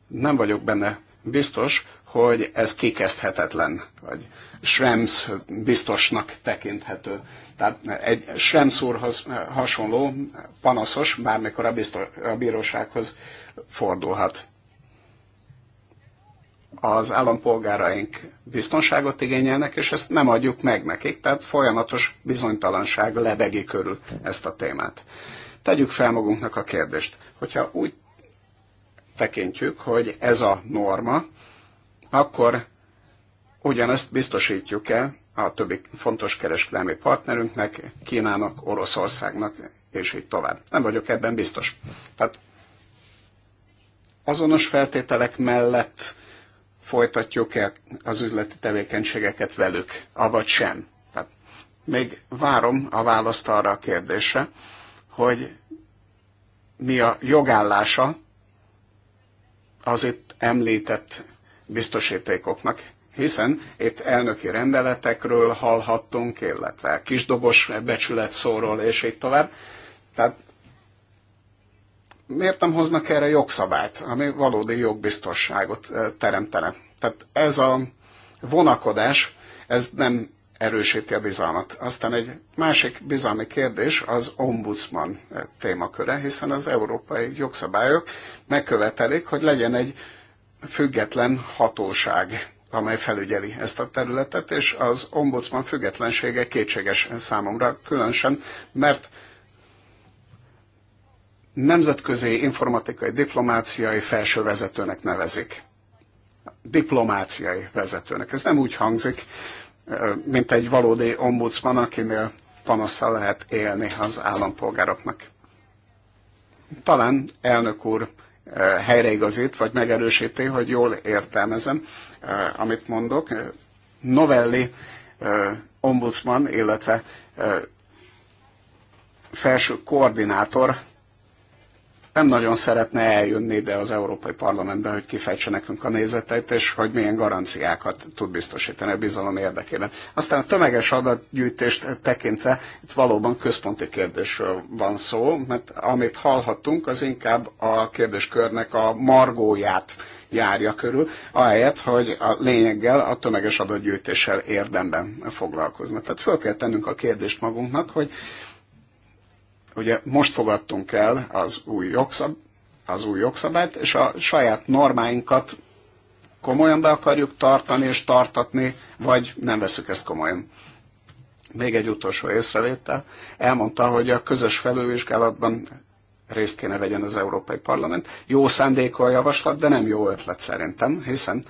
nem vagyok benne biztos, hogy ez kikezdhetetlen, vagy Schrems biztosnak tekinthető. Tehát egy Schrems úrhoz hasonló panaszos bármikor a, biztos, a bírósághoz fordulhat az állampolgáraink biztonságot igényelnek, és ezt nem adjuk meg nekik, tehát folyamatos bizonytalanság lebegi körül ezt a témát. Tegyük fel magunknak a kérdést, hogyha úgy tekintjük, hogy ez a norma, akkor ugyanezt biztosítjuk el a többi fontos kereskedelmi partnerünknek, Kínának, Oroszországnak, és így tovább. Nem vagyok ebben biztos. Tehát azonos feltételek mellett folytatjuk-e az üzleti tevékenységeket velük, avagy sem. Tehát még várom a választ arra a kérdésre, hogy mi a jogállása az itt említett biztosítékoknak, hiszen itt elnöki rendeletekről hallhattunk, illetve kisdobos becsületszóról, és így tovább. Tehát miért nem hoznak erre jogszabályt, ami valódi jogbiztosságot teremtene? Tehát ez a vonakodás, ez nem erősíti a bizalmat. Aztán egy másik bizalmi kérdés az ombudsman témaköre, hiszen az európai jogszabályok megkövetelik, hogy legyen egy független hatóság, amely felügyeli ezt a területet, és az ombudsman függetlensége kétséges számomra, különösen, mert nemzetközi informatikai diplomáciai felső vezetőnek nevezik. Diplomáciai vezetőnek. Ez nem úgy hangzik, mint egy valódi ombudsman, akinél panaszsal lehet élni az állampolgároknak. Talán elnök úr helyreigazít, vagy megerősíti, hogy jól értelmezem, amit mondok. Novelli ombudsman, illetve felső koordinátor nem nagyon szeretne eljönni ide az Európai Parlamentbe, hogy kifejtse nekünk a nézeteit, és hogy milyen garanciákat tud biztosítani a bizalom érdekében. Aztán a tömeges adatgyűjtést tekintve itt valóban központi kérdésről van szó, mert amit hallhattunk, az inkább a kérdéskörnek a margóját járja körül, ahelyett, hogy a lényeggel, a tömeges adatgyűjtéssel érdemben foglalkoznak. Tehát föl kell tennünk a kérdést magunknak, hogy Ugye most fogadtunk el az új, jogszab, az új jogszabályt, és a saját normáinkat komolyan be akarjuk tartani és tartatni, vagy nem veszük ezt komolyan. Még egy utolsó észrevétel. Elmondta, hogy a közös felülvizsgálatban részt kéne vegyen az Európai Parlament. Jó szándékol javaslat, de nem jó ötlet szerintem, hiszen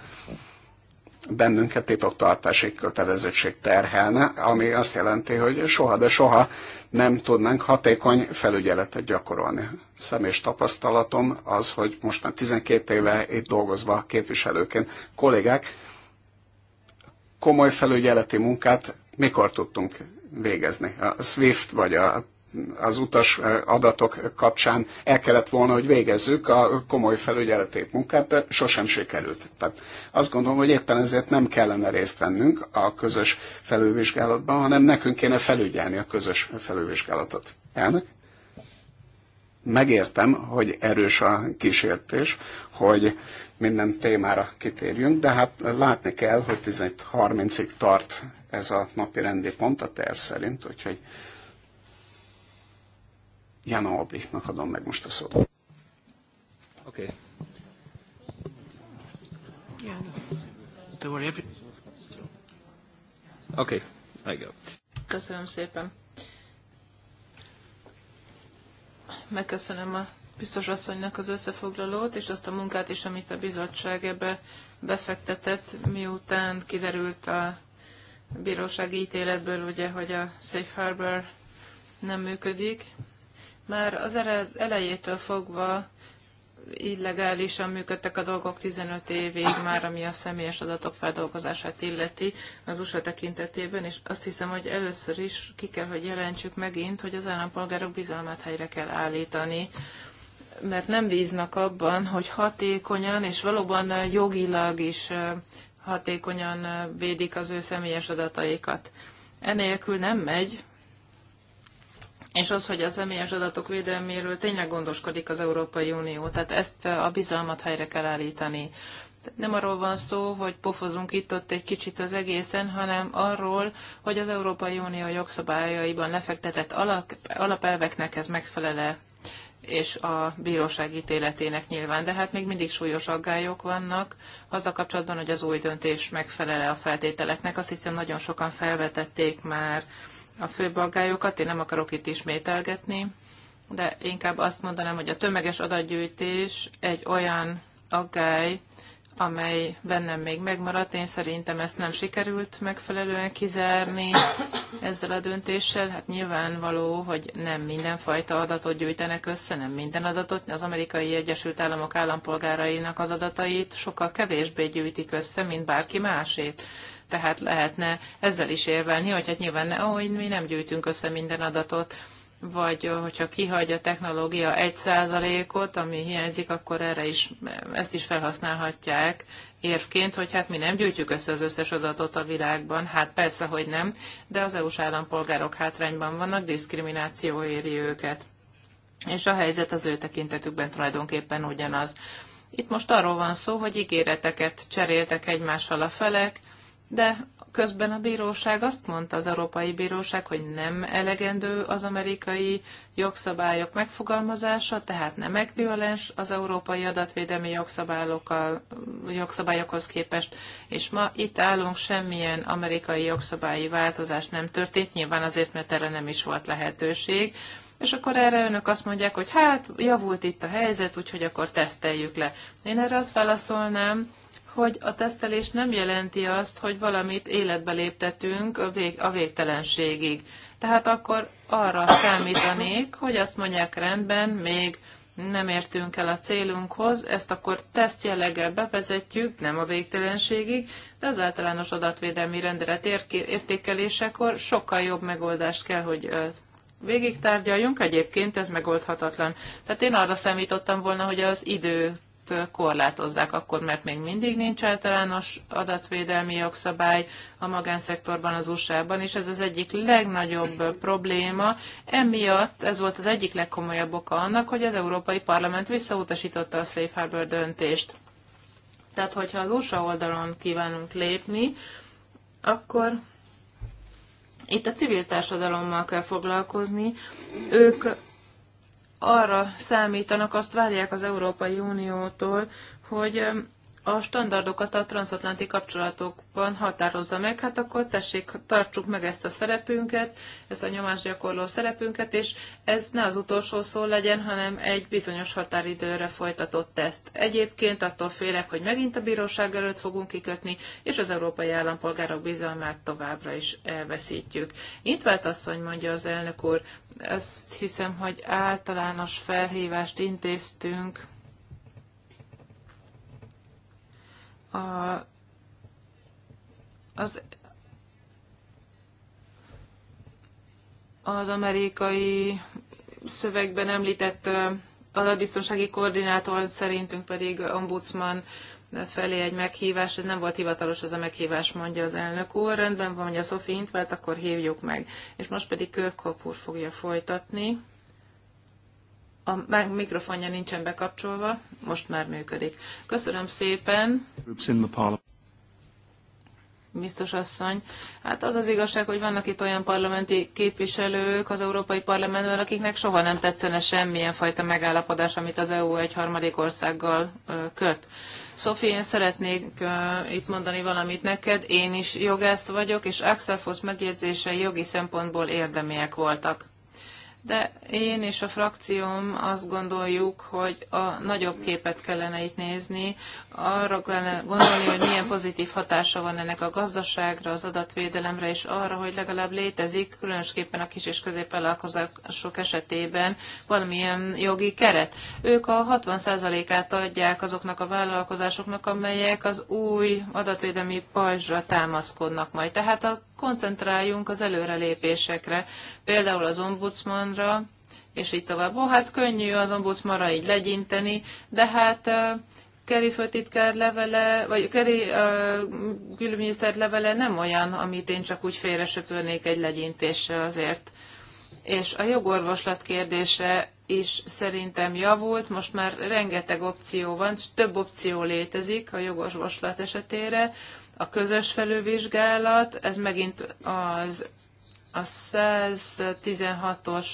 bennünket titoktartási kötelezettség terhelne, ami azt jelenti, hogy soha, de soha nem tudnánk hatékony felügyeletet gyakorolni. Személyes tapasztalatom az, hogy most már 12 éve itt dolgozva képviselőként kollégák komoly felügyeleti munkát mikor tudtunk végezni. A SWIFT vagy a az utas adatok kapcsán el kellett volna, hogy végezzük a komoly felügyeletét munkát, de sosem sikerült. Tehát azt gondolom, hogy éppen ezért nem kellene részt vennünk a közös felülvizsgálatban, hanem nekünk kéne felügyelni a közös felülvizsgálatot. Elnök? Megértem, hogy erős a kísértés, hogy minden témára kitérjünk, de hát látni kell, hogy 11.30-ig tart ez a napi rendi pont a terv szerint, úgyhogy Jan Albrechtnak adom meg most a szót. Oké. Okay. Oké, okay, Köszönöm szépen. Megköszönöm a biztos asszonynak az összefoglalót, és azt a munkát is, amit a bizottság ebbe befektetett, miután kiderült a bírósági ítéletből, ugye, hogy a Safe Harbor nem működik, már az elejétől fogva illegálisan működtek a dolgok 15 évig már, ami a személyes adatok feldolgozását illeti az USA tekintetében, és azt hiszem, hogy először is ki kell, hogy jelentsük megint, hogy az állampolgárok bizalmát helyre kell állítani mert nem bíznak abban, hogy hatékonyan és valóban jogilag is hatékonyan védik az ő személyes adataikat. Enélkül nem megy, és az, hogy a személyes adatok védelméről tényleg gondoskodik az Európai Unió. Tehát ezt a bizalmat helyre kell állítani. Nem arról van szó, hogy pofozunk itt-ott egy kicsit az egészen, hanem arról, hogy az Európai Unió jogszabályaiban lefektetett alap, alapelveknek ez megfelele és a bíróság ítéletének nyilván, de hát még mindig súlyos aggályok vannak azzal kapcsolatban, hogy az új döntés megfelele a feltételeknek. Azt hiszem nagyon sokan felvetették már a főbb aggályokat, én nem akarok itt ismételgetni, de inkább azt mondanám, hogy a tömeges adatgyűjtés egy olyan aggály, amely bennem még megmaradt. Én szerintem ezt nem sikerült megfelelően kizárni ezzel a döntéssel. Hát nyilvánvaló, hogy nem mindenfajta adatot gyűjtenek össze, nem minden adatot. Az amerikai Egyesült Államok állampolgárainak az adatait sokkal kevésbé gyűjtik össze, mint bárki másét tehát lehetne ezzel is érvelni, hogy hát nyilván ne, ahogy mi nem gyűjtünk össze minden adatot, vagy hogyha kihagy a technológia egy százalékot, ami hiányzik, akkor erre is, ezt is felhasználhatják érvként, hogy hát mi nem gyűjtjük össze az összes adatot a világban, hát persze, hogy nem, de az EU-s állampolgárok hátrányban vannak, diszkrimináció éri őket. És a helyzet az ő tekintetükben tulajdonképpen ugyanaz. Itt most arról van szó, hogy ígéreteket cseréltek egymással a felek, de közben a bíróság azt mondta, az Európai Bíróság, hogy nem elegendő az amerikai jogszabályok megfogalmazása, tehát nem ekvivalens az európai adatvédelmi jogszabályokhoz képest, és ma itt állunk, semmilyen amerikai jogszabályi változás nem történt, nyilván azért, mert erre nem is volt lehetőség, és akkor erre önök azt mondják, hogy hát javult itt a helyzet, úgyhogy akkor teszteljük le. Én erre azt válaszolnám, hogy a tesztelés nem jelenti azt, hogy valamit életbe léptetünk a, vég, a végtelenségig. Tehát akkor arra számítanék, hogy azt mondják rendben, még nem értünk el a célunkhoz, ezt akkor tesztjelleggel bevezetjük, nem a végtelenségig, de az általános adatvédelmi rendelet értékelésekor sokkal jobb megoldást kell, hogy végig tárgyaljunk, egyébként ez megoldhatatlan. Tehát én arra számítottam volna, hogy az idő korlátozzák akkor, mert még mindig nincs általános adatvédelmi jogszabály a magánszektorban az USA-ban, és ez az egyik legnagyobb probléma. Emiatt ez volt az egyik legkomolyabb oka annak, hogy az Európai Parlament visszautasította a Safe Harbor döntést. Tehát, hogyha az USA oldalon kívánunk lépni, akkor itt a civil társadalommal kell foglalkozni. Ők arra számítanak, azt várják az Európai Uniótól, hogy a standardokat a transatlanti kapcsolatokban határozza meg, hát akkor tessék, tartsuk meg ezt a szerepünket, ezt a nyomásgyakorló szerepünket, és ez ne az utolsó szó legyen, hanem egy bizonyos határidőre folytatott teszt. Egyébként attól félek, hogy megint a bíróság előtt fogunk kikötni, és az európai állampolgárok bizalmát továbbra is elveszítjük. Intvált asszony, mondja az elnök úr, azt hiszem, hogy általános felhívást intéztünk a, az, az amerikai szövegben említett adatbiztonsági koordinátor szerintünk pedig ombudsman felé egy meghívás, ez nem volt hivatalos az a meghívás, mondja az elnök úr, rendben van, mondja Szofi Intvált, akkor hívjuk meg. És most pedig Körkop fogja folytatni. A mikrofonja nincsen bekapcsolva, most már működik. Köszönöm szépen. Biztos asszony. Hát az az igazság, hogy vannak itt olyan parlamenti képviselők az Európai Parlamentben, akiknek soha nem tetszene semmilyen fajta megállapodás, amit az EU egy harmadik országgal köt. Szofi, én szeretnék uh, itt mondani valamit neked. Én is jogász vagyok, és Axel Foss megjegyzései jogi szempontból érdemiek voltak de én és a frakcióm azt gondoljuk, hogy a nagyobb képet kellene itt nézni, arra kellene gondolni, hogy milyen pozitív hatása van ennek a gazdaságra, az adatvédelemre, és arra, hogy legalább létezik, különösképpen a kis és középvállalkozások esetében valamilyen jogi keret. Ők a 60%-át adják azoknak a vállalkozásoknak, amelyek az új adatvédelmi pajzsra támaszkodnak majd. Tehát a koncentráljunk az előrelépésekre, például az ombudsmanra, és így tovább. Ó, hát könnyű az ombudsmanra így legyinteni, de hát Keri főtitkár levele, vagy Keri uh, külügyminiszter levele nem olyan, amit én csak úgy félre söpörnék egy legyintésre azért. És a jogorvoslat kérdése is szerintem javult, most már rengeteg opció van, több opció létezik a jogorvoslat esetére. Uh, a közös felülvizsgálat, ez megint az a 116-os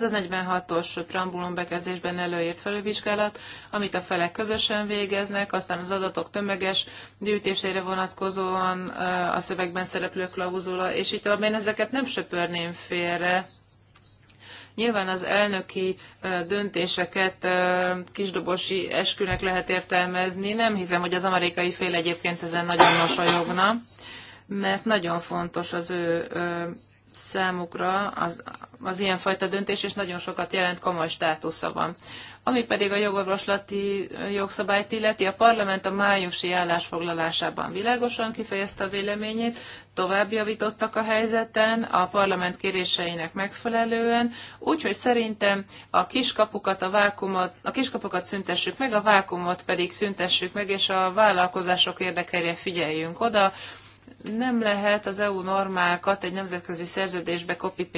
146-os preambulum bekezdésben előírt felülvizsgálat, amit a felek közösen végeznek, aztán az adatok tömeges gyűjtésére vonatkozóan a szövegben szereplő klauzula, és itt abban ezeket nem söpörném félre, Nyilván az elnöki döntéseket kisdobosi eskünek lehet értelmezni. Nem hiszem, hogy az amerikai fél egyébként ezen nagyon mosolyogna, mert nagyon fontos az ő számukra az, az ilyenfajta döntés, és nagyon sokat jelent, komoly státusza van. Ami pedig a jogorvoslati jogszabályt illeti, a parlament a májusi állásfoglalásában világosan kifejezte a véleményét, tovább javítottak a helyzeten, a parlament kéréseinek megfelelően, úgyhogy szerintem a kiskapukat, a vákumot, a kiskapukat szüntessük meg, a vákumot pedig szüntessük meg, és a vállalkozások érdekeire figyeljünk oda, nem lehet az EU normákat egy nemzetközi szerződésbe copy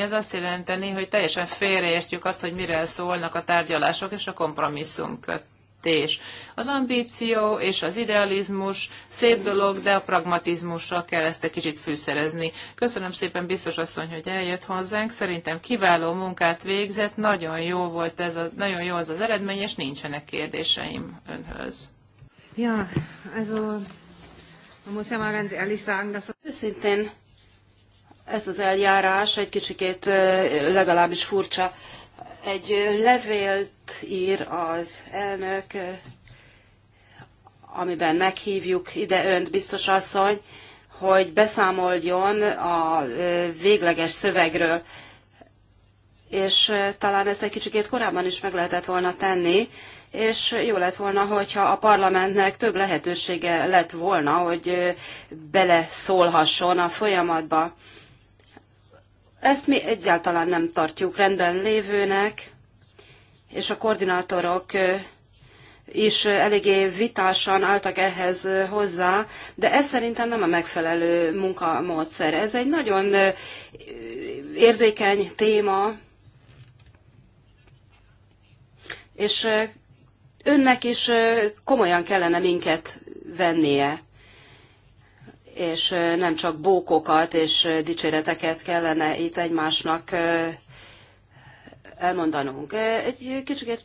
Ez azt jelenteni, hogy teljesen félreértjük azt, hogy mire szólnak a tárgyalások és a kompromisszumkötés. Az ambíció és az idealizmus szép dolog, de a pragmatizmussal kell ezt egy kicsit fűszerezni. Köszönöm szépen biztos asszony, hogy eljött hozzánk. Szerintem kiváló munkát végzett, nagyon jó volt ez, a, nagyon jó az az eredmény, és nincsenek kérdéseim önhöz. Ja, ez a Őszintén ez az eljárás egy kicsikét legalábbis furcsa. Egy levélt ír az elnök, amiben meghívjuk ide önt, biztos asszony, hogy beszámoljon a végleges szövegről. És talán ezt egy kicsikét korábban is meg lehetett volna tenni, és jó lett volna, hogyha a parlamentnek több lehetősége lett volna, hogy beleszólhasson a folyamatba. Ezt mi egyáltalán nem tartjuk rendben lévőnek, és a koordinátorok is eléggé vitásan álltak ehhez hozzá, de ez szerintem nem a megfelelő munkamódszer. Ez egy nagyon érzékeny téma, és önnek is komolyan kellene minket vennie, és nem csak bókokat és dicséreteket kellene itt egymásnak elmondanunk. Egy kicsit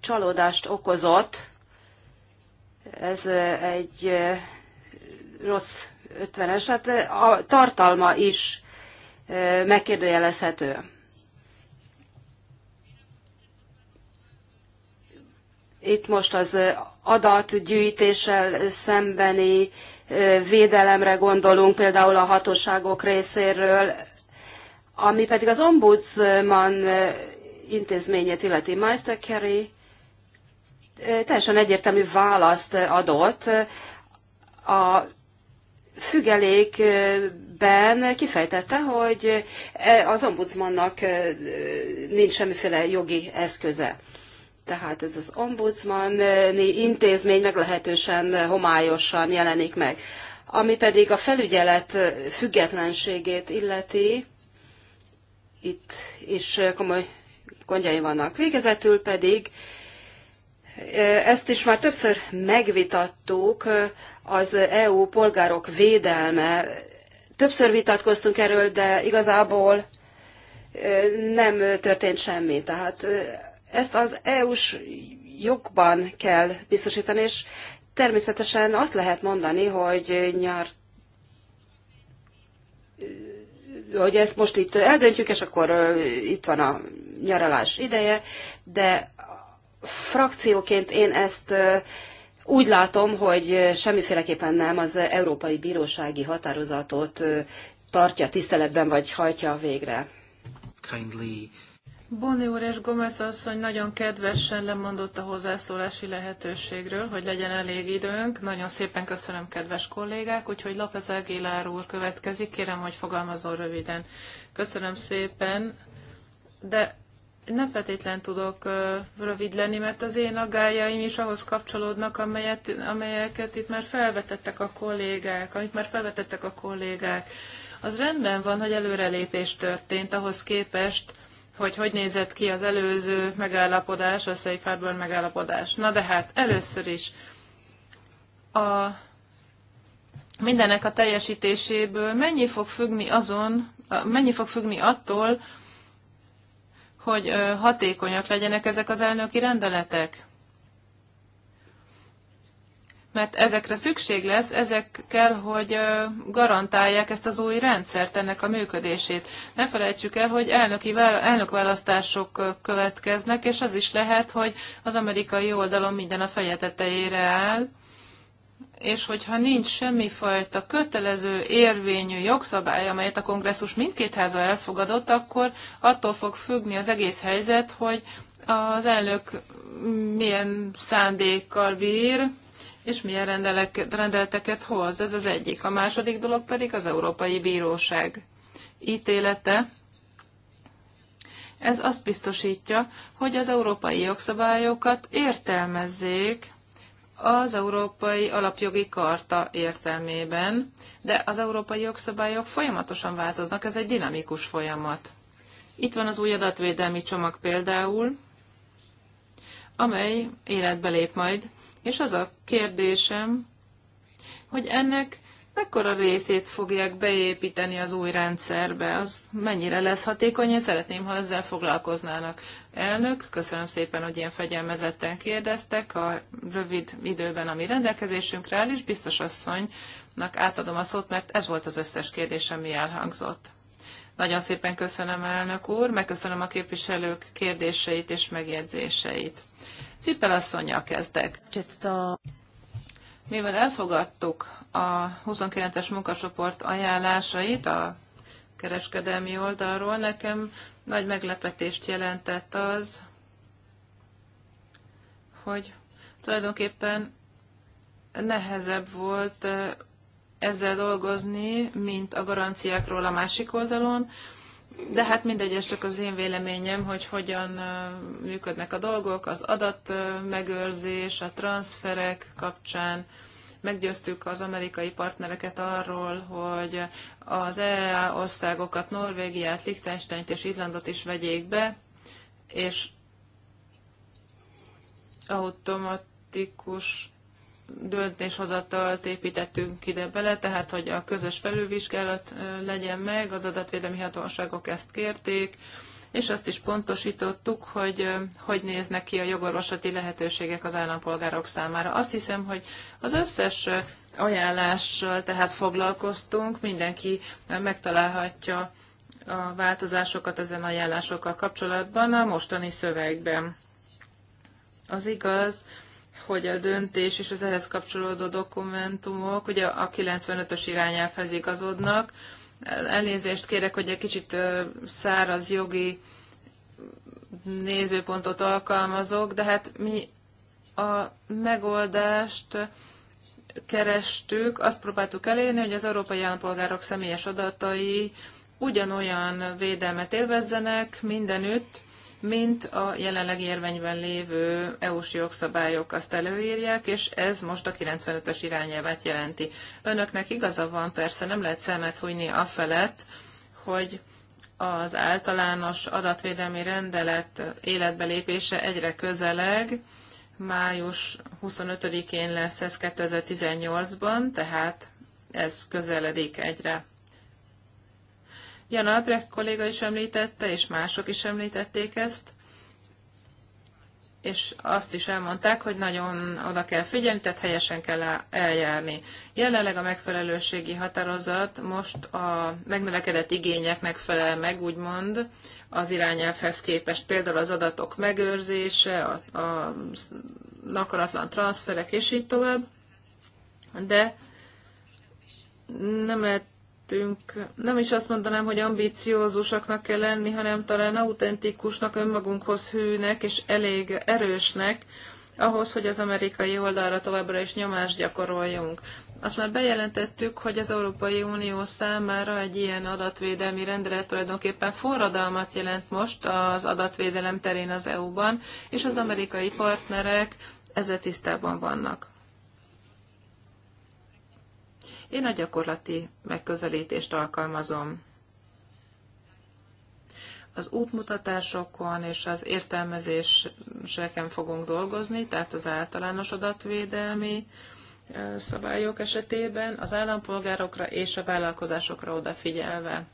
csalódást okozott, ez egy rossz ötvenes. hát a tartalma is megkérdőjelezhető. Itt most az adatgyűjtéssel szembeni védelemre gondolunk, például a hatóságok részéről, ami pedig az ombudsman intézményét illeti Meister Kerry teljesen egyértelmű választ adott. A függelékben kifejtette, hogy az ombudsmannak nincs semmiféle jogi eszköze. Tehát ez az ombudsmani intézmény meglehetősen homályosan jelenik meg. Ami pedig a felügyelet függetlenségét illeti, itt is komoly gondjai vannak. Végezetül pedig e, ezt is már többször megvitattuk, az EU polgárok védelme. Többször vitatkoztunk erről, de igazából e, nem történt semmi. Tehát e, ezt az EU-s jogban kell biztosítani, és természetesen azt lehet mondani, hogy nyár hogy ezt most itt eldöntjük, és akkor itt van a nyaralás ideje, de frakcióként én ezt úgy látom, hogy semmiféleképpen nem az Európai Bírósági Határozatot tartja tiszteletben, vagy hajtja végre. Kindly Boni úr és Gomez asszony nagyon kedvesen lemondott a hozzászólási lehetőségről, hogy legyen elég időnk. Nagyon szépen köszönöm, kedves kollégák, úgyhogy López Aguilar úr következik. Kérem, hogy fogalmazol röviden. Köszönöm szépen, de nem feltétlen tudok rövid lenni, mert az én agájaim is ahhoz kapcsolódnak, amelyet, amelyeket itt már felvetettek a kollégák, amit már felvetettek a kollégák. Az rendben van, hogy előrelépés történt ahhoz képest, hogy hogy nézett ki az előző megállapodás, a Safe Harbor megállapodás. Na de hát először is a mindenek a teljesítéséből mennyi fog függni azon, mennyi fog függni attól, hogy hatékonyak legyenek ezek az elnöki rendeletek? mert ezekre szükség lesz, ezek kell, hogy garantálják ezt az új rendszert, ennek a működését. Ne felejtsük el, hogy elnöki, elnökválasztások következnek, és az is lehet, hogy az amerikai oldalon minden a feje tetejére áll, és hogyha nincs semmifajta kötelező érvényű jogszabály, amelyet a kongresszus mindkét háza elfogadott, akkor attól fog függni az egész helyzet, hogy az elnök mm, milyen szándékkal bír, és milyen rendelek, rendeleteket hoz. Ez az egyik. A második dolog pedig az Európai Bíróság ítélete. Ez azt biztosítja, hogy az európai jogszabályokat értelmezzék az Európai Alapjogi Karta értelmében, de az európai jogszabályok folyamatosan változnak, ez egy dinamikus folyamat. Itt van az új adatvédelmi csomag például, amely életbe lép majd és az a kérdésem, hogy ennek mekkora részét fogják beépíteni az új rendszerbe, az mennyire lesz hatékony, én szeretném, ha ezzel foglalkoznának. Elnök, köszönöm szépen, hogy ilyen fegyelmezetten kérdeztek a rövid időben, ami rendelkezésünkre áll, és biztos asszonynak átadom a szót, mert ez volt az összes kérdés, ami elhangzott. Nagyon szépen köszönöm, elnök úr, megköszönöm a képviselők kérdéseit és megjegyzéseit. Cipel asszonyjal kezdek. Mivel elfogadtuk a 29-es munkasoport ajánlásait a kereskedelmi oldalról, nekem nagy meglepetést jelentett az, hogy tulajdonképpen nehezebb volt eh, ezzel dolgozni, mint a garanciákról a másik oldalon, de hát mindegy, ez csak az én véleményem, hogy hogyan működnek a dolgok, az adatmegőrzés, a transferek kapcsán. Meggyőztük az amerikai partnereket arról, hogy az EEA országokat, Norvégiát, Liechtensteint és Izlandot is vegyék be, és automatikus döntéshozatalt építettünk ide bele, tehát hogy a közös felülvizsgálat legyen meg, az adatvédelmi hatóságok ezt kérték, és azt is pontosítottuk, hogy hogy néznek ki a jogorvoslati lehetőségek az állampolgárok számára. Azt hiszem, hogy az összes ajánlással tehát foglalkoztunk, mindenki megtalálhatja a változásokat ezen ajánlásokkal kapcsolatban a mostani szövegben. Az igaz, hogy a döntés és az ehhez kapcsolódó dokumentumok ugye a 95-ös irányelvhez igazodnak. Elnézést kérek, hogy egy kicsit száraz jogi nézőpontot alkalmazok, de hát mi a megoldást kerestük, azt próbáltuk elérni, hogy az európai állampolgárok személyes adatai ugyanolyan védelmet élvezzenek mindenütt, mint a jelenleg érvényben lévő EU-s jogszabályok azt előírják, és ez most a 95-ös irányelvet jelenti. Önöknek igaza van, persze nem lehet szemet hunyni afelett, hogy az általános adatvédelmi rendelet életbelépése egyre közeleg, május 25-én lesz ez 2018-ban, tehát ez közeledik egyre. Jan Albrecht kolléga is említette, és mások is említették ezt, és azt is elmondták, hogy nagyon oda kell figyelni, tehát helyesen kell eljárni. Jelenleg a megfelelőségi határozat most a megnövekedett igényeknek felel meg, úgymond, az irányelvhez képest, például az adatok megőrzése, a, a nakaratlan transferek, és így tovább, de nem lehet lettünk, nem is azt mondanám, hogy ambíciózusaknak kell lenni, hanem talán autentikusnak, önmagunkhoz hűnek és elég erősnek ahhoz, hogy az amerikai oldalra továbbra is nyomást gyakoroljunk. Azt már bejelentettük, hogy az Európai Unió számára egy ilyen adatvédelmi rendelet tulajdonképpen forradalmat jelent most az adatvédelem terén az EU-ban, és az amerikai partnerek ezzel tisztában vannak. Én a gyakorlati megközelítést alkalmazom. Az útmutatásokon és az értelmezéseken fogunk dolgozni, tehát az általános adatvédelmi szabályok esetében, az állampolgárokra és a vállalkozásokra odafigyelve.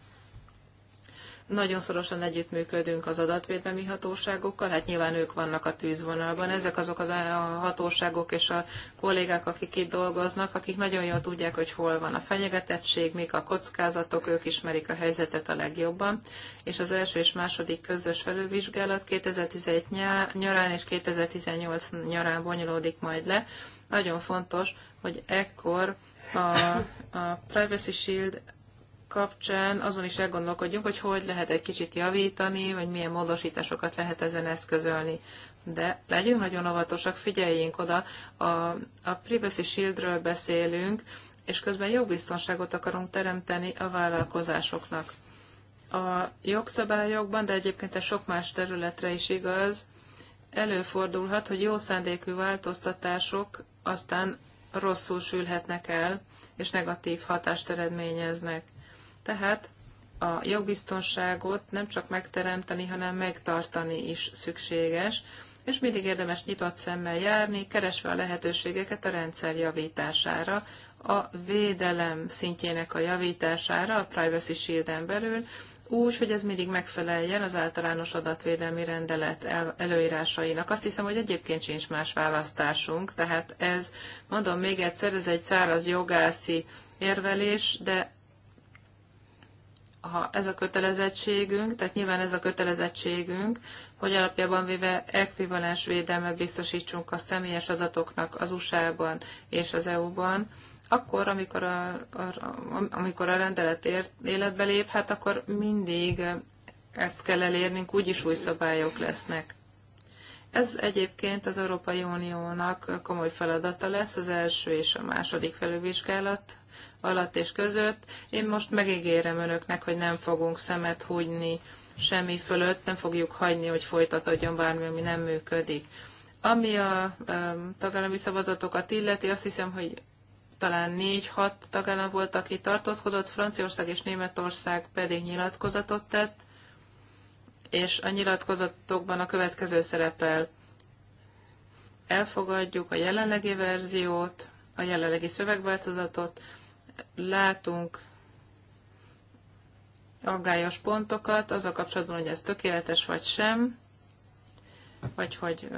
Nagyon szorosan együttműködünk az adatvédelmi hatóságokkal, hát nyilván ők vannak a tűzvonalban. Ezek azok az a hatóságok és a kollégák, akik itt dolgoznak, akik nagyon jól tudják, hogy hol van a fenyegetettség, mik a kockázatok, ők ismerik a helyzetet a legjobban. És az első és második közös felülvizsgálat 2017 nyarán és 2018 nyarán bonyolódik majd le. Nagyon fontos, hogy ekkor a, a Privacy Shield kapcsán azon is elgondolkodjunk, hogy hogy lehet egy kicsit javítani, vagy milyen módosításokat lehet ezen eszközölni. De legyünk nagyon óvatosak, figyeljünk oda. A, a Privacy Shieldről beszélünk, és közben jogbiztonságot akarunk teremteni a vállalkozásoknak. A jogszabályokban, de egyébként ez sok más területre is igaz, előfordulhat, hogy jó szándékű változtatások aztán rosszul sülhetnek el, és negatív hatást eredményeznek. Tehát a jogbiztonságot nem csak megteremteni, hanem megtartani is szükséges, és mindig érdemes nyitott szemmel járni, keresve a lehetőségeket a rendszer javítására, a védelem szintjének a javítására a Privacy Shield-en belül, úgy, hogy ez mindig megfeleljen az általános adatvédelmi rendelet előírásainak. Azt hiszem, hogy egyébként sincs más választásunk, tehát ez, mondom még egyszer, ez egy száraz jogászi érvelés, de ha ez a kötelezettségünk, tehát nyilván ez a kötelezettségünk, hogy alapjában véve ekvivalens védelmet biztosítsunk a személyes adatoknak az USA-ban és az EU-ban, akkor, amikor a, a, amikor a rendelet ér, életbe lép, hát akkor mindig ezt kell elérnünk, úgyis új szabályok lesznek. Ez egyébként az Európai Uniónak komoly feladata lesz az első és a második felülvizsgálat alatt és között. Én most megígérem önöknek, hogy nem fogunk szemet húgyni semmi fölött, nem fogjuk hagyni, hogy folytatódjon bármi, ami nem működik. Ami a tagállami szavazatokat illeti, azt hiszem, hogy talán négy-hat tagállam volt, aki tartózkodott, Franciaország és Németország pedig nyilatkozatot tett, és a nyilatkozatokban a következő szerepel. Elfogadjuk a jelenlegi verziót, a jelenlegi szövegváltozatot, látunk aggályos pontokat az a kapcsolatban, hogy ez tökéletes vagy sem, vagy hogy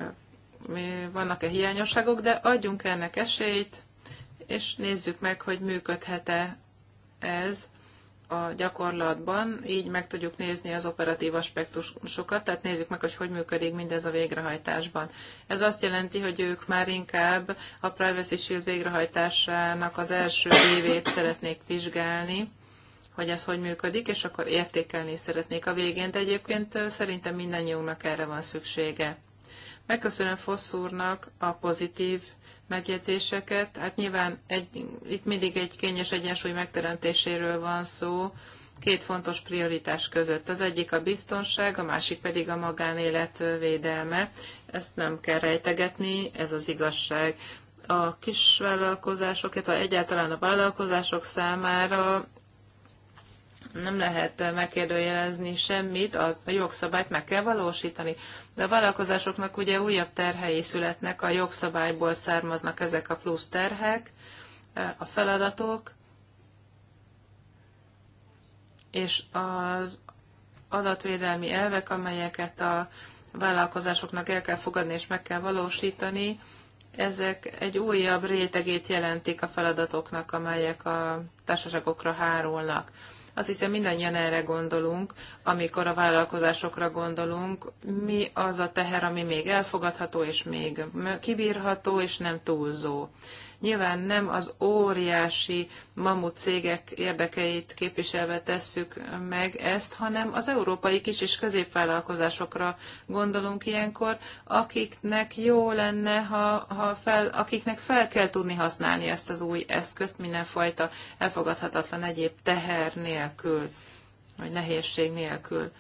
vannak-e hiányosságok, de adjunk ennek esélyt, és nézzük meg, hogy működhet-e ez a gyakorlatban, így meg tudjuk nézni az operatív aspektusokat, tehát nézzük meg, hogy hogy működik mindez a végrehajtásban. Ez azt jelenti, hogy ők már inkább a Privacy Shield végrehajtásának az első évét szeretnék vizsgálni, hogy ez hogy működik, és akkor értékelni szeretnék a végén, de egyébként szerintem mindannyiunknak erre van szüksége. Megköszönöm Fossz úrnak a pozitív megjegyzéseket. Hát nyilván egy, itt mindig egy kényes egyensúly megteremtéséről van szó, két fontos prioritás között. Az egyik a biztonság, a másik pedig a magánélet védelme. Ezt nem kell rejtegetni, ez az igazság. A kisvállalkozások, illetve egyáltalán a vállalkozások számára nem lehet megkérdőjelezni semmit, az a jogszabályt meg kell valósítani. De a vállalkozásoknak ugye újabb terhei születnek, a jogszabályból származnak ezek a plusz terhek, a feladatok, és az adatvédelmi elvek, amelyeket a vállalkozásoknak el kell fogadni és meg kell valósítani, ezek egy újabb rétegét jelentik a feladatoknak, amelyek a társaságokra hárulnak. Azt hiszem mindannyian erre gondolunk, amikor a vállalkozásokra gondolunk, mi az a teher, ami még elfogadható, és még kibírható, és nem túlzó. Nyilván nem az óriási mamut cégek érdekeit képviselve tesszük meg ezt, hanem az európai kis és középvállalkozásokra gondolunk ilyenkor, akiknek jó lenne, ha, ha fel, akiknek fel kell tudni használni ezt az új eszközt mindenfajta elfogadhatatlan egyéb teher nélkül, vagy nehézség nélkül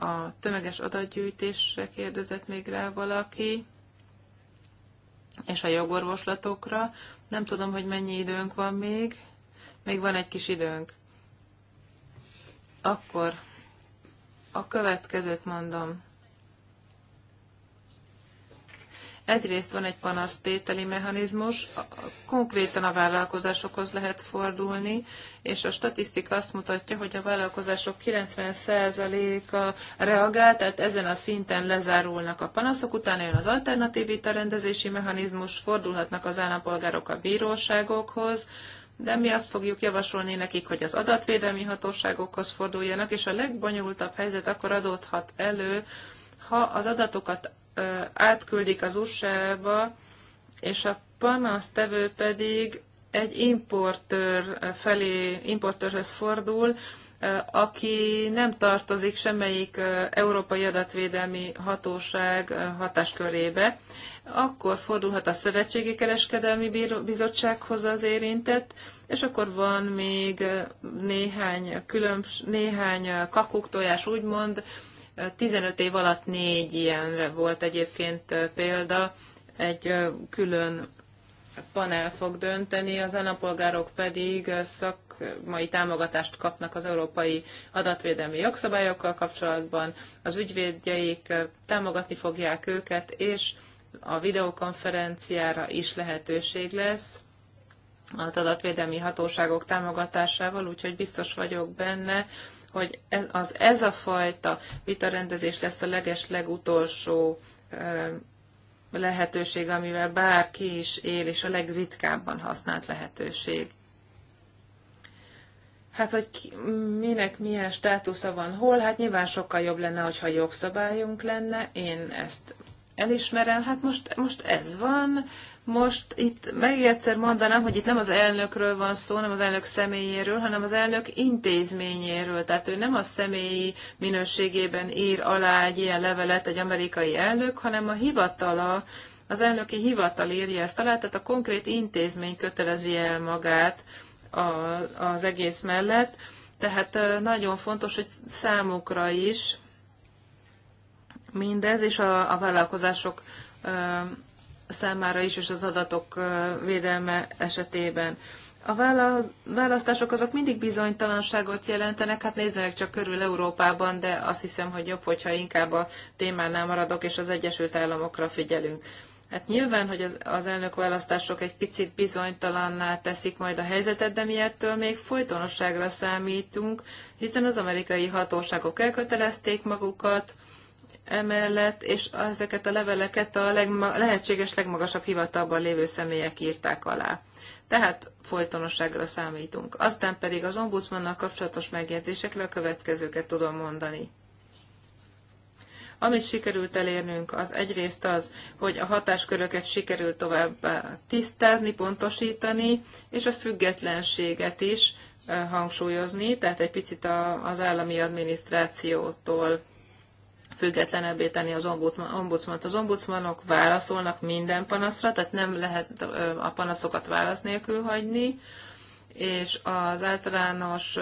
a tömeges adatgyűjtésre kérdezett még rá valaki, és a jogorvoslatokra. Nem tudom, hogy mennyi időnk van még. Még van egy kis időnk. Akkor a következőt mondom. Egyrészt van egy panasztételi mechanizmus, konkrétan a vállalkozásokhoz lehet fordulni, és a statisztika azt mutatja, hogy a vállalkozások 90%-a reagál, tehát ezen a szinten lezárulnak a panaszok, utána jön az alternatív rendezési mechanizmus, fordulhatnak az állampolgárok a bíróságokhoz, de mi azt fogjuk javasolni nekik, hogy az adatvédelmi hatóságokhoz forduljanak, és a legbonyolultabb helyzet akkor adódhat elő, ha az adatokat átküldik az USA-ba, és a panasztevő pedig egy importőr felé, importőrhöz fordul, aki nem tartozik semmelyik európai adatvédelmi hatóság hatáskörébe, akkor fordulhat a Szövetségi Kereskedelmi Bizottsághoz az érintett, és akkor van még néhány, különbs, néhány tojás, úgymond, 15 év alatt négy ilyenre volt egyébként példa. Egy külön panel fog dönteni, az állampolgárok pedig szakmai támogatást kapnak az európai adatvédelmi jogszabályokkal kapcsolatban, az ügyvédjeik támogatni fogják őket, és a videokonferenciára is lehetőség lesz az adatvédelmi hatóságok támogatásával, úgyhogy biztos vagyok benne, hogy ez, az, ez a fajta vitarendezés lesz a leges legutolsó lehetőség, amivel bárki is él, és a legritkábban használt lehetőség. Hát, hogy ki, minek milyen státusza van hol, hát nyilván sokkal jobb lenne, hogyha jogszabályunk lenne, én ezt elismerem, hát most, most ez van, most itt meg egyszer mondanám, hogy itt nem az elnökről van szó, nem az elnök személyéről, hanem az elnök intézményéről. Tehát ő nem a személyi minőségében ír alá egy ilyen levelet egy amerikai elnök, hanem a hivatala, az elnöki hivatal írja ezt alá, tehát a konkrét intézmény kötelezi el magát a, az egész mellett. Tehát nagyon fontos, hogy számukra is mindez, és a, a vállalkozások számára is, és az adatok védelme esetében. A választások azok mindig bizonytalanságot jelentenek, hát nézzenek csak körül Európában, de azt hiszem, hogy jobb, hogyha inkább a témánál maradok, és az Egyesült Államokra figyelünk. Hát nyilván, hogy az, az választások egy picit bizonytalanná teszik majd a helyzetet, de mi ettől még folytonosságra számítunk, hiszen az amerikai hatóságok elkötelezték magukat, emellett, és ezeket a leveleket a legma- lehetséges legmagasabb hivatalban lévő személyek írták alá. Tehát folytonosságra számítunk. Aztán pedig az ombudsmannal kapcsolatos megjegyzésekre a következőket tudom mondani. Amit sikerült elérnünk, az egyrészt az, hogy a hatásköröket sikerült tovább tisztázni, pontosítani, és a függetlenséget is hangsúlyozni, tehát egy picit az állami adminisztrációtól függetlenebbé tenni az ombudsmant. Az ombudsmanok válaszolnak minden panaszra, tehát nem lehet a panaszokat válasz nélkül hagyni, és az általános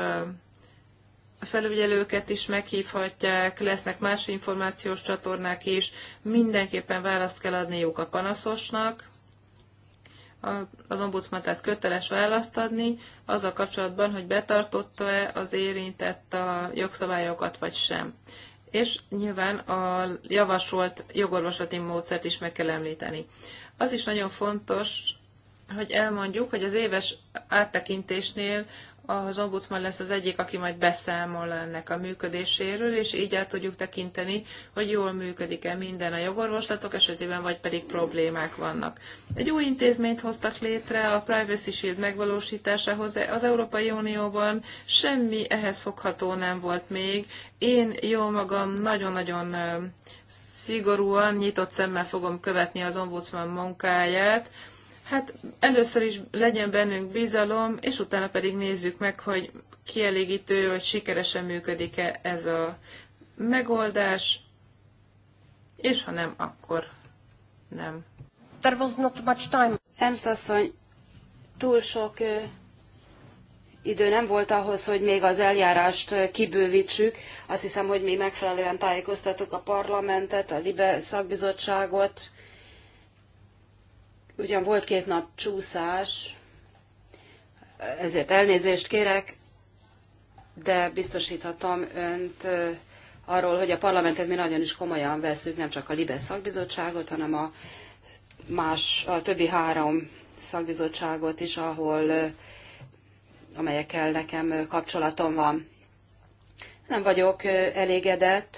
felügyelőket is meghívhatják, lesznek más információs csatornák is, mindenképpen választ kell adniuk a panaszosnak, az ombudsman tehát köteles választ adni azzal kapcsolatban, hogy betartotta-e az érintett a jogszabályokat vagy sem és nyilván a javasolt jogorvoslati módszert is meg kell említeni. Az is nagyon fontos, hogy elmondjuk, hogy az éves áttekintésnél az ombudsman lesz az egyik, aki majd beszámol ennek a működéséről, és így el tudjuk tekinteni, hogy jól működik-e minden a jogorvoslatok esetében, vagy pedig problémák vannak. Egy új intézményt hoztak létre a Privacy Shield megvalósításához. Az Európai Unióban semmi ehhez fogható nem volt még. Én jó magam nagyon-nagyon szigorúan, nyitott szemmel fogom követni az ombudsman munkáját, Hát először is legyen bennünk bizalom, és utána pedig nézzük meg, hogy kielégítő, vagy sikeresen működik-e ez a megoldás, és ha nem, akkor nem. There was not much time. Ernst asszony, túl sok ö, idő nem volt ahhoz, hogy még az eljárást ö, kibővítsük. Azt hiszem, hogy mi megfelelően tájékoztattuk a parlamentet, a LIBE szakbizottságot, Ugyan volt két nap csúszás, ezért elnézést kérek, de biztosíthatom önt arról, hogy a parlamentet mi nagyon is komolyan veszük, nem csak a LIBE szakbizottságot, hanem a más, a többi három szakbizottságot is, ahol amelyekkel nekem kapcsolatom van. Nem vagyok elégedett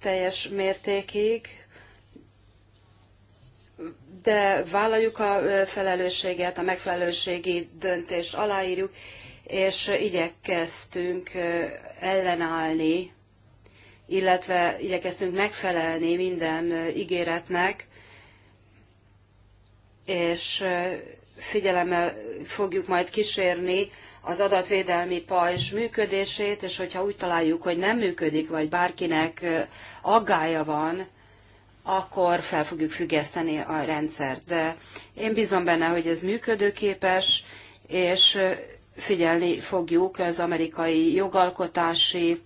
teljes mértékig, de vállaljuk a felelősséget, a megfelelőségi döntést aláírjuk, és igyekeztünk ellenállni, illetve igyekeztünk megfelelni minden ígéretnek, és figyelemmel fogjuk majd kísérni az adatvédelmi pajzs működését, és hogyha úgy találjuk, hogy nem működik, vagy bárkinek aggája van, akkor fel fogjuk függeszteni a rendszert. De én bízom benne, hogy ez működőképes, és figyelni fogjuk az amerikai jogalkotási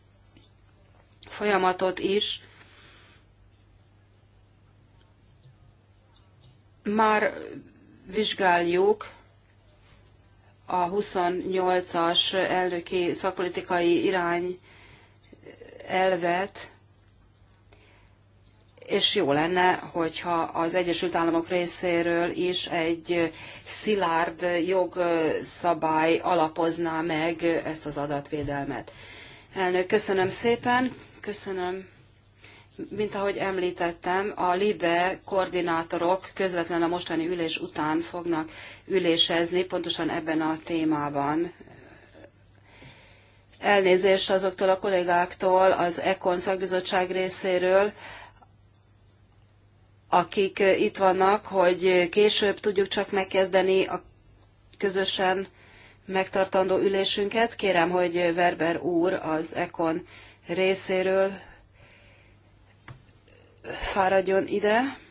folyamatot is. Már vizsgáljuk a 28-as elnöki szakpolitikai irány elvet, és jó lenne, hogyha az Egyesült Államok részéről is egy szilárd jogszabály alapozná meg ezt az adatvédelmet. Elnök, köszönöm szépen, köszönöm. Mint ahogy említettem, a LIBE koordinátorok közvetlenül a mostani ülés után fognak ülésezni, pontosan ebben a témában. Elnézést azoktól a kollégáktól az ECON szakbizottság részéről, akik itt vannak, hogy később tudjuk csak megkezdeni a közösen megtartandó ülésünket. Kérem, hogy Werber úr az ekon részéről fáradjon ide.